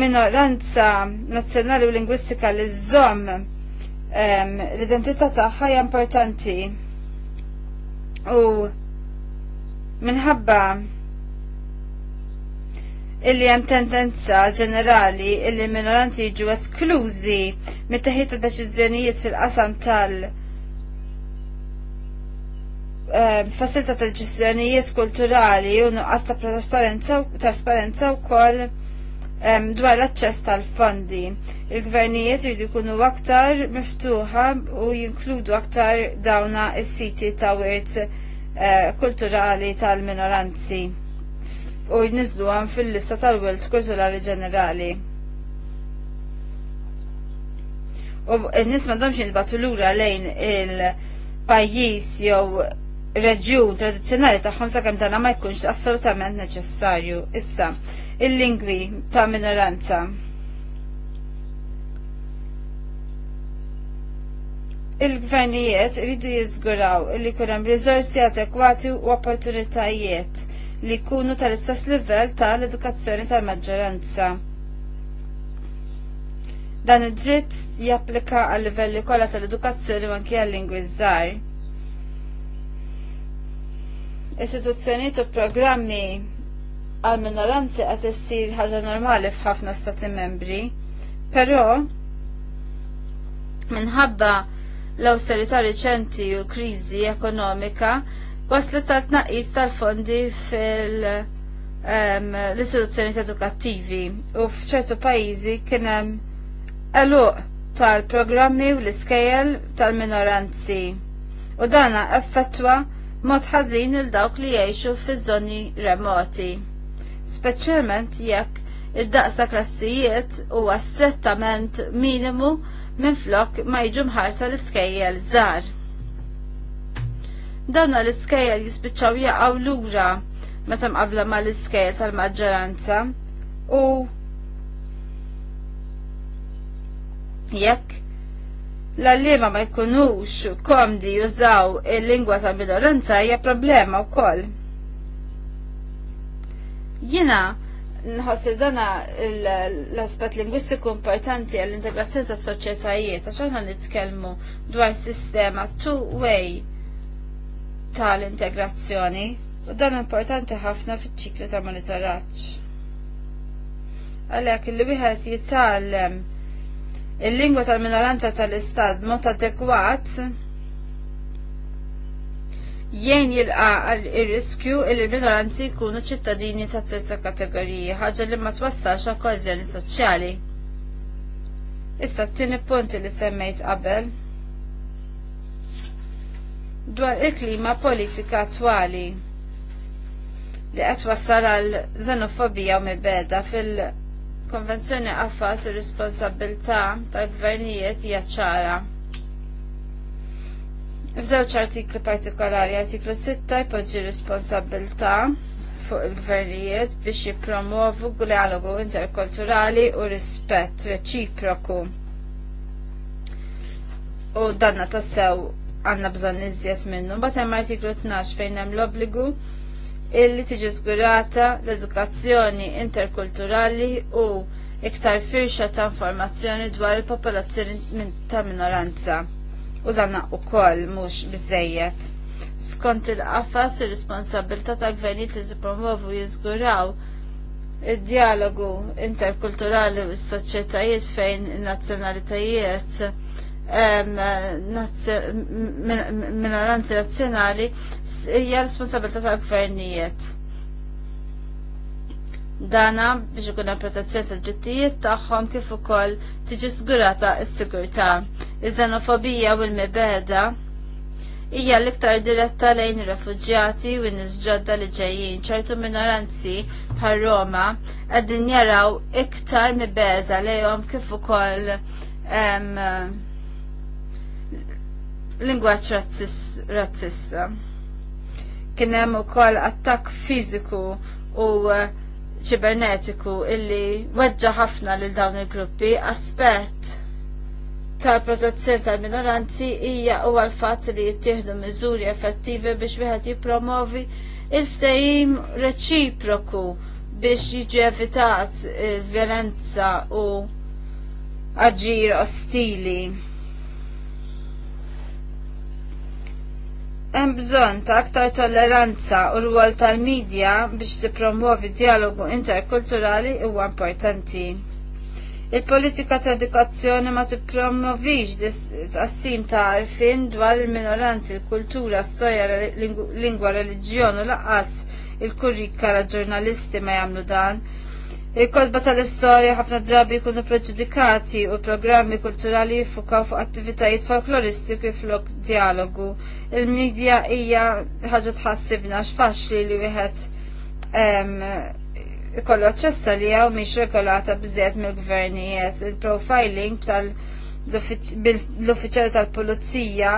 minoranza nazzjonali u lingwistika li żomm ehm, l-identità tagħha importanti. U minħabba illi hemm tendenza ġenerali illi minoranzi jiġu esklużi mit-teħid ta' deċiżjonijiet fil-qasam tal- ehm, fasilta ta' deċizjonijiet kulturali u nuqqas ta' trasparenza u koll ehm, dwar l-aċċess tal-fondi. Il-gvernijiet jridu jkunu aktar miftuħa u jinkludu aktar dawna is-siti ta' wirt eh, kulturali tal-minoranzi u jnizlu għan fil-lista tal world Kulturali Ġenerali. U n-nis mandomx jintbatu batulura lejn il-pajis jew reġjun tradizjonali tagħhom sakemm tagħna ma jkunx assolutament neċessarju. Issa, il-lingwi ta' minoranza. Il-gvernijiet rridu jiżguraw li jkun hemm adekwati u opportunitajiet li jkunu tal-istess livell tal-edukazzjoni tal-maġġoranza. Dan id-dritt japplika għal livelli kollha tal-edukazzjoni u għal-lingwi żgħar. Istituzzjonijiet u programmi għal minoranzi qed issir ħaġa normali f'ħafna stati membri, però minħabba l-awsterità riċenti u l-kriżi ekonomika waslu ta' tnaqis tal-fondi fil-istituzzjoni edukattivi u f'ċertu pajjiżi kien hemm eluq tal-programmi u l-iskejjel tal-minoranzi. U dana effettwa mod ħażin il dawk li jgħixu fiż-żoni remoti. Speċjalment jekk id-daqsa klassijiet huwa strettament minimu minn flok ma jiġu mħarsa l-iskejjel żgħar dawna l-iskejjel jispiċċaw jaqgħu lura meta mqabla mal iskejjel tal-maġġoranza u jekk l-allima ma jkunux komdi jużaw il-lingwa ta' minoranza hija problema wkoll. Jiena nħossi dana l-aspet lingwistiku importanti għall-integrazzjoni tas soċjetajiet għax aħna nitkellmu dwar sistema two-way tal-integrazzjoni u dan importanti ħafna fiċ-ċiklu ta' monitoraġġ. Għalhekk il wieħed jitgħallem il-lingwa tal-minoranza tal-istat mod adekwat jien jilqa il-riskju il-minoranzi jkunu ċittadini ta' terza kategoriji, ħaġa li ma twassax għal koeżjoni soċjali. Issa t-tieni punti li semmejt qabel dwar il-klima politika attuali li qed wassal għal xenofobija u mibeda fil-Konvenzjoni Qafas u responsabilità tal gvernijiet hija ċara. F'żewġ artikli partikolari, artiklu 6 jpoġġi responsabilità fuq il-gvernijiet biex jippromovu dialogu interkulturali u rispett reċiproku. U danna tassew għanna bżon iżjed minnu. Bat hemm artiklu 12 fejn hemm l-obbligu illi tiġi żgurata l-edukazzjoni interkulturali u iktar firxa ta' informazzjoni dwar il-popolazzjoni ta' minoranza. U dan ukoll mhux biżejjed. Skont il-qafas ir-responsabilità ta' gvernijiet li tippromovu jiżguraw id-dialogu interkulturali u s-soċjetajiet fejn in-nazzjonalitajiet minoranzi nazzjonali hija responsabilta tal-gvernijiet. Dana biex ikun hemm protezzjoni tad-drittijiet tagħhom kif ukoll tiġi żgurata s-sigurtà. Iż-xenofobija u l-mibeda hija l-iktar diretta lejn ir-refuġjati u n-nies ġodda li ġejjin ċertu minoranzi bħal Roma qegħdin jaraw iktar mibeda lejhom kif ukoll lingwaċ razzista. Kien hemm ukoll attakk fiziku u eh, ċibernetiku illi weġġa ħafna lil dawn il-gruppi aspett tal-protezzjoni tal-minoranzi hija huwa l-fatt li jittieħdu miżuri effettivi biex wieħed jippromovi il-ftehim reċiproku biex jiġi evitat il-violenza eh, u aġir ostili Hemm bżonn ta' aktar tolleranza u rwol tal-medja biex tippromuovi dialogu interkulturali huwa importanti. Il-politika ta' edukazzjoni ma tippromovix tqassim ta' arfin dwar il-minoranzi, il-kultura, storja, lingwa, reliġjon u laqqas il-kurrika ġurnalisti ma jagħmlu dan il kolba tal-istorja ħafna drabi jkunu preġudikati u programmi kulturali jiffukaw fuq attivitajiet folkloristiku flok dialogu. Il-medja hija ħaġa tħassibna x'faċli li wieħed ikollu aċċessa li u miex regolata bżiet mill-gvernijiet. Il-profiling tal- l-uffiċjali tal-pulizija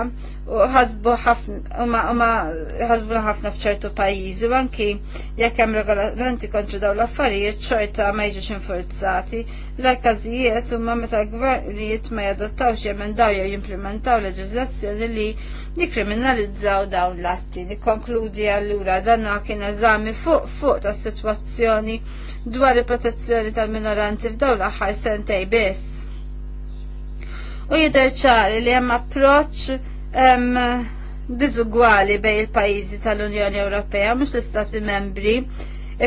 u ħasbu ħafna ħasbu ħafna f'ċertu pajjiżi u anki jekk hemm regolamenti kontra dawn l-affarijiet xorta ma jiġux infurzati l-każijiet huma meta l-gvernijiet ma jadottawx jemendaw jew jimplementaw leġiżlazzjoni li jikkriminalizzaw dawn l-atti. Nikkonkludi allura dan kien eżami fuq fuq ta' sitwazzjoni dwar il-protezzjoni tal-minoranti f'dawn l-aħħar sentej biss u jidher ċari li hemm approċċ diżugwali bej il-pajjiżi tal-Unjoni Ewropea mhux l-Istati Membri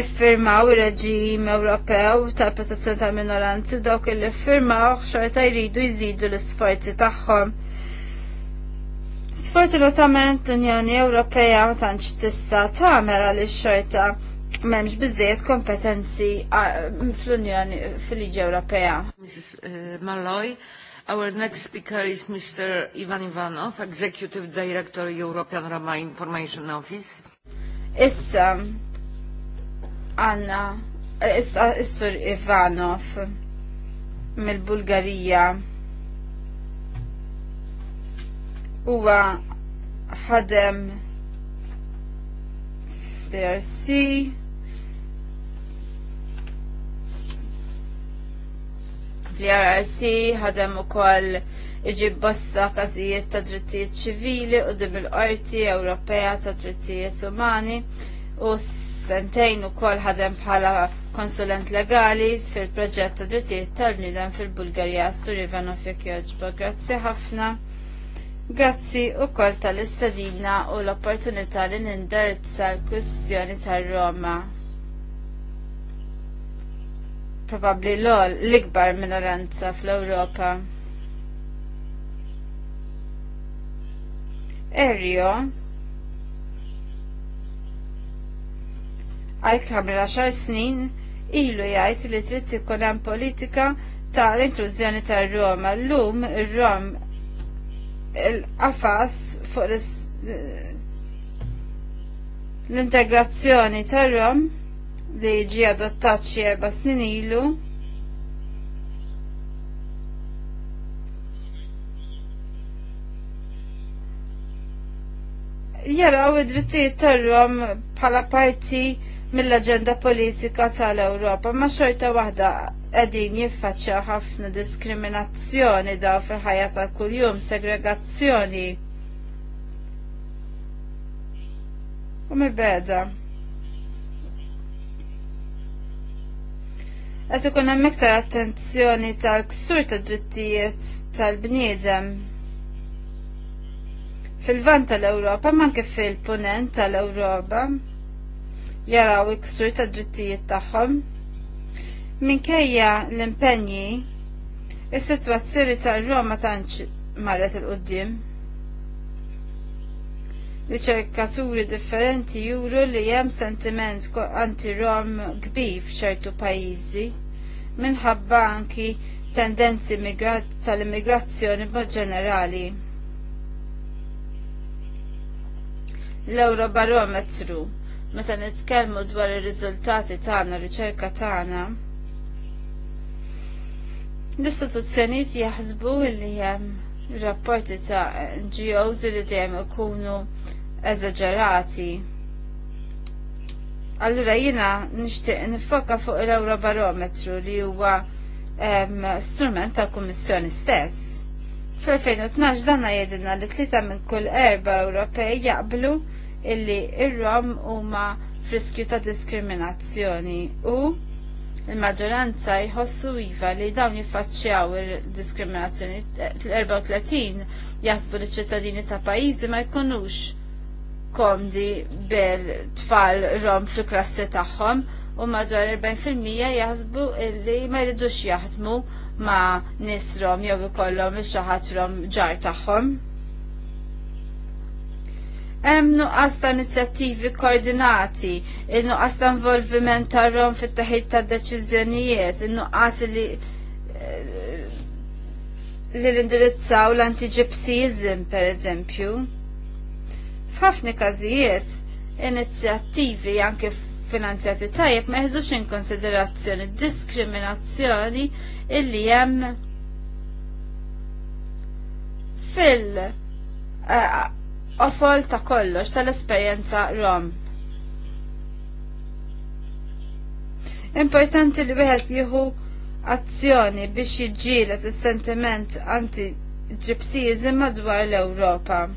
iffirmaw ir-reġim Ewropew tal-protezzjoni tal-minoranzi u dawk li ffirmaw xorta jridu jżidu l-isforzi tagħhom. Sfortunatament l-Unjoni Ewropea ma tantx tista' tagħmel għaliex xorta m'hemmx biżejjed kompetenzi fl-Unjoni fil-Liġi Ewropea. Mrs. Eh, Malloy, Our next speaker is Mr. Ivan Ivanov, Executive Director, European Roma Information Office. Issa, Anna, issa, issur Ivanov, mill-Bulgarija. Huwa ħadem BRC fl-RRC, ħadem ukoll iġib bosta każijiet ta' drittijiet ċivili u dim il-Qorti Ewropea ta' drittijiet umani u sentejn ukoll ħadem bħala konsulent legali fil-proġett ta' drittijiet tal-bniedem fil-Bulgarija Sur Ivanov jekk joġba. Grazzi ħafna. Grazzi u kol tal-istadina u l-opportunità li nindirizza l-kwistjoni tar-Roma probabli l-ol l-ikbar minoranza fl-Europa. Erjo għal kamra xar snin ilu jgħid li trid ikun hemm politika ta' l-inklużjoni tar-Roma. Llum ir-Rom il-qafas fuq l-integrazzjoni tar-Rom li ġi adottat xi erba' snin ilu jaraw id-drittijiet tal bħala parti mill-aġenda politika tal-Ewropa ma xorta waħda qegħdin jiffaċċja ħafna diskriminazzjoni daw fil-ħajja tal kuljum, segregazzjoni. U mibeda. beda Għaz ikun hemm iktar attenzjoni tal-ksur ta' drittijiet tal-bniedem fil-vant tal-Ewropa ma kif fil-punent tal-Ewropa jaraw il-ksur ta' drittijiet tagħhom. Minkejja l-impenji is-sitwazzjoni tal-Roma tantx marret il-qudiem riċerkaturi differenti juru li hemm sentiment anti-Rom kbir f'ċertu pajjiżi minħabba anki tendenzi tal-immigrazzjoni bo ġenerali. L-Eurobarometru, meta nitkellmu dwar ir-riżultati tagħna, riċerka tagħna, l-istituzzjonijiet jaħsbu li hemm rapporti ta' NGOs li dejjem ikunu eżagġerati. Allura jina nishtiq nifoka fuq l-Eurobarometru li huwa strument ta' kummissjoni stess. Fl-2012 danna jedina li tlita minn kull erba Ewropej jaqblu illi ir-Rom huma friskju ta' diskriminazzjoni u il-maġġoranza jħossu iva li dawn jiffaċċjaw il-diskriminazzjoni l-34 jasbu li ċittadini ta' pajjiżi ma jkunux komdi bel tfal rom fl klassi tagħhom u madwar 40% jaħsbu li ma jridux jaħdmu ma' nis rom jew ikollhom ix-xaħat rom ġar tagħhom. Hemm nuqqas ta' inizjattivi koordinati, il-nuqqas ta' involviment ta' rom fit-taħid ta' deċiżjonijiet, il-nuqqas li eh, li l-indirizzaw l-antiġipsizm per eżempju. F'ħafna każijiet inizjattivi anke finanzjati tajjeb ma jħedux inkonsiderazzjoni diskriminazzjoni illi hemm fil eh, ofol ta' kollox tal-esperjenza rom. Importanti li wieħed jieħu azzjoni biex jiġġielet is-sentiment anti ġipsizim madwar l-Ewropa.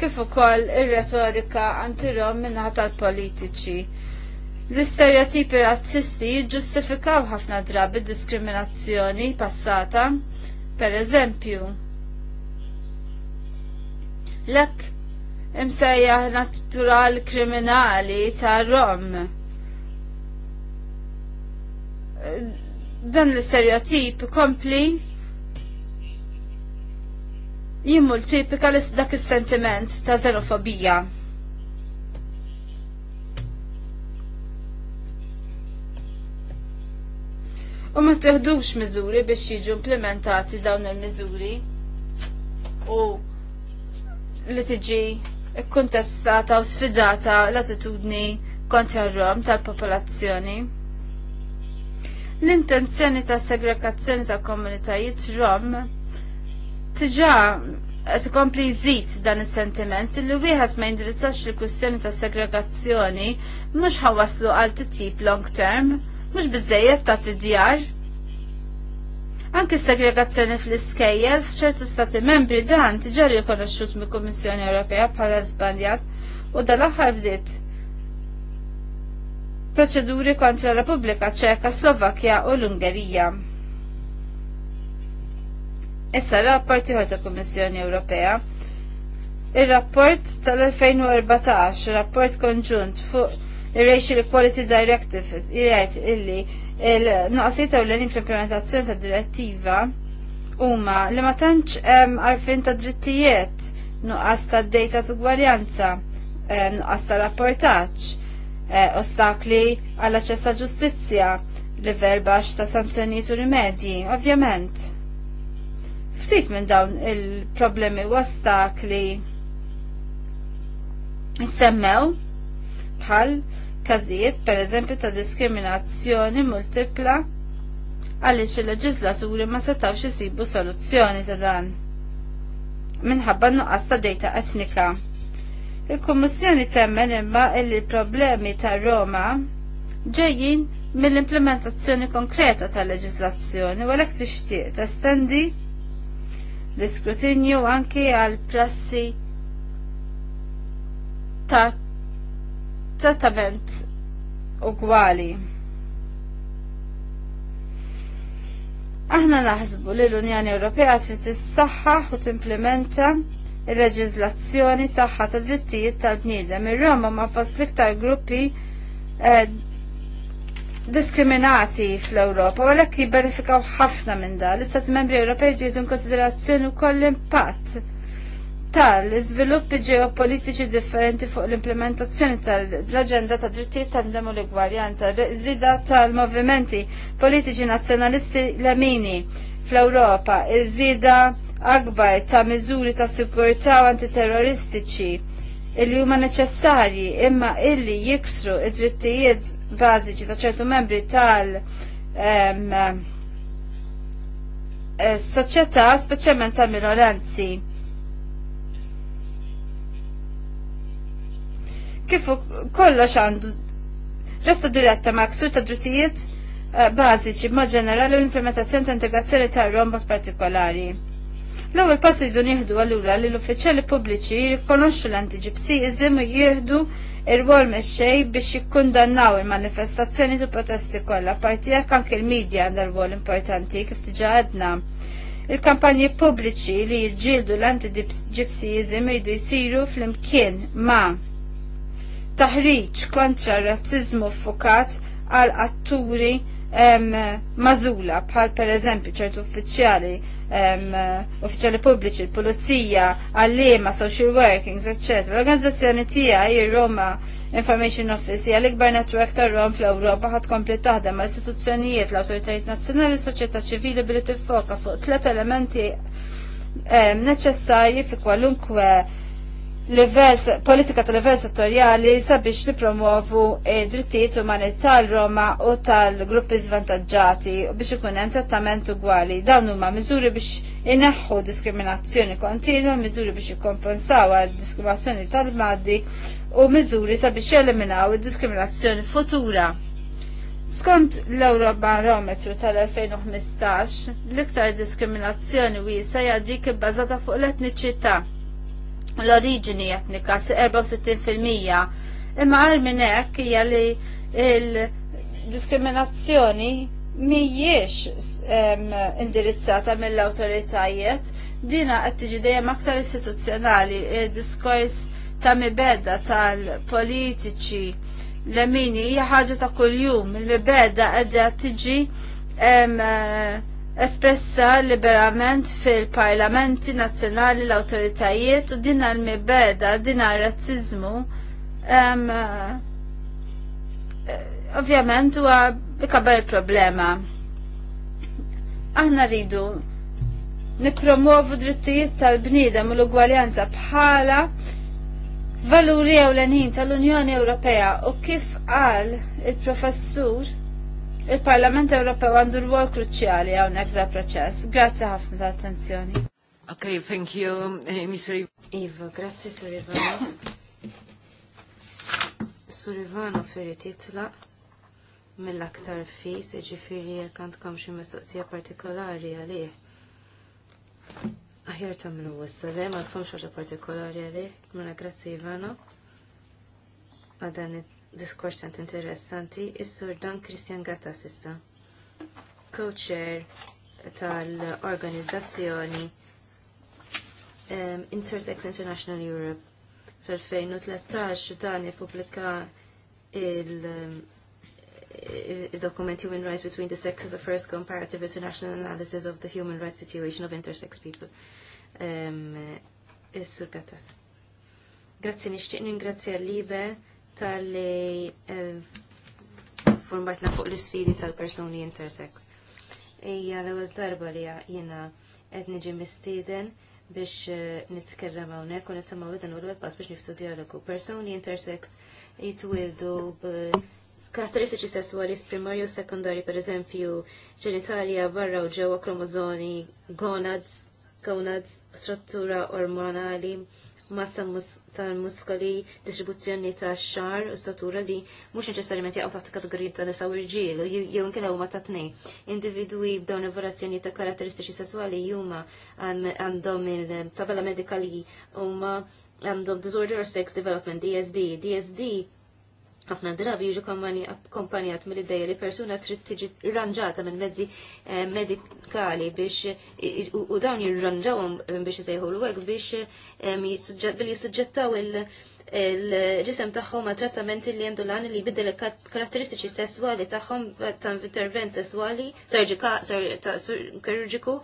kif ukoll ir-retorika antirhom minnaħa tal-politiċi. L-istereotipi razzisti jiġġustifikaw ħafna drabi diskriminazzjoni passata, per eżempju. Lek imsejjaħ natural kriminali ta' Rom. Dan l-istereotip kompli l dak is-sentiment ta' xenofobija. U ma teħdux miżuri biex jiġu implementati dawn il-miżuri u li tiġi kontestata u sfidata l-attitudni kontra r-rom tal-popolazzjoni. L-intenzjoni ta' segregazzjoni ta' komunitajiet rom tġa qed ikompli jżid dan is-sentiment li wieħed ma jindirizzax il-kwistjoni ta' segregazzjoni mhux ħawaslu għal tip long term, mhux biżejjed ta' tidjar. Anki segregazzjoni fl-iskejjel f'ċertu stati membri dan tiġar rikonoxxut mill-Kummissjoni Ewropea bħala żbaljat u dal-aħħar bdiet proċeduri kontra Repubblika Ċeka, Slovakkja u l-Ungerija. Issa rapport ieħor ta' Kummissjoni Ewropea. Ir-rapport tal-2014, rapport konġunt fuq il-Racial Equality Directive, jgħid illi il l ewlenin fl-implementazzjoni ta' direttiva huma li ma tantx għarfien ta' drittijiet nuqqas ta' data ugwaljanza, eh, nuqqas ta' rapportaġġ, eh, ostakli għall-aċċess ta' ġustizzja, livell baxx ta' sanzjonijiet u rimedji, ovvjament ftit minn dawn il-problemi li semmew bħal każijiet pereżempju ta' diskriminazzjoni multipla għaliex il-leġislaturi ma setawx isibu soluzzjoni ta' dan minħabba nuqqas ta' dejta etnika. Il-Kummissjoni temmen imma illi problemi ta' Roma ġejjin mill-implementazzjoni konkreta tal-leġislazzjoni u għalhekk tixtieq estendi l-iskrutinju anki għal prassi ta' trattament ugwali. Aħna naħsbu li l-Unjoni Ewropea se tissaħħaħ u timplementa il-leġiżlazzjoni tagħha ta' drittijiet tal-bniedem. Ir-Roma ma fost l-iktar gruppi eh, diskriminati fl-Ewropa, u għalhekk jibbenefikaw ħafna minn da. L-Istati Membri Ewropej ġiedu konsiderazzjoni wkoll l-impatt tal-iżviluppi ġeopolitiċi differenti fuq l-implementazzjoni tal-Aġenda ta' Drittijiet tal-Dem u l-Igwarjanza, żida tal-movimenti politiċi nazzjonalisti Lamini fl-Ewropa, iż-żida akbar ta' miżuri ta' sigurtà antiterroristiċi illi huma neċessarji imma illi jiksru id-drittijiet bażiċi ta' ċertu membri tal eh, soċjetà speċjalment ta' minoranzi. Kif kollox għandu rabta diretta ma' ksur ta' drittijiet eh, bażiċi b'mod ġenerali u l-implementazzjoni ta' integrazzjoni ta' rombot partikolari L-ewwel pass jridu nieħdu allura li l-uffiċjali pubbliċi jirrikonoxxu l-antiġipsijiżm u jieħdu ir-rwol mexxej biex jikkundannaw il-manifestazzjoni u protesti kollha parti jekk anke l-medja għandha rwol importanti kif diġà għadna. Il-kampanji pubbliċi li jġildu l-antiġipsijiżm jridu jsiru fl-imkien ma' taħriġ kontra r razziżmu fukat għal atturi mażula bħal per eżempju ċertu uffiċjali uffiċjali pubbliċi, pulizija, għallima, social workings, etc. L-organizzazzjoni tiegħi ir-Roma Information Office hija l-ikbar netwerk ta' rom fl-Ewropa ħadd kompli taħdem ma' istituzzjonijiet, l-awtoritajiet nazzjonali, soċjetà ċivili billi tiffoka fuq tliet elementi neċessarji fi kwalunkwe level, politika ta' level settorjali sabiex nipromovu drittijiet umani tal-Roma u tal-gruppi zvantagġati u biex ikun hemm trattament ugwali. Dawn huma miżuri biex ineħħu diskriminazzjoni kontinwa, miżuri biex ikkompensaw diskriminazzjoni tal-maddi u miżuri sabiex jeliminaw id-diskriminazzjoni futura. Skont l-Eurobarometru tal-2015, l-iktar diskriminazzjoni wiesa jgħaddi kibbażata ibbażata fuq l-etniċità l origini etnika 64%. Imma għal minn hekk hija li il-diskriminazzjoni mhijiex indirizzata mill-awtoritajiet, dina qed tiġi dejjem aktar istituzzjonali, diskors ta' mibeda tal-politiċi l mini hija ħaġa ta' kuljum, il-mibeda qiegħda tiġi espressa liberament fil-parlamenti nazzjonali l-autoritajiet u din għal-mibeda, din għal-razzizmu. Um, Ovvjament huwa ikabbar il-problema. Aħna rridu nipromovu drittijiet tal-bniedem u l-ugwaljanza bħala valuri ewlenin tal-Unjoni Ewropea u kif qal il-professur Il-Parlament Ewropew għandu rwol kruċjali hawnhekk da proċess. Grazzi ħafna ta' attenzjoni. Okay, thank you, eh, Mr. Iva, grazzi Sur Ivano. Sur Ivano firri titla mill-aktar fis, ġifiri jek għandkom xi mistoqsija partikolari għalih. Aħjar minn wissa, le ma tkomx ħaġa partikolari għalih, mela grazzi Ivano għadan diskors tant interessanti, is-sur Dan Christian Gatta sissa, co-chair tal-organizzazzjoni um, Intersex International Europe. Fl-2013 dan ippubblika il-dokument il, Human Rights Between the Sexes, a first comparative international analysis of the human rights situation of intersex people. Um, Is-sur Gattas. Grazzi, nixtieq ningrazzja l-libe tal-li eh, formatna fuq l-sfidi tal-personi intersek. Ija l ewwel darba li jena qed niġi mistieden biex eh, nitkellem hawnhekk u nittama' dan u l-ewwel pass biex niftu dialogu. Personi intersex jitwildu karakteristiċi sessuali primarju u sekundari, per eżempju, ġenitalja barra u ġewwa kromozoni, gonads, gonads, struttura ormonali, massa tal-muskoli, distribuzzjoni ta' xar u statura li mux neċessarjament jaqgħu taħt kategorija ta' nisa u rġiel u jew nkella huma ta' tnej. Individwi b'dawn il ta' karatteristiċi sessuali huma għandhom il-tabella medikali huma għandhom disorder of sex development, DSD. DSD ħafna drabi jiġu kompanjat mill-ideja li persuna trid tiġi rranġata minn mezzi eh, medikali biex u dawn jirranġawhom eh, biex isejħu l biex eh, billi jissuġġettaw il-ġisem tagħhom għal trattamenti li l-għan li jbiddel karatteristiċi sesswali tagħhom ta' intervent sesswali kirurġiku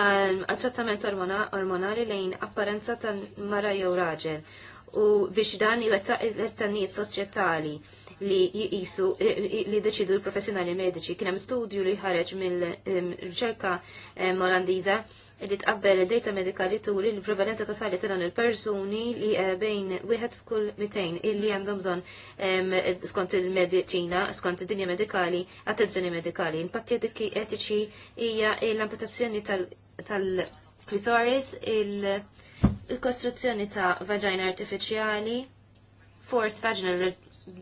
għal trattament ormonali lejn apparenza ta' mara jew raġel u biex dan l estanijiet soċjetali li jisu li deċidu l-professjonali mediċi. Kien hemm studju li ħareġ mill-riċerka molandiza li tqabbel data medikali turi l-prevalenza totali ta' dan il-persuni li eh, bejn wieħed f'kull 200 illi għandhom bżonn skont il medicina skont id-dinja medikali, attenzjoni medikali. Impatti etiċi hija l-amputazzjoni tal-klitoris, il- il-kostruzzjoni ta' vagina artificiali, forced vaginal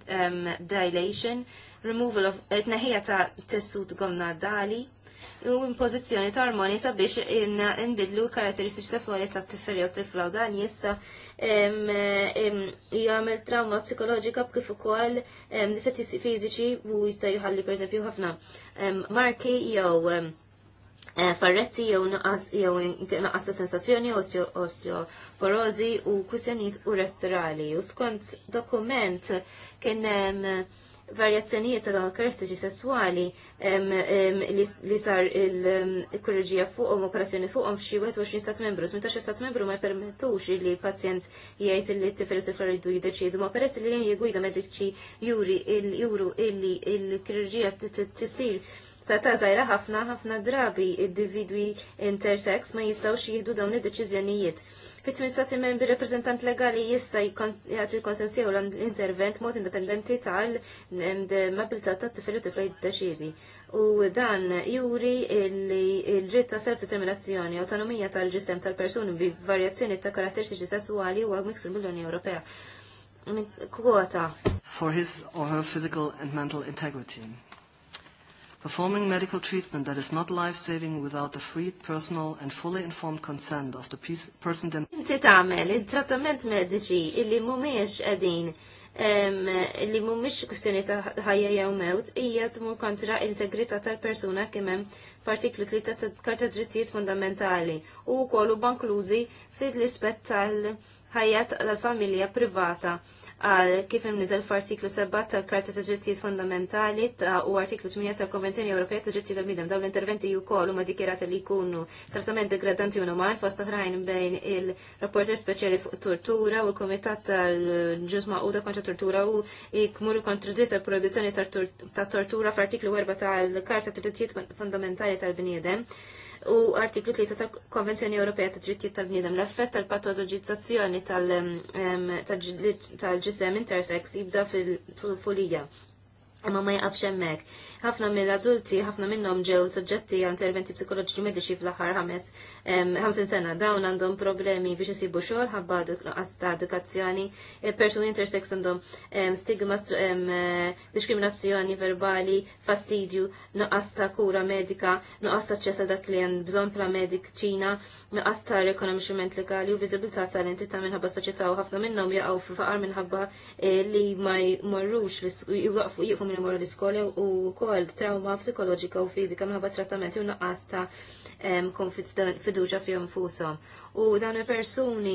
um, dilation, removal of eh, tneħija ta' tessut gomna dali, u impożizzjoni ta' ormoni sabiex inbidlu in karakteristiċi sessuali ta' tifel u tifla u dan jista' jagħmel trauma psikoloġika kif ukoll difetti fiżiċi u jista' juħalli pereżempju ħafna marki jew farretti jew naqas ta' sensazzjoni osteoporozi u kwistjonijiet uretrali. U skont dokument kien hemm varjazzjonijiet ta' il-karistiċi sessuali li sar il-kirurġija fuqhom operazzjoni fuqhom f'xi 21 stat membru. 18 stat membru ma jpermettux li pazjent jgħid li t-tifel tifel jridu jiddeċidu, ma peress li jgħid jgwida mediċi juri il-juru illi il-kirurġija tisir ta' ta' zajra ħafna ħafna drabi individwi intersex ma jistawx jihdu dawn id-deċiżjonijiet. minn stati membri reprezentant legali jista' jagħti konsensi u l-intervent mod indipendenti tal ta' t tifel u tifel jiddeċidi. U dan juri li l ta' self-determinazzjoni, autonomija tal-ġisem tal-persuni bi varjazzjoni ta' karatteristiċi sessuali u għagmiksur l unjoni Ewropea. Kwota. For his or her physical and mental integrity. Performing medical treatment that is not life-saving without the free, personal and fully informed consent of the person that... Inti tagħmel il-trattament mediċi illi mhumiex qegħdin li mhumiex kustjoni ta' ħajja jew mewt hija tmur kontra integrità tal-persuna kemm hemm f'artiklu ta' Karta Drittijiet Fundamentali u wkoll banklużi fil-rispett tal-ħajja tal-familja privata għal kif niżel f'artiklu 7 tal-Karta ta' Ġittijiet Fundamentali u artiklu 8 tal-Konvenzjoni Ewropea ta' Ġittijiet tal-Bnidem. Dawn l-interventi wkoll huma dikjerati li jkunu trattament degradanti u normal fost oħrajn bejn il-rapporter speċjali fuq tortura u l-Kumitat tal-Ġus Maquda kontra tortura u jkmuru kontraditt tal proibizzjoni ta' tortura f'artiklu 4 tal-Karta ta' Ġittijiet Fundamentali tal-Bniedem u artiklu 3 tal-Konvenzjoni Ewropea ta' Drittijiet tal-Bniedem l-effett tal-patologizzazzjoni tal-ġisem intersex jibda fil-fulija. Imma ma jaqafx hemmhekk. Ħafna mill-adulti, ħafna minnhom ġew soġġetti għal interventi psikoloġiċi mediċi fl-aħħar ħames 50 sena dawn għandhom problemi biex jisibu xogħol ħabba nuqqas ta' edukazzjoni, e, persuni intersex għandhom stigma, e, diskriminazzjoni verbali, fastidju, nuqqas ta' kura medika, nuqqas ta' ċessa dak li hemm bżonn bla medik ċina, nuqqas ta' rekonomixximent legali u viżibilità tal-entità minħabba soċjetà u ħafna minnhom jaqgħu faqar minħabba e, li ma jmorrux jieqfu minn imorru l-iskola u wkoll trauma psikoloġika u fiżika minħabba trattamenti u nuqqas ta' konfidenza fiduċa fihom fushom. U dawn il-persuni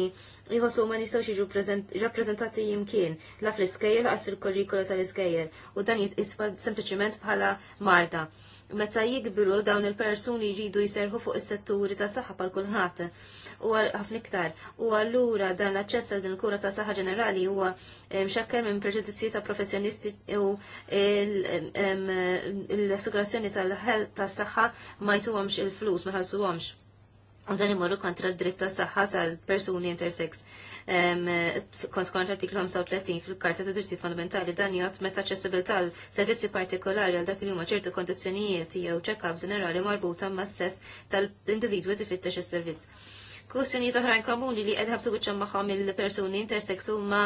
jħosu ma jistgħux jiġu rappreżentati jimkien la fl iskejl għas fil-kurrikula tal-iskejjel u dan jisfa sempliciment bħala Marta. Meta jikbiru dawn il-persuni jridu jiserħu fuq is-setturi ta' saħħa pal kulħadd u ħafna iktar. U allura dan l-aċċess għal din kura ta' saħħa ġenerali huwa eh, mxakkel minn preġudizzji ta' professjonisti u l-assigurazzjoni tal-saħħa ma jtuhomx il-flus, ma ħassuhomx. U dan imorru kontra l-dritt ta' saħħa tal-persuni intersex. Kont skont artiklu 35 fil-Karta ta' Drittijiet Fundamentali dan jgħat meta aċċessibilità għal servizzi partikolari għal dak li huma ċertu kondizzjonijiet jew check-up ġenerali marbuta s sess tal-individwi tifittex is-servizz. Kwistjonijiet oħrajn komuni li qed ħabtu maħħom magħhom il-persuni intersex huma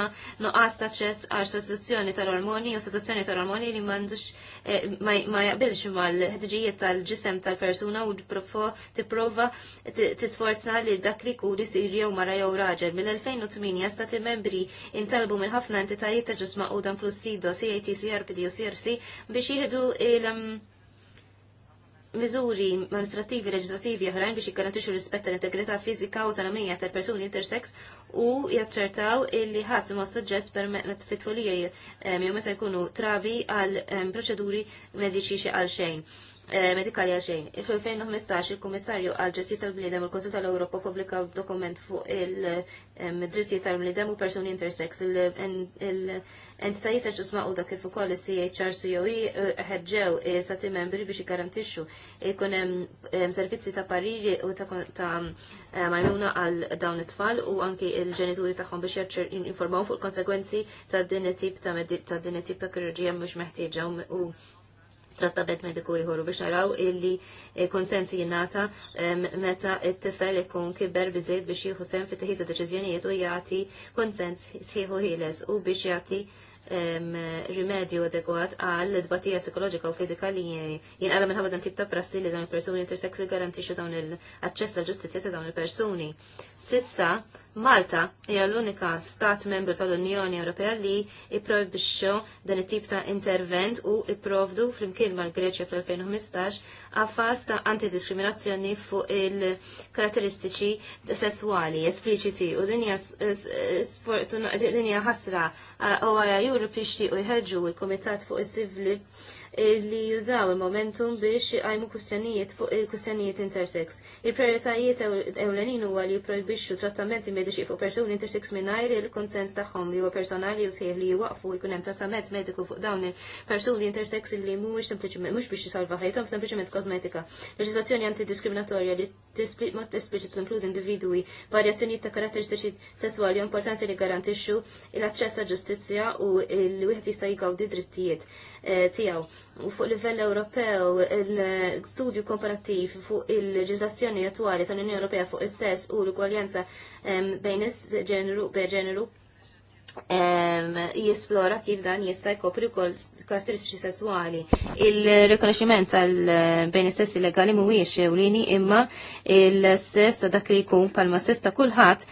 nuqqas ta' ċess għal sostituzzjoni tal-ormoni u sostituzzjoni tal-ormoni li m'għandux eh, ma jaqbilx mal ħedġijiet tal-ġisem tal-persuna u tipprova tisforza li dak li jkun isir jew mara jew raġel. Mill-2008 stati membri intalbu minn ħafna entitajiet ta' ġisma u dan plus SIDO, CAT, CRPD u CRC biex jieħdu il- mm, miżuri amministrativi leġislativi oħrajn biex jikkarantixxu rispett tal-integrità fiżika u tal-għamija tal-persuni intersex u jaċċertaw illi ħadd ma soġġett permett fit-tfulija jew meta jkunu trabi għal proċeduri mediċi xi għal xejn. Eh, medikali għaxejn. il 2015 il-Kummissarju għal ġetti tal-Bnidem il l-Konsul tal-Europa publika dokument fuq il-ġetti tal-Bnidem u personi intersex il-entitajiet ġusma u dak kif ukoll il-CHR COE eh, ħedġew eh, sati membri biex jgarantixxu jkun hemm servizzi ta' pariri u ta' majmuna għal dawn it-tfal u anki il-ġenituri tagħhom biex jinformaw fuq il-konsekwenzi ta' din tip ta' din tip ta' kirurġija mhux meħtieġa u trattament mediku jħorru biex naraw illi eh, konsensi jinnata meta it-tifel ikun kiber biżejt biex jieħu sem fit ta' deċiżjonijiet u jagħti konsens sħiħu ħieles u biex jagħti rimedju adekwat għal l-dbatija psikoloġika u fizika li jinqala minħabba dan tip ta' prassi li dawn il-persuni intersexu garantixxu dawn il-aċċess għal ġustizzja ta' dawn il-persuni. Sissa, Malta hija l-unika stat membru tal-Unjoni Ewropea li ipprobixxu dan it-tip ta' intervent u ipprovdu flimkien mal-Greċja fl-2015 għaffas ta' antidiskriminazzjoni fuq il-karatteristiċi sessuali espliċiti u dinja ħasra u għaja Europe jixtiequ jħeġġu il-Komitat fuq is-Sivli li jużaw il-momentum biex għajmu kustjonijiet fuq il-kustjonijiet intersex. Il-prioritajiet ewlenin huwa li jipprojbixxu trattamenti mediċi fuq persuni intersex mingħajr il-konsens tagħhom li huwa personali u sħiħ li jwaqfu jkun hemm trattament mediku fuq dawn il-persuni intersex li mhuwiex sempliċiment mhux biex jisalva ħajthom sempliċiment kosmetika. Leġiżlazzjoni antidiskriminatorja li ma tispiċi tinkludi individwi varjazzjonijiet ta' karatteristiċi sesswali importanti li garantixxu l-aċċess għal ġustizzja u l-wieħed jista' jgawdi drittijiet. Eh, tiegħu. U fuq livell Ewropew il-studju komparattiv fuq il leġislazzjoni attuali tal-Unjoni Ewropea fuq is-sess u l-ugwaljanza bejn is-ġeneru ġeneru jisplora kif dan jista' jkopri wkoll karatteristiċi sesswali. Il-rikonoxximent tal eh, bejn is sess illegali mhuwiex ewlieni imma il-sess ta' dak li jkun palma sess ta' kulħadd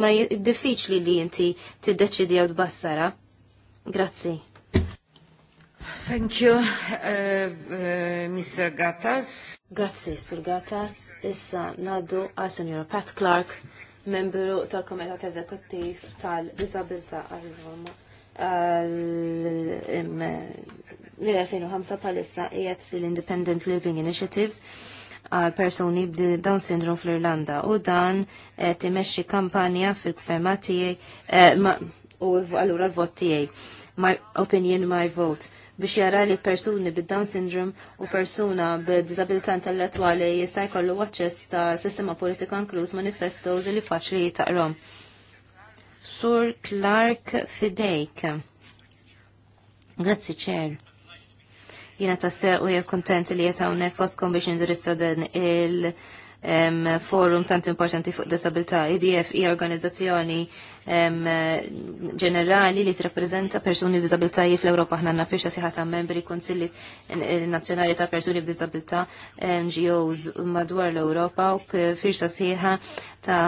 ma diffiċli li inti tiddeċidi jew tbassara. Grazzi. Thank you, uh, uh, Mr. Gattas. Grazie, Sur Gattas. Issa naddu għal Senjora Pat Clark, membru tal-Komitat Eżekuttiv tal-Disabilità għal-Roma l-2005 palissa qiegħed fil-Independent Living Initiatives għal personi b'Down syndrome fl-Irlanda u dan timesċi imexxi kampanja fil kfermatijie eh, u allura l-vot tiegħi. My opinion, my vote biex jara li persuni bid-Down syndrome u persuna bid-disabilità intellettuali jista' jkollu aċċess ta' sistema politika inkluż manifestos li faċli jitaqrom. Sur Clark Fidejk. Grazzi ċer. Jina ta' sew u jek kontent li jetawnek foskom biex indirizza dan il- forum tant importanti fuq disabilità. IDF e hija organizzazzjoni ġenerali li tirrappreżenta persuni b'disabilitajiet fl-Ewropa aħna għandna firxa sieħa ta' membri kunsilli nazzjonali ta' persuni b'disabilità NGOs madwar l-Ewropa u firxa sieħa ta'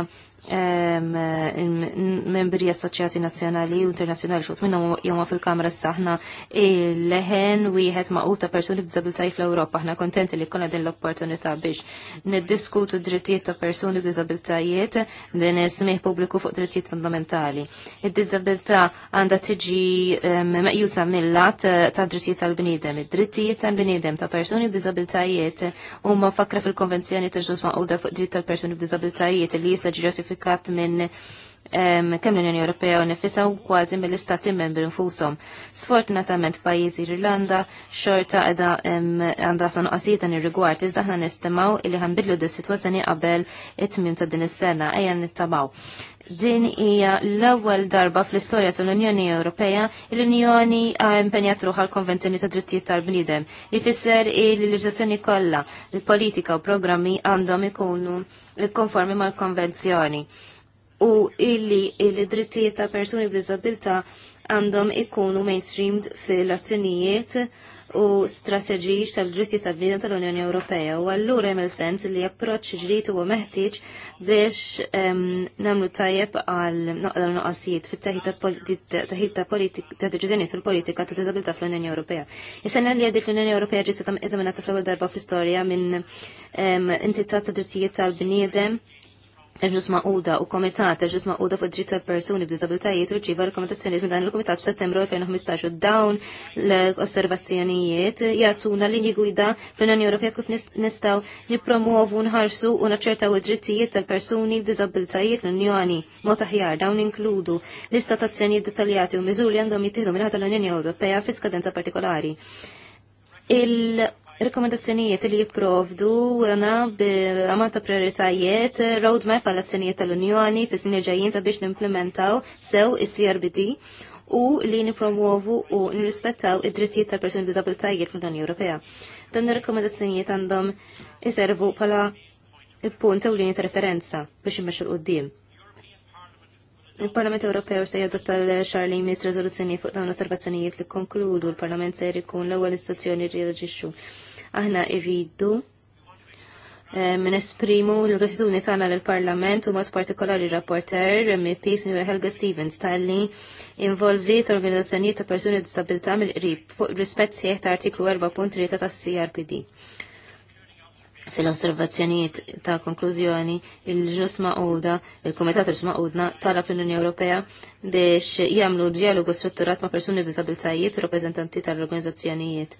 membri assoċjati nazzjonali u internazzjonali xut minnu jomma fil-Kamra s-saħna il-leħen wieħed ma' ta' persuni b'diżabilità fl-Ewropa. Aħna kontenti li jkollna din l-opportunità biex niddiskutu drittijiet ta' persuni b'diżabilitajiet din smih pubbliku fuq drittijiet fundamentali. Id-diżabilità għandha tiġi meqjusa mill-lat ta' drittijiet tal-bniedem. Id-drittijiet tal-bniedem ta' persuni u huma fakra fil-Konvenzjoni ta' ġus uta fuq dritt tal-persuni b'diżabilitajiet li jista' ġirati ratifikat minn kemm l-Unjoni Ewropea u nifisa kważi mill-istati membri nfushom. Sfortunatament pajjiżi Irlanda xorta qeda għandha ħafna nuqqasijiet dan ir-rigward iżda aħna nistemaw li ħanbidlu di sitwazzjoni qabel it-tmiem ta' din is-sena ejja nittamaw. Din hija l-ewwel darba fl-istorja tal-Unjoni Ewropea l-Unjoni impenjat ruħ għal konvenzjoni ta' drittijiet tal-bniedem. Ifisser il-leġizzazzjoni kollha, il-politika u programmi għandhom ikunu konformi mal-konvenzjoni u illi il-drittijiet ta' persuni b'diżabilità għandhom ikunu mainstreamed fil-azzjonijiet u strateġiji tal-ġritti tal-bnidem tal-Unjoni Ewropea u allura jemel sens li approċċ ġdid u meħtieġ biex ehm, nagħmlu tajjeb għal noqda noqasijiet fit-taħid ta' politika ta' deċiżjonijiet fil-politika ta' disabilità fl-Unjoni Ewropea. is li għaddi fl-Unjoni Ewropea ġiet eżaminata fl-ewwel darba fl-istorja minn ehm, entità ta' drittijiet tal-bniedem ġus maquda u komitat ġus maquda fuq dritt tal-persuni b'diżabilitajiet u rċiva rekomendazzjonijiet minn dan il-komitat f'Settembru 2015 u dawn l-osservazzjonijiet jagħtuna linji gwida fl-Unjoni Ewropea kif nistgħu nippromuovu nħarsu u naċċertaw id-drittijiet tal-persuni b'diżabilitajiet l-Unjoni mod aħjar dawn inkludu lista tazzjonijiet dettaljati u miżuri għandhom jittieħdu minn tal-Unjoni Ewropea fi skadenza partikolari rekomendazzjonijiet li jipprovdu għana b'għamata prioritajiet roadmap għal azzjonijiet tal-Unjoni fi snin ġejjin sabiex nimplementaw sew is-CRBD u li nipromuovu u nirrispettaw id-drittijiet tal-persuni b'disabilitajiet fl-Unjoni Ewropea. Dan ir-rekomendazzjonijiet għandhom iservu pala il l-linja ta' referenza biex jimmexxu l qoddim Il-Parlament Ewropew se jadotta l-xar li jmiss rezoluzzjoni fuq dawn l-osservazzjonijiet li konkludu l-Parlament se jkun l-ewwel istituzzjoni li jirreġixxu. Aħna irridu minn eh, esprimu l-gratitudni tagħna lill-Parlament u mod partikolari rapporter MP Sr. Helga Stevens tal-li involvit organizzazzjonijiet ta' persuni disabilità mill-qrib fuq rispett sieħ ta' artiklu 4.3 tas-CRPD fil-osservazzjonijiet ta' konklużjoni il-ġus maqoda, il-Komitat ġus maqodna talab l-Unjoni Ewropea biex jagħmlu dialogu strutturat ma' persuni b'disabiltajiet u rappreżentanti tal-organizzazzjonijiet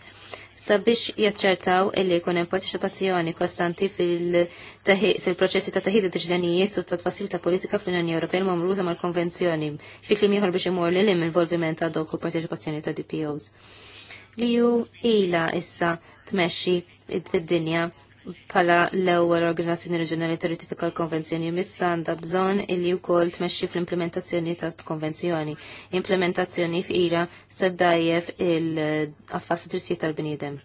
sabiex jaċċertaw illi jkun hemm partecipazzjoni kostanti fil-proċessi ta' taħid deċiżjonijiet u ta' tfassil ta' politika fl-Unjoni Ewropea mamruta mal-konvenzjoni fi klim ieħor biex imur lil l involviment ta' dok u partecipazzjoni ta' DPOs. Li ju ila issa tmexxi id-dinja pala l-ewwel organizzazzjoni reġjonali territifika l-konvenzjoni missa għandha bżonn illi wkoll tmexxi fl-implementazzjoni ta' konvenzjoni. Implementazzjoni f'ira se ddajjef il-affass drittijiet tal-bniedem.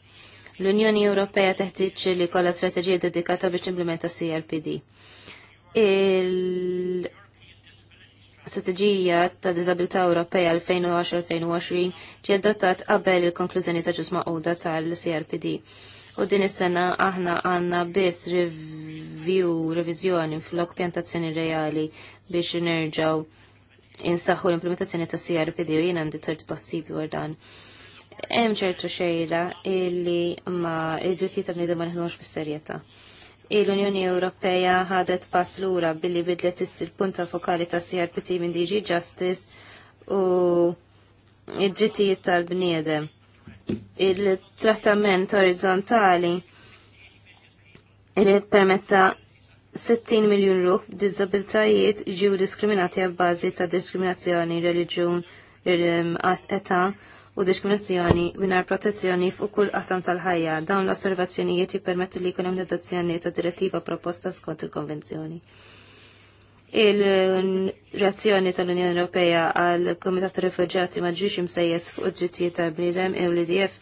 L-Unjoni Ewropea teħtieġ li kollha strateġija dedikata biex implementa CLPD. Il strateġija ta' Disabilità Ewropea 2010-2020 ġie adottat qabel il-konklużjoni ta' ġusma' Oda tal-CRPD u din is-sena aħna għandna biss review, revizjoni fl-okpjantazzjoni reali biex nerġaw insaħħu l-implementazzjoni ta' CRPD u jien għandi tarġu tassib dwar dan. Hemm ċertu xejra illi ma l ġittijiet ta' bniedem ma neħdmux bis-serjetà l-Unjoni Ewropea ħadet pass lura billi bidlet il-punta fokali ta' CRPT minn DG Justice u id-ġitijiet tal-bniedem il-trattament orizzontali li permetta 60 miljon ruħ b'dizabilitajiet ġew diskriminati għabbażi ta' diskriminazzjoni, reliġjun, età u diskriminazzjoni minar protezzjoni fuq kull qasam tal-ħajja. Dawn l-osservazzjonijiet jippermettu li jkun hemm redazzjoni ta' direttiva proposta skont il-konvenzjoni il reazzjoni tal-Unjoni Ewropea għal Komitat ta' Rifuġjati ma ġiex msejjes fuq id-drittijiet tal-bniedem e u l-IDF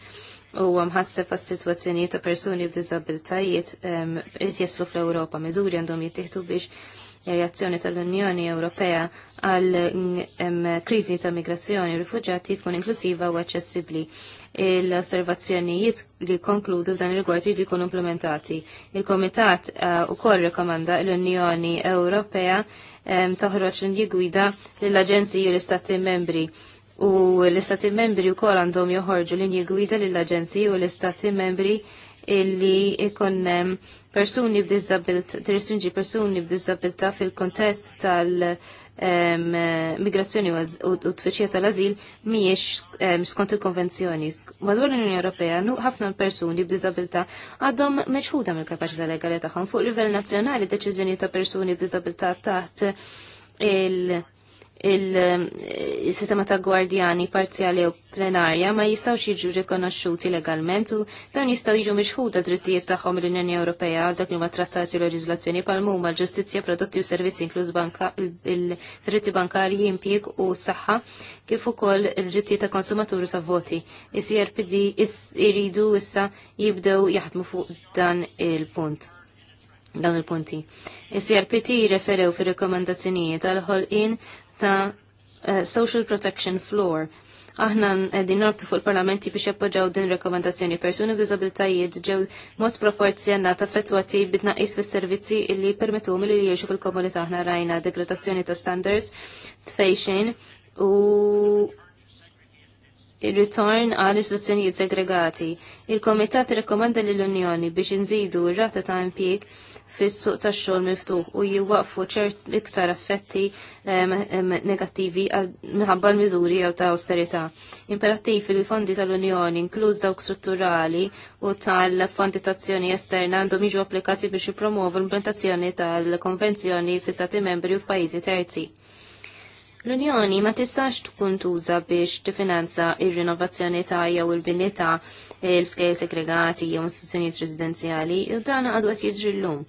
e għas sitwazzjonijiet ta' persuni b'dizabiltajiet qed fl-Ewropa. Miżuri għandhom jittieħdu biex reazzjoni tal-Unjoni Ewropea għal kriżi ta' migrazzjoni u rifuġjati tkun inklusiva u aċċessibbli. Il-osservazzjonijiet li konkludu f'dan il-rigward jiġu jkunu implementati. Il-Komitat eh, ukoll rekomanda l-Unjoni Ewropea toħroġ gwida lill-Aġenziji u l-Istati membri u l-Istati membri wkoll għandhom joħorġu li gwida lill-Aġenziji u l-Istati membri illi ikun persuni b'dizabilità, tirrestringi persuni b'diżabilità fil-kontest tal-migrazzjoni u tfittxija tal-azil miex skont il-konvenzjoni. Madwar l-Unjoni Ewropea, ħafna persuni b'diżabilità għadhom meċħuda mill-kapaċità legali tagħhom fuq livell nazzjonali deċiżjoni ta' persuni b'diżabilità taħt il- il-sistema ta' gwardjani parzjali u plenarja ma jistawx jiġu rikonoxxuti legalment u dan jistaw jiġu mixħuda drittijiet tagħhom l-Unjoni Ewropea għal dak li huma trattati u leġiżlazzjoni pal l ġustizzja, prodotti u servizzi inkluż il-servizzi bankarji, impjieg u s-saħħa kif ukoll il ġittijiet ta' konsumaturi ta' voti. Is-CRPD iridu issa jibdew jaħdmu fuq dan il-punt dan il-punti. Is-CRPT referew fir rekomendazzjonijiet għal ħolqien ta' uh, Social Protection Floor. Aħna din nortu fuq il-parlamenti biex jappoġġaw din rekomendazzjoni. Persuni b'diżabilitajiet ġew mod ta' affettwati bitnaqis fis-servizzi li permettu li jgħixu fil-komunità aħna rajna degradazzjoni ta' standards, tfejxin u il-ritorn għal istituzzjonijiet segregati. Il-Komitat rekomanda l-Unjoni biex inżidu r-rata ta' impjieg fis-suq tax-xogħol miftuħ u jiwaqfu ċert iktar effetti ehm, ehm, negattivi minħabba l-miżuri jew ta' austerità. Imperattiv il-fondi tal-Unjoni, inkluż dawk strutturali u tal-fondi tazzjoni esterna għandhom jiġu applikati biex jippromovu l-implementazzjoni tal-konvenzjoni fis stati membri u f'pajjiżi terzi. L-Unjoni ma tistax tkun tuża biex tifinanza ir-rinovazzjoni ta' jew il-bini il-skej segregati jew istituzzjonijiet residenzjali, u dan għadu għat jidġri l-lum.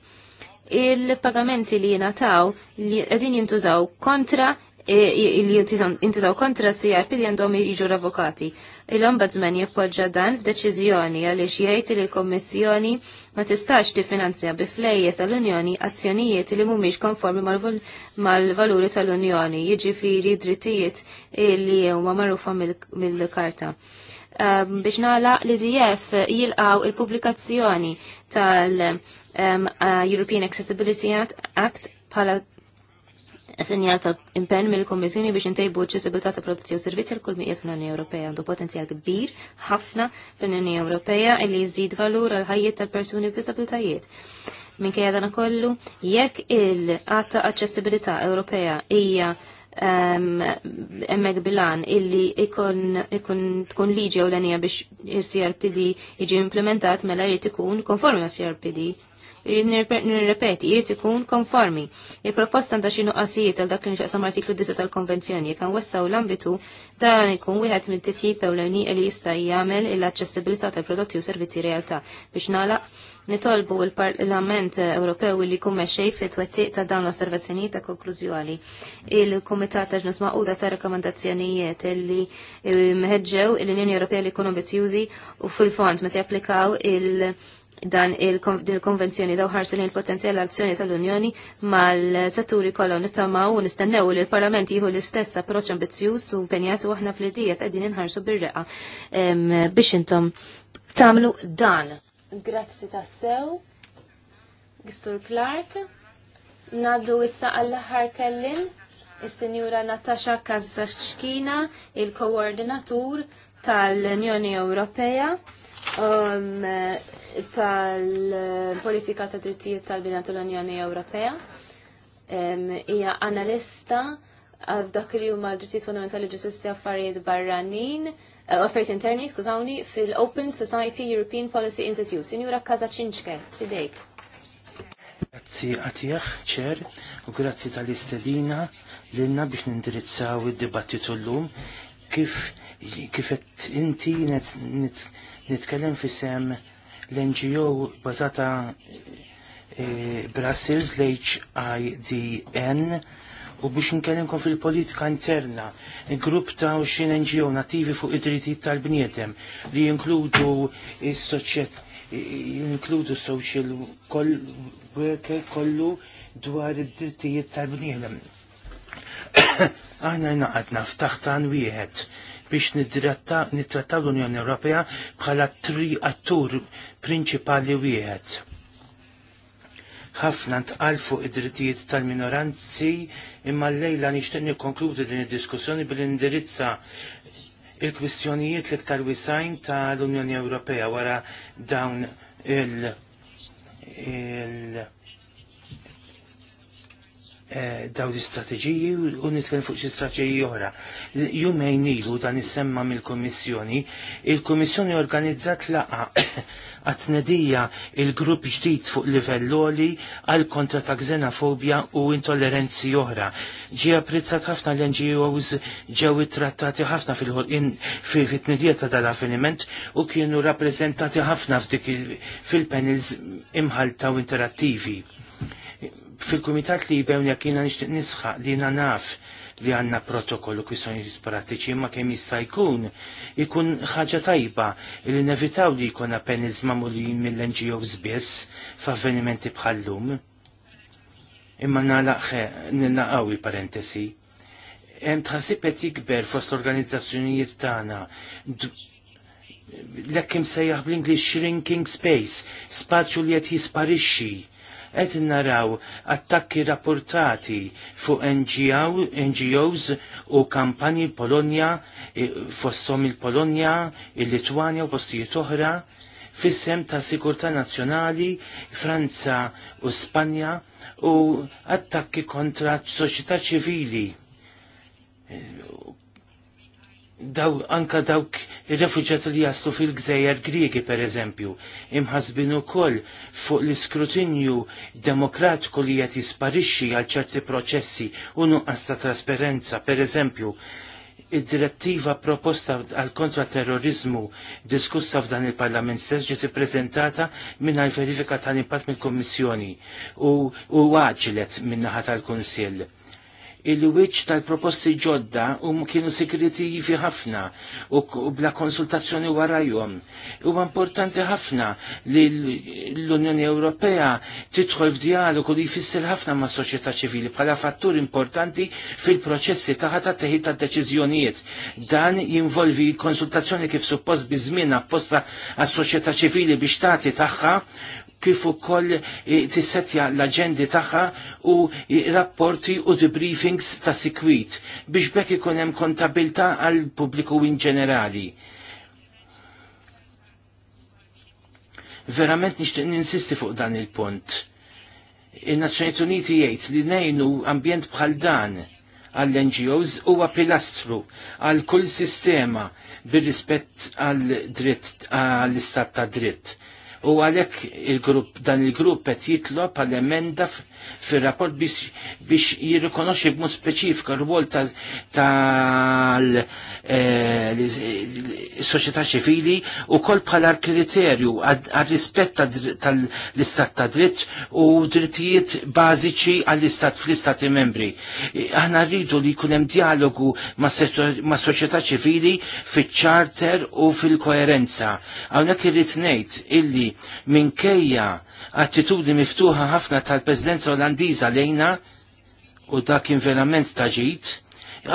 Il-pagamenti li jenataw li għedin jintużaw kontra e, li jintużaw kontra CRP li għandhom jiġu avokati. Il-ombudsman jappoġġa dan f'deċiżjoni għaliex jgħid li l-Kommissjoni ma tistax tifinanzja bi flejjes tal-Unjoni azzjonijiet li mhumiex konformi mal-valuri tal-Unjoni, jiġifieri drittijiet li huma magħrufa mill-karta. Mil Um, biex nala l-IDF jilqaw il-publikazzjoni tal-European um, uh, Accessibility Act bħala Sinjal ta' impenn mill-Kommissjoni biex intejbu ċ-ċessibilità ta' prodotti u servizzi l kull miqiet fl-Unjoni Ewropea għandu potenzjal kbir ħafna fl-Unjoni Ewropea li jżid valur għal ħajjiet tal-persuni b'disabilitajiet. Minkejja dan kollu, jekk il-qatt ta' aċċessibilità Ewropea hija emmek bilan illi ikun tkun liġi u l-enija biex il-CRPD iġi implementat mela jrid ikun konformi ma' CRPD. Nirrepeti, jrid ikun konformi. Il-proposta għandha xi nuqqasijiet għal dak li nxaqsam artiklu 10 tal-konvenzjoni jekk wessaw l-ambitu dan ikun wieħed minn titjib ewleni li jista' jagħmel l-aċċessibilità tal-prodotti u servizzi realtà biex nagħlaq Nitolbu l-Parlament Ewropew li jkun mexej fit twettiq ta' dawn l-osservazzjonijiet ta' konklużjoni. Il-Kumitat ta' ġnus maquda ta' rekomendazzjonijiet li eh, meħġew l-Unjoni Ewropea li jkunu ambizjużi u fil-fond meta japplikaw il- dan il-konvenzjoni daw ħarsu lejn potenzjal azzjoni tal-Unjoni mal-setturi kollha nittamaw u nistennew li l-Parlament jieħu l-istess approċċ ambizzjuż u penjatu aħna fl-idija qegħdin inħarsu bir-reqa biex intom tagħmlu dan. Grazzi tassew. Gissur Clark. Naddu issa għall-ħar kellim il-Senjura Natasha Kazzaċkina, il-Koordinatur tal-Unjoni Ewropea um, tal-Politika ta' Drittijiet tal-Bina tal-Unjoni Ewropea. Um, hija um, analista dak li huma drittijiet fundamentali ġustizzja affarijiet barranin, eh, affarijiet interni, skużawni, fil-Open Society European Policy Institute. Sinjura Cinċke, fidejk. Grazzi għatijax, ċer, u grazzi tal-istedina l-inna biex nindirizzaw id-dibattitu l-lum kif kifet inti nitkellem fi sem l-NGO bazata eh, Brussels, l-HIDN, u biex nkellimkom fil-politika interna, grupp ta' xin NGO nativi fuq id-drittijiet tal-bniedem li jinkludu s-soċjet jinkludu social koll worker kollu dwar id-drittijiet tal-bniedem. [coughs] Aħna naqadna f'taħtan wieħed biex nittrattaw l-Unjoni Ewropea bħala tri attur prinċipali wieħed ħafna ntqal fuq id-drittijiet tal-minoranzi imma l-lejla nixtieq nikkonkludi din id-diskussjoni bil-indirizza il-kwistjonijiet l-iktar wisajn tal-Unjoni Ewropea wara dawn il-, il Eh, daw l-istrateġiji u nitkellem fuq xi strategiji oħra. Jumejn ilu dan issemma mill-Kummissjoni, il-Kummissjoni organizzat laqa [coughs] għatnedija il-grupp ġdid fuq livell oli għal kontra ta' xenofobja u intolleranzi oħra. Ġi apprezzat ħafna l-NGOs ġew ittrattati ħafna fil ħolqien fit-tnedija ta' dal-avveniment u kienu rappreżentati ħafna fil-panels imħalta u interattivi fil-Kumitat li jibewni kiena nixtieq nisħaq li na naf li għanna protokollu kwistjonijiet prattiċi ma kemm jista' jkun ikun ħaġa tajba li nevitaw li jkun appeniż mamulin mill-NGOs biss f'avvenimenti bħallum. Imma nalaqħe nilaqawi parentesi. Hemm tħassib qed jikber fost l-organizzazzjonijiet tagħna l-ekkim sejjaħ bl-English shrinking space, spazju li qed jisparixxi qed naraw attakki rapportati fuq NGOs u kampanji Polonja e, fosthom il-Polonja, il-Litwanja u postijiet oħra fissem ta' sikurta Nazzjonali, Franza u Spanja u attakki kontra soċjetà ċivili daw, anka dawk il-refugġat li jaslu fil-gżejjer Griegi per eżempju, imħasbin ukoll fuq l-iskrutinju demokratiku li qed jisparixxi għal ċerti proċessi u nuqqas ta' trasparenza, per eżempju, id-direttiva proposta għal kontraterrorizmu diskussa f'dan il-Parlament stess ġiet ippreżentata minn għal verifika tal-impatt mill-Kommissjoni u għaġlet minn naħa tal-Kunsill il-wiċ tal-proposti ġodda u kienu sekreti jifi ħafna u bla konsultazzjoni warajom. U importanti ħafna li l-Unjoni Ewropea titħol f'dialogu li jfisser ħafna ma' soċjetà ċivili bħala fattur importanti fil-proċessi taħat ta' teħid ta' deċiżjonijiet. Dan jinvolvi konsultazzjoni kif suppost bizmina apposta għas soċjetà ċivili biex tagħti tagħha kif ukoll e, tissetja l-aġendi tagħha u e, rapporti u debriefings ta' sikwit biex bekk ikun hemm kontabilta għal pubbliku in ġenerali. Verament nixtieq ninsisti fuq dan il-punt. Il-Nazzjonijiet Uniti jgħid li ngħinu ambjent bħal dan għall-NGOs huwa pilastru għal kull sistema bir-rispett għall dritt għall-istat ta' dritt u għalhekk il-grupp dan il-grupp qed jitlob għal emenda fir-rapport biex jirrikonoxxi b'mod speċifika r-wol tal-soċjetà eh, ċivili u kol bħala kriterju għal-rispett tal-istat ta' dritt u drittijiet bażiċi għall-istat fl-istati membri. Aħna rridu li jkun hemm dialogu ma' soċjetà ċivili fiċ-charter u fil-koerenza. Hawnhekk irrid ngħid illi minkejja attitudni miftuħa ħafna tal-Presidenza Olandiża lejna u dak kien verament taġit,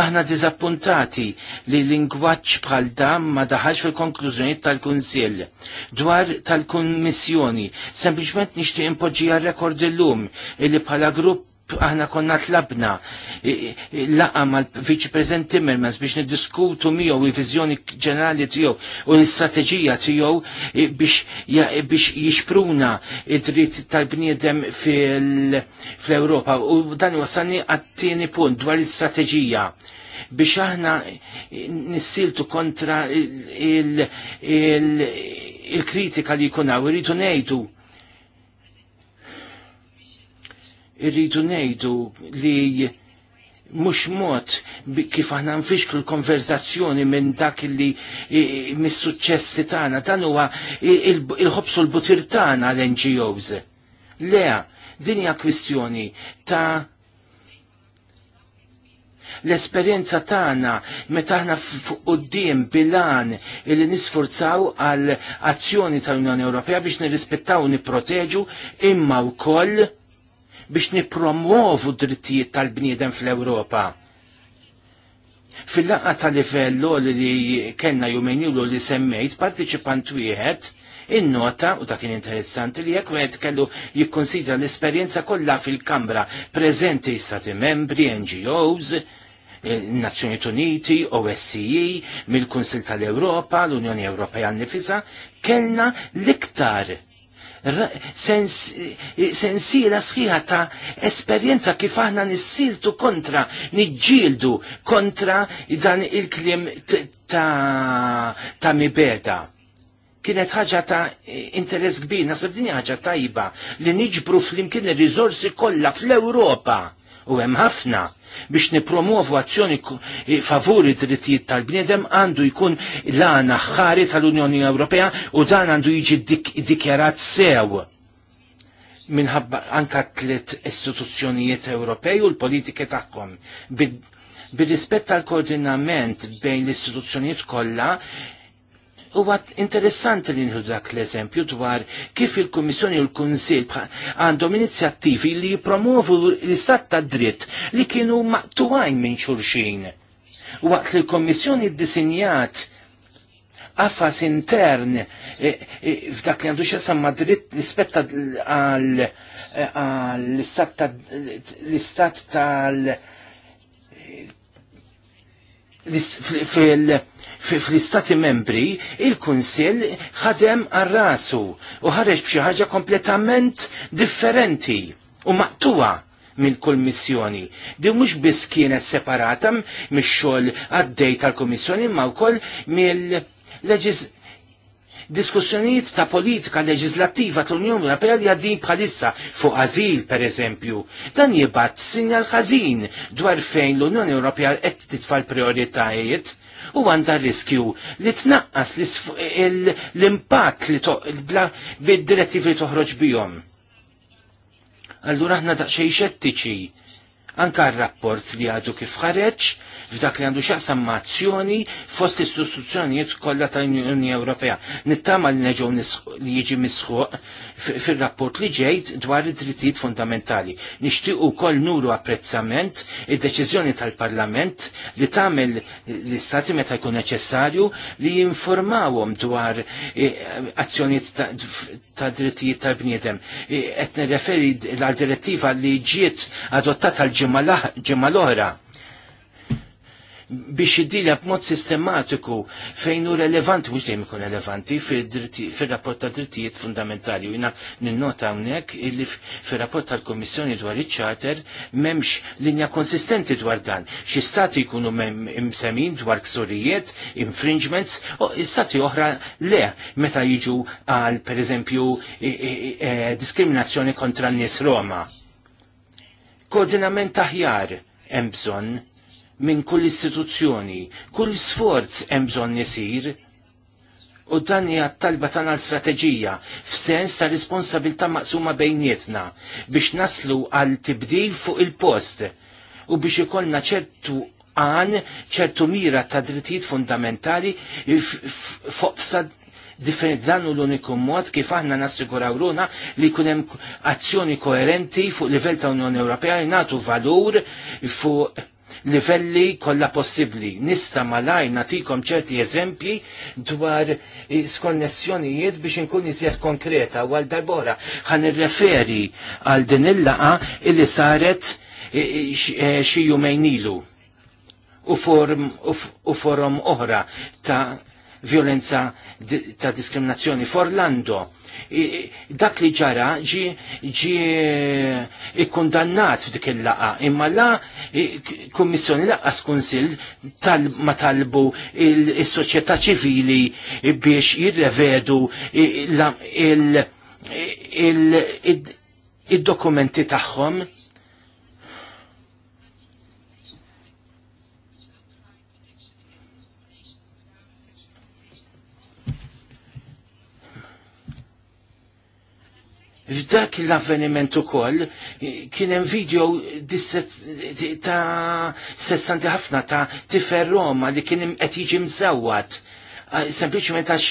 aħna dizappuntati li lingwaċ bħal dam ma daħax fil konklużjonijiet tal-Kunsill dwar tal-Kummissjoni. Sempliċement nixtieq impoġġija rekord illum illi bħala grupp aħna konna tlabna laqa mal viċi President Timmermans biex niddiskutu miegħu u viżjoni ġenerali tiegħu u l-istrateġija tiegħu biex jixpruna id-dritt tal-bniedem fil-Ewropa u dan wasani għat-tieni punt dwar l-istrateġija biex aħna nissiltu kontra il-kritika li jkunaw, rritu ngħidu irridu ngħidu li mux mod kif aħna nfixklu l-konverzazzjoni minn dak li mis-suċċessi tagħna dan huwa il-ħobsu l-butir tagħna l-NGOs. Lea, din hija kwistjoni ta' l-esperjenza tagħna meta aħna quddiem bilan li nisfurzaw għal azzjoni tal-Unjoni Ewropea biex nirrispettaw u nipproteġu imma wkoll biex nipromovu drittijiet tal-bniedem fl-Ewropa. Fil-laqqa ta' livello li kena jumenilu li semmejt, partiċipant wieħed innota, u ta' kien interessanti li jekk wieħed kellu jikkonsidra l-esperjenza kollha fil-Kamra preżenti stati membri, NGOs, eh, Nazzjoni Uniti, OSCE, mill-Kunsil tal-Ewropa, l-Unjoni Ewropea nifisa, kellna l-iktar sensila sħiħa ta' esperjenza kif aħna nissiltu kontra, niġġieldu kontra dan il-kliem ta', ta mibeda kienet ħaġa ta' interess kbir, nasib din ħaġa tajba li niġbru flimkien ir rizorsi kollha fl-Ewropa u hemm ħafna biex nipromuovu azzjoni favuri drittijiet tal-bniedem għandu jkun l-għana ħari tal-Unjoni Ewropea u dan għandu jiġi dikjarat sew minħabba anka tliet istituzzjonijiet Ewropej u l-politika tagħhom. Bir-rispett tal-koordinament bejn l-istituzzjonijiet kollha, huwa interessanti li nħu dak l-eżempju dwar kif il-Kummissjoni u l-Kunsil għandhom inizjattivi li jipromovu l-istat ta' dritt li kienu maqtuwajn minn xulxin. Waqt li l-Kommissjoni ddisinjat affas intern e, e, f'dak li għandu xesam dritt rispetta għall-istat e, tal- fil- fl-istati membri, il-Kunsill ħadem għar-rasu u ħareġ b'xi ħaġa kompletament differenti u maqtuwa minn kull missjoni. Di mhux biss kienet separata mix-xogħol għaddej tal-Kummissjoni ma wkoll mill-leġis diskussjonijiet ta' politika leġislattiva tal-Unjoni Ewropea li għaddin bħalissa fuq azil per eżempju. Dan jibat sinjal ħażin dwar fejn l-Unjoni Ewropea qed titfal prioritajiet u għandha riskju li tnaqqas l-impatt li bla bid-direttivi li toħroġ bijom. Allura aħna daqsxejn xettiċi anka r-rapport li għadu kif ħareġ f'dak li għandu xaqsam mazzjoni fost istituzzjonijiet kollha tal-Unjoni Ewropea. Nittama li neġgħu li jiġi misħuq fir-rapport li ġejt dwar id-drittijiet fundamentali. Nixtieq ukoll nuru apprezzament id-deċiżjoni tal-Parlament li tagħmel l-Istati meta jkun neċessarju li jinformawhom dwar eh, azzjonijiet ta' drittijiet tal-bniedem. Eh, qed nirreferi l-direttiva li ġiet adottata l ġimma l-oħra biex iddilja b'mod sistematiku fejn hu relevanti mhux dejjem ikun relevanti fir-rapport ta' drittijiet fundamentali. U jiena ninnota hawnhekk illi fir-rapport tal-Kummissjoni dwar iċ-Charter m'hemmx linja konsistenti dwar dan. Xi stati jkunu msemmin dwar ksurijiet, infringements, u stati oħra le meta jiġu għal pereżempju eh, diskriminazzjoni kontra n-nies Roma koordinament aħjar hemm bżonn minn kull istituzzjoni, kull sforz hemm bżonn isir u dan hija talba tagħna l-strateġija f'sens ta' responsabilità maqsuma bejnietna biex naslu għal tibdil fuq il-post u biex ikollna ċertu għan ċertu mira ta' drittijiet fundamentali fuq Differenzannu l-uniku mod kif aħna l-una li jkun hemm azzjoni koerenti fuq livell ta' Unjoni Ewropea li valur fuq livelli kollha possibbli. Nista' malaj natikom ċerti eżempji dwar skonnessjonijiet biex inkun iżjed konkreta u għal darbora ħan irreferi għal din il-laqa illi saret eh, xi jumejn ilu u forum oħra ta' violenza ta' diskriminazzjoni. Forlando, dak li ġara ġi eh, ikkondannat f'dik il-laqa imma la kummissjoni laqqas kunsil tal ma talbu il-soċjetà ċivili biex jirrevedu il-dokumenti tagħhom F'dak l-avveniment ukoll kien hemm video ta' sessanti ħafna ta' tifer Roma li kien qed jiġi mżawwad sempliċement għax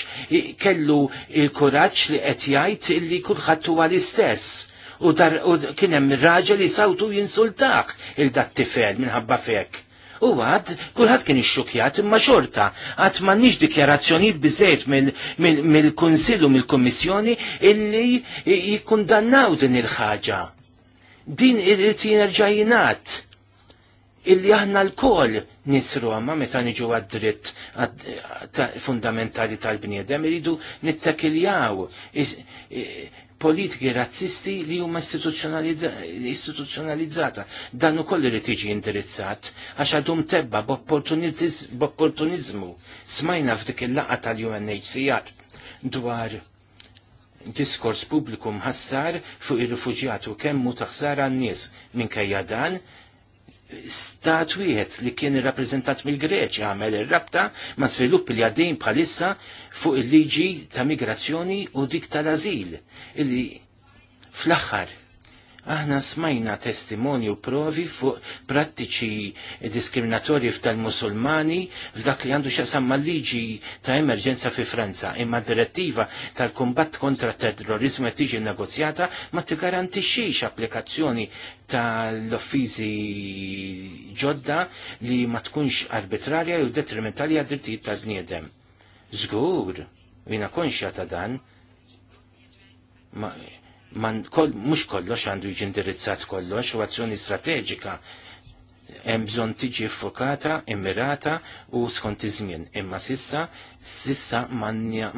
kellu il-kuraġġ li qed jgħid li kulħadd huwa l-istess u, dar, u kienem raġel li sawtu jinsultaħ il tifer minħabba fek. U għad, kullħat kien ixxukjat imma xorta, għad m'għandniex dikjarazzjonijiet bizzejt mill-Kunsill u mill-Kummissjoni illi jikkundannaw din il-ħaġa. Din irrid jinerġajinat illi aħna l-kol nisru għamma meta niġu għad-dritt fundamentali tal-bniedem iridu nittakiljaw politiki razzisti li huma istituzzjonalizzata. Dan ukoll irid tiġi indirizzat għax għadhom tebba b'opportunizmu. Smajna f'dik il laqgħa tal-UNHCR dwar diskors pubbliku mħassar fuq ir-rifuġjat u kemm hu taħsar n-nies minkejja dan stat wieħed li kien irrappreżentat mill-Greċja għamel ir-rabta ma' sviluppi li għaddejn bħalissa fuq il-liġi ta' migrazzjoni u dik tal-azil illi fl-aħħar Aħna smajna testimonju provi fuq prattiċi diskriminatorji tal-musulmani f'dak li għandu xaqsam mal-liġi ta' emerġenza fi Franza. Imma direttiva tal-kumbatt kontra terrorizmu qed tiġi negozjata ma tigarantixxix applikazzjoni tal-offiżi ġodda li ma tkunx arbitrarja u detrimentali għad drittijiet tal-bniedem. Żgur, jiena konxja ta' dan. Ma, man kol, mux kollox għandu jiġi indirizzat kollox u azzjoni strateġika hemm bżonn tiġi ffokata, immirata u skont iż-żmien. Imma sissa, sissa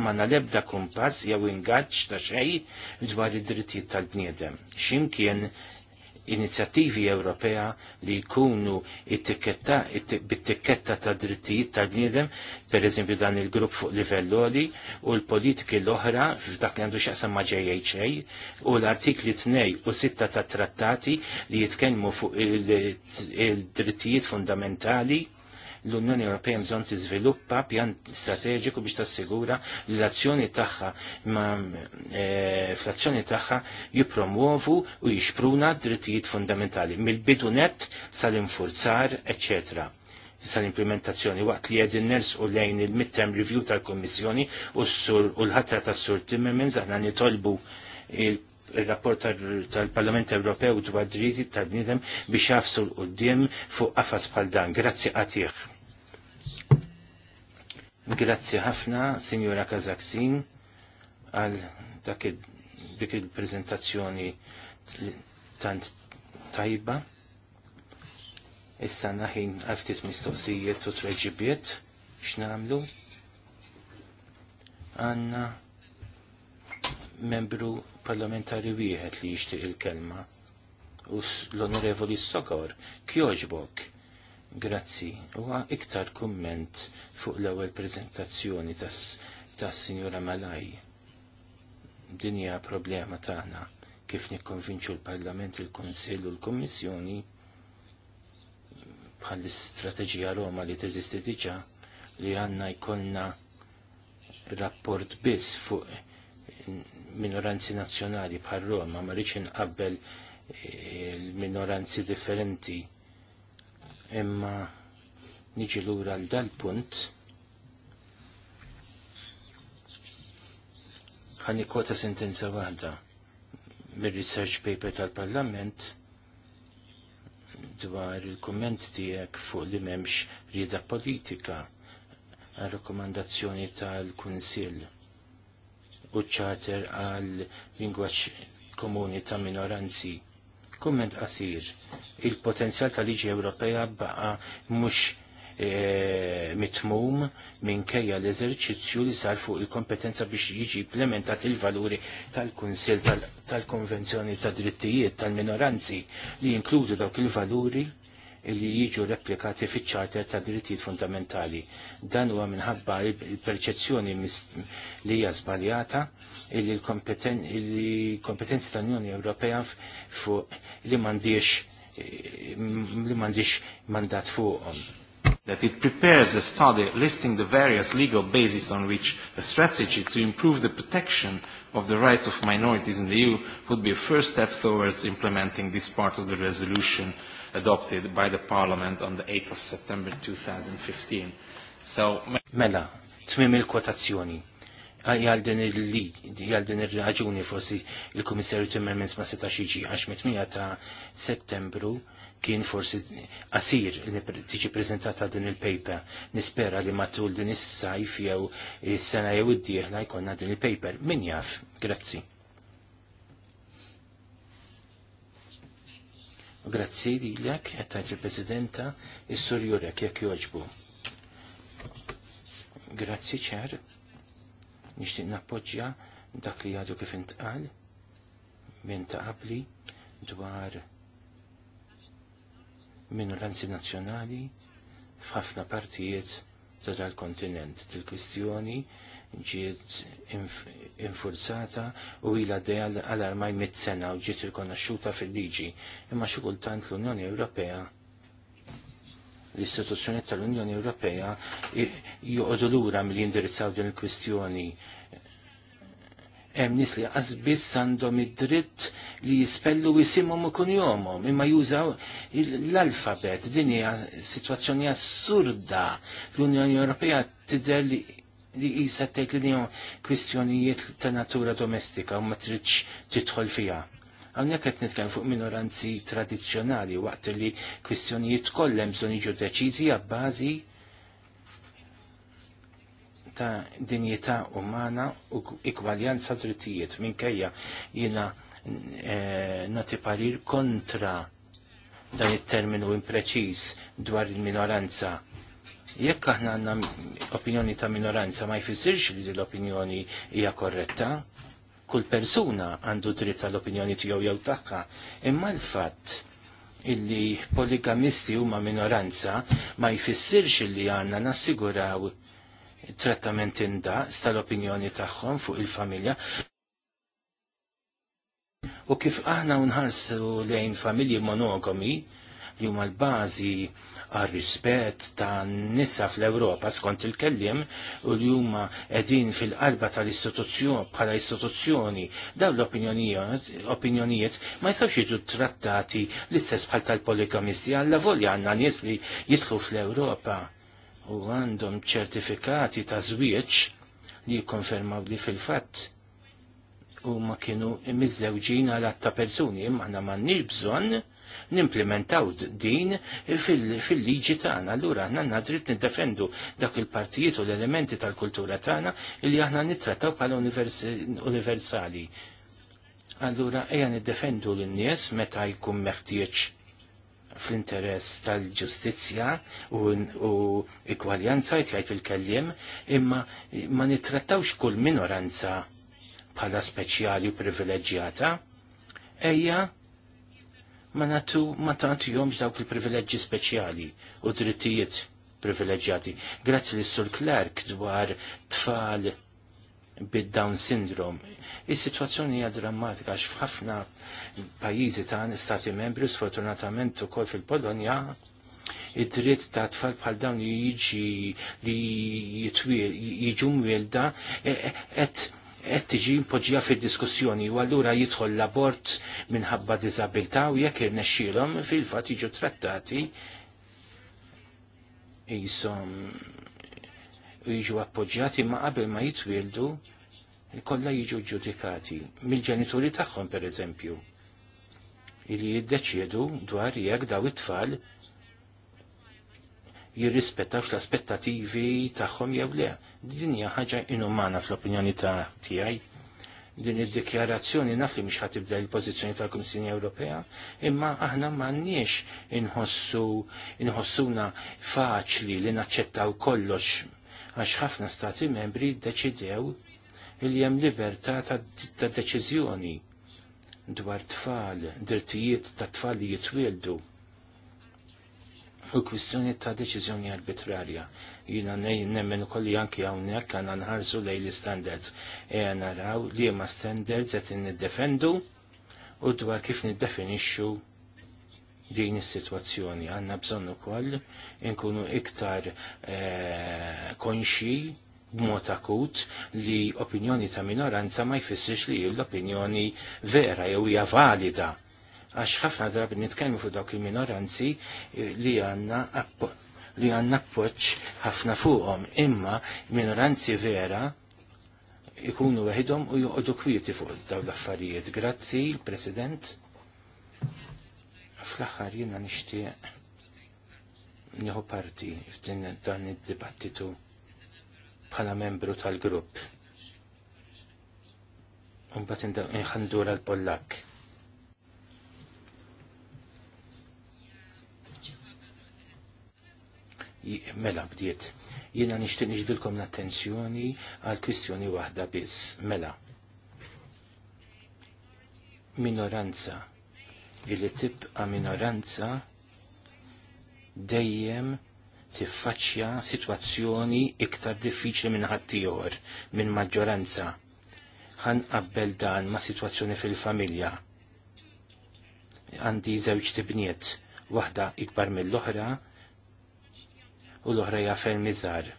ma nalebda kumpass jew ingaġġ ta' xejn dwar id-drittijiet tal-bniedem. X'imkien inizjattivi Ewropea li jkunu bit-tikketta ta' drittijiet tal-bniedem, per eżempju dan il-grupp fuq livell oli, u l-politiki l-oħra f'dak li għandu xaqsam ma' JHA, u l-artikli 2 u 6 ta' trattati li jitkellmu fuq il-drittijiet fundamentali L-Unjoni Ewropea bżonn tiżviluppa pjan strateġiku biex tassigura li l-azzjoni tagħha eh, fl-azzjoni tagħha jippromuovu u jixpruna drittijiet fundamentali mill-bidu nett sal-infurzar, eccetera sal-implementazzjoni waqt li għedin ners u lejn il-midterm review tal komissjoni u l-ħatra tas sur Timmermans aħna nitolbu il-rapport tal-Parlament Ewropew dwar dritti tal-bnidem biex jafsu l-qoddim fuq qafas bħal dan. Grazzi għatieħ. Grazzi ħafna, Signora Kazaksin, għal dak dik il-prezentazzjoni tant tajba. Issa naħin għaftit mistoqsijiet u treġibiet x'namlu. Għanna membru parlamentari wieħed li jixtieq il-kelma u l-Onorevoli Sokor, kjoġbok Grazzi. Huwa iktar kumment fuq l-ewwel prezentazzjoni tas-Sinjura Malaj. Din hija problema tagħna kif nikkonvinċu l-Parlament, il-Kunsill u l-Kummissjoni bħal istrateġija Roma li teżisti diġà li għandna jkollna rapport biss fuq minoranzi nazzjonali bħal Roma ma rridx inqabbel il-minoranzi eh, differenti imma niġi lura l dal-punt ħani kota sentenza waħda mir-research paper tal-parlament dwar il-komment tijek fuq li memx rieda politika għal rekomandazzjoni tal-Kunsil u ċarter għal lingwaċ komuni ta' minoranzi Kumment qasir, il-potenzjal tal-liġi Ewropea baqa mhux mitmum e, mitmum minkejja l-eżerċizzju li sar fuq il-kompetenza biex jiġi implementat il-valuri tal-Kunsil tal-Konvenzjoni -tal ta' drittijiet tal-minoranzi li jinkludu dawk il-valuri li jiġu replikati fiċ-ċarter ta' drittijiet fundamentali. Dan huwa minħabba il-perċezzjoni li hija żbaljata il-kompetenzi tal-Unjoni Ewropea fuq li mandiex eh, li mandat fuqhom. That it prepares a study listing the various legal basis on which a strategy to improve the protection of the right of minorities in the EU would be a first step towards implementing this part of the resolution adopted by the Parliament on the 8th of September 2015. So, mela, tmim il-kwotazzjoni. Ah, għal din il-li, għal din il-raġuni forsi il-Komissarju Timmermans ma setax jiġi għax mitmija ta' settembru kien forsi qasir li tiġi prezentata din il-paper. Nispera li matul din is-sajf jew s sena jew id-dieħla jkollna din il-paper. Min jaf? Grazzi. Grazzi lilek, qed għattajt il-Presidenta, il sur Jurek jekk jogħġbu. Grazzi ċer nixtieq nappoġġja dak li għadu kif intqal minn ta' qabli dwar minoranzi nazzjonali f'ħafna partijiet ta' dal-kontinent. Til-kwistjoni ġiet infurzata u ila dejja għal-armaj mit-sena u ġiet rikonoxxuta fil-liġi. Imma xi kultant l-Unjoni Ewropea l-istituzzjoni tal-Unjoni Ewropea joqogħdu lura milli jindirizzaw din il-kwistjoni. Hemm nies li biss għandhom id-dritt li jispellu jisimhom u jomhom imma jużaw l-alfabet. Din hija sitwazzjoni assurda l-Unjoni Ewropea tidher li li jisa tgħid li kwistjonijiet ta' natura domestika u ma tridx tidħol fiha Hawnhekk qed nitkan fuq minoranzi tradizzjonali waqt li kwistjonijiet kollha bżonn jiġu deċiżi għabbazi ta' dinjità umana u ikwaljanza drittijiet minkejja jiena e, nati parir kontra dan it-terminu impreċiż dwar il-minoranza jekk aħna għandna opinjoni ta' minoranza ma jfissirx li l-opinjoni hija korretta, kull persuna għandu dritt tal-opinjoni tiegħu jew tagħha, imma l-fatt illi poligamisti huma minoranza ma jfissirx illi għandna nassiguraw trattament indaqs tal-opinjoni tagħhom fuq il-familja. U kif aħna nħarsu lejn familji monogomi li huma l-bażi għal rispett ta' nisa fl-Ewropa skont il-kellim u li huma edin fil-qalba tal-istituzzjoni bħala istituzzjoni daw l-opinjonijiet ma jistawx jitu trattati l-istess bħal tal-poligamisti għalla volja għanna nies li jitlu fl-Ewropa u għandhom ċertifikati ta' żwieġ li jikkonfermaw li fil-fatt u ma kienu mizzewġina għal ta' persuni, ma' għanna mannix bżonn nimplementaw din fil-liġi tagħna. Allura aħna għandna dritt niddefendu dak il-partijiet u l-elementi tal-kultura tagħna li aħna nittrattaw bħala universali. Allura ejja niddefendu lin-nies meta jkun meħtieġ fl-interess tal ġustizzja u igwaljanza jtjajt il-kellim, imma ma nittrattawx kull minoranza bħala speċjali u privileġġjata, ejja ma natu ma tantihomx dawk il-privileġġi speċjali u drittijiet privileġġjati. Grazzi li sur Clark dwar tfal bid-Down syndrome. Is-sitwazzjoni hija drammatika għax f'ħafna pajjiżi ta' stati membri sfortunatament ukoll fil-Polonja id-dritt ta' tfal bħal dawn jiġi li jiġu mwelda qed e, qed tiġi mpoġġija fid-diskussjoni u allura jidħol l-abort minħabba diżabilità u jekk irnexxielhom fil-fatt jiġu trattati jisom jiġu appoġġjati ma qabel ma jitwildu kollha jiġu ġudikati mill-ġenituri tagħhom pereżempju li jiddeċiedu dwar jekk daw it-tfal jirrispettawx l-aspettativi tagħhom jew le. Din hija ħaġa inumana fl-opinjoni ta' tiegħi. Din id-dikjarazzjoni naf li mhux ħatibda l-pożizzjoni tal-Kummissjoni Ewropea, imma aħna m'għandniex inħossu inħossuna faċli li naċċettaw kollox għax ħafna stati membri ddeċidew li hemm libertà ta' deċiżjoni dwar tfal, drittijiet ta' tfal li jitwildu u kwistjoni ta' deċiżjoni arbitrarja. Jina nemmen u kolli janki għawnek għan nħarsu lej e li standards. E naraw li ma standards għet niddefendu u dwar kif niddefinixxu din is-sitwazzjoni. Għanna bżonn ukoll inkunu iktar e, konxi b'mod akut li opinjoni ta' minoranza ma jfissirx li l-opinjoni vera jew hija valida għax ħafna drabi nitkellmu fuq dawk il-minoranzi li eh, għandna li għanna poċ ħafna fuqhom, imma minoranzi vera ikunu weħidhom u joqogħdu kwieti fuq dawn l-affarijiet. Grazzi, President. Fl-aħħar jiena nixtieq nieħu parti f'din dan id-dibattitu bħala membru tal-grupp. Unbat inħandur l pollak mela bdiet. Jiena nixtieq iġdilkom l-attenzjoni għal kwistjoni waħda biss, mela. Minoranza. Illi tibqa' minoranza dejjem tiffaċċja sitwazzjoni iktar diffiċli minn ħaddieħor minn maġġoranza. qabbel dan ma' sitwazzjoni fil-familja. Għandi żewġ tibniet, waħda ikbar mill-oħra, u l-oħra fejn miżar.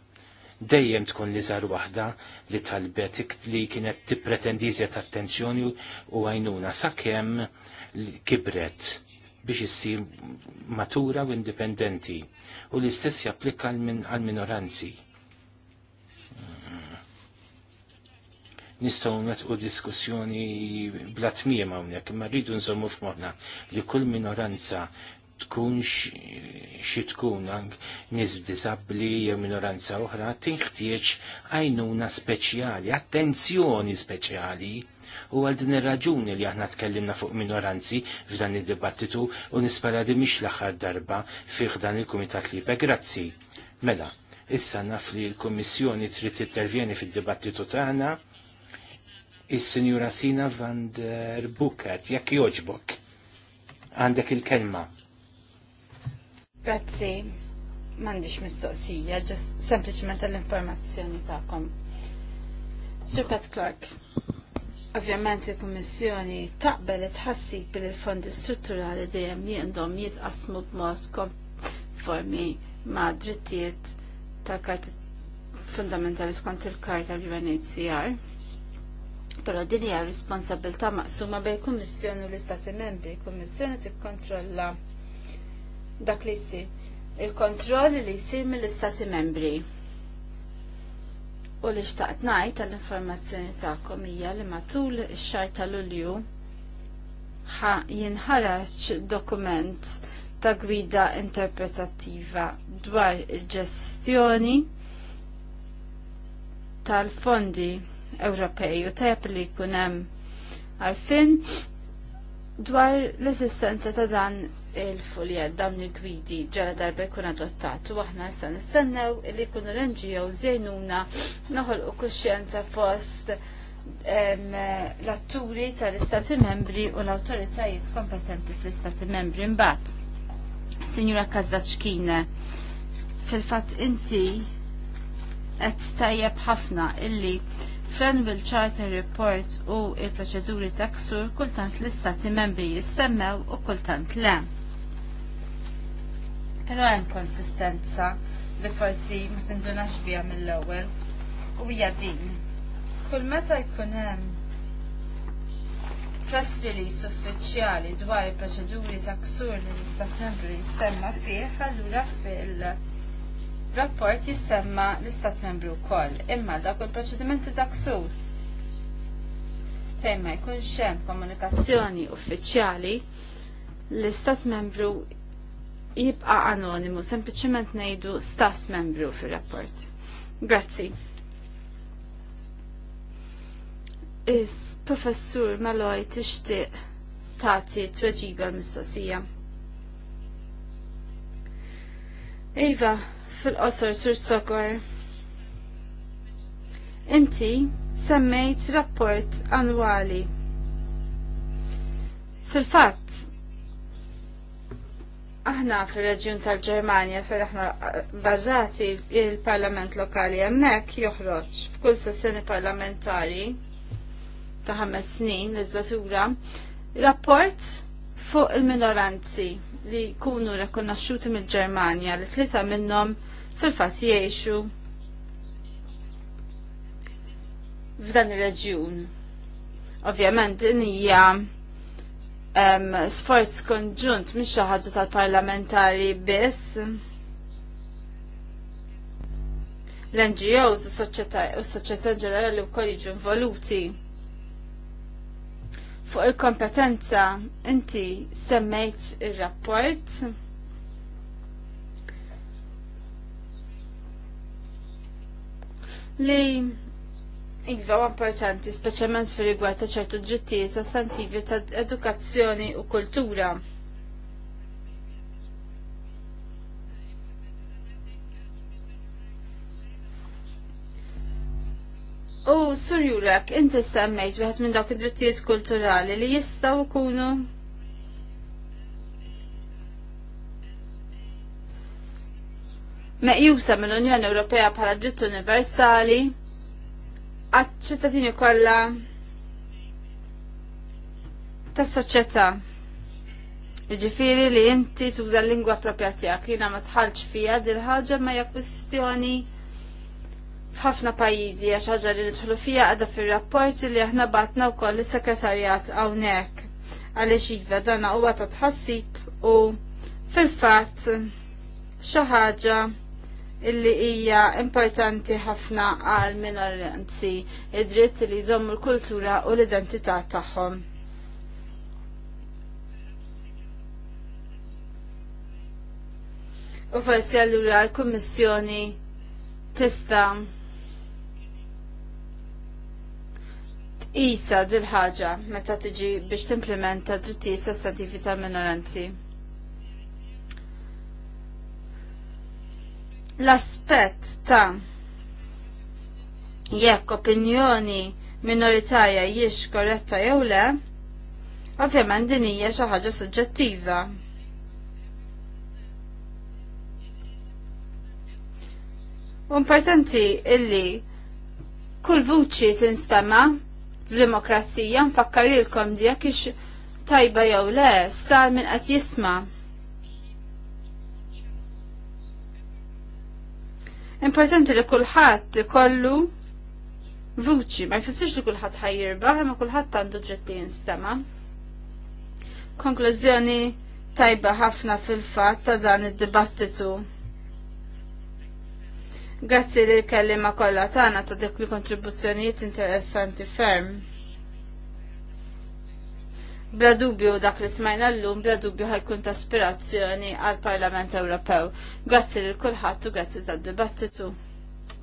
Dejjem tkun li waħda li talbet li kienet tippretendi iżjed attenzjoni u għajnuna sakemm kibret biex issir matura u indipendenti u l-istess japplika għal-minoranzi. Mm. Nistgħu u diskussjoni bla tmiem hawnhekk, imma rridu nżommu f'moħħna li kull minoranza tkunx xi tkun ank nies b'disabbli jew minoranza oħra tinħtieġ għajnuna speċjali, attenzjoni speċjali. U għal din ir-raġuni li aħna tkellimna fuq minoranzi f'dan id-dibattitu u nispera di mhix l-aħħar darba fih dan il-Kumitat Libe. Grazzi. Mela, issa naf li l-Kummissjoni trid tittervjeni fid-dibattitu tagħna is-Sinjura Sina van der Bukert, jekk joġbok. Għandek il-kelma. Grazzi, mandiċ mistoqsija, ġest sempliciment l-informazzjoni ta'kom. Ġupat Clark, ovvjament il-Kommissjoni taqbel ħassib bil fondi strutturali dejjem jendom jitqasmu b'mod konformi ma' drittijiet ta' karti fundamentali skont il-karta l-UNHCR. Però din hija responsabilta maqsuma bejn kummissjoni u l-Istati Membri. Kummissjoni tikkontrolla kontrolla dak li jsir. Il-kontroll li jsir mill-istati membri. U li xtaqt ngħid tal-informazzjoni tagħkom hija li matul ix-xahar ta' Lulju ħa jinħaraġ dokument ta' gwida interpretattiva dwar il-ġestjoni tal-fondi Ewropej u tajab li kunem għalfin dwar l-esistenza ta' dan il li dawn il-gwidi ġara darba jkun adottat u aħna issa nistennew li jkunu l-NGO zenuna noħol u kuxjenza fost l-atturi tal-Istati membri u l-autoritajiet kompetenti fl-Istati membri mbagħad. Signora Kazzaċkine, fil-fatt inti qed tajjeb ħafna illi fl-Annual Charter Report u il-proċeduri taksur kultant l-istati membri jissemmew u kultant le. Pero hemm konsistenza li forsi ma tindunax biha mill-ewwel u hija din. Kull meta jkun hemm press release uffiċjali dwar il-proċeduri ta' ksur li l-Istat Membru jsemma fih, allura fil-rapport jissemma l-Istat Membru wkoll. Imma dak il-proċedimenti ta' ksur fejn ma jkunx hemm komunikazzjoni uffiċjali l-Istat Membru jibqa anonimu, sempliciment nejdu stas membru fil-rapport. Grazzi. Is professur Maloj tixtieq tagħti tweġiba l-mistoqsija. Iva, fil-qosor sur sokor. Inti semmejt rapport annwali. Fil-fatt, aħna fil-reġjun tal-Ġermanja fejn aħna bażati il-Parlament lokali hemmhekk joħroġ f'kull sessjoni parlamentari ta' ħames snin leġislatura rapport fuq il-minoranzi li jkunu rekonnaxxuti mill-Ġermanja li tlieta minnhom fil-fatt jgħixu f'dan ir-reġjun. Ovvjament din hija sforz konġunt minn xi ħaġa tal-parlamentari biss. L-NGOs u s-soċjetà ġenerali wkoll jiġu involuti. Fuq il-kompetenza inti semmejt ir-rapport. Li Iva, importanti, speċjalment fil rigward ta' ċertu drittijiet sostantivi ta' edukazzjoni u kultura. U sur Jurek, inti semmejt wieħed minn dawk id-drittijiet kulturali li jistgħu jkunu meqjusa mill-Unjoni Ewropea bħala dritt universali għat-ċittadini kollha tas-soċjetà. Ġifiri li inti tuża l-lingwa propja tiegħek, jiena ma tħallx fija din ħaġa ma hija kwistjoni f'ħafna pajjiżi għax ħaġa li nidħlu fija għadha fir-rapport li aħna batna wkoll is-sekretarjat hawnhekk għaliex iva dana huwa ta' tħassib u fil-fatt xi ħaġa illi hija importanti ħafna għal minoranzi id-dritt li jżommu l-kultura u l-identità tagħhom. U forsi allura l-Kummissjoni tista' tqisa dil ħaġa meta tiġi biex timplementa drittijiet sostantivi tal-minoranzi. l-aspett ta' jekk opinjoni minoritarja jiex korretta jew le, ovvjament din hija xi ħaġa suġġettiva. Importanti illi kull vuċi tinstema' f'demokrazija nfakkarilkom dik ix tajba jew le star minn qed jisma' Importanti li kulħadd ikollu vuċi, ma jfissirx li kulħadd ħajjirba ma kulħadd għandu dritt li jinstema. Konklużjoni tajba ħafna fil-fatt ta' dan id-dibattitu. Grazzi li l-kellima kollha tagħna ta' dik li kontribuzzjonijiet interessanti ferm. Bla dubju dak li smajna l-lum, bla dubju ħajkun ta' aspirazzjoni għal Parlament Ewropew. Grazzi l kulħadd u grazzi tad dibattitu.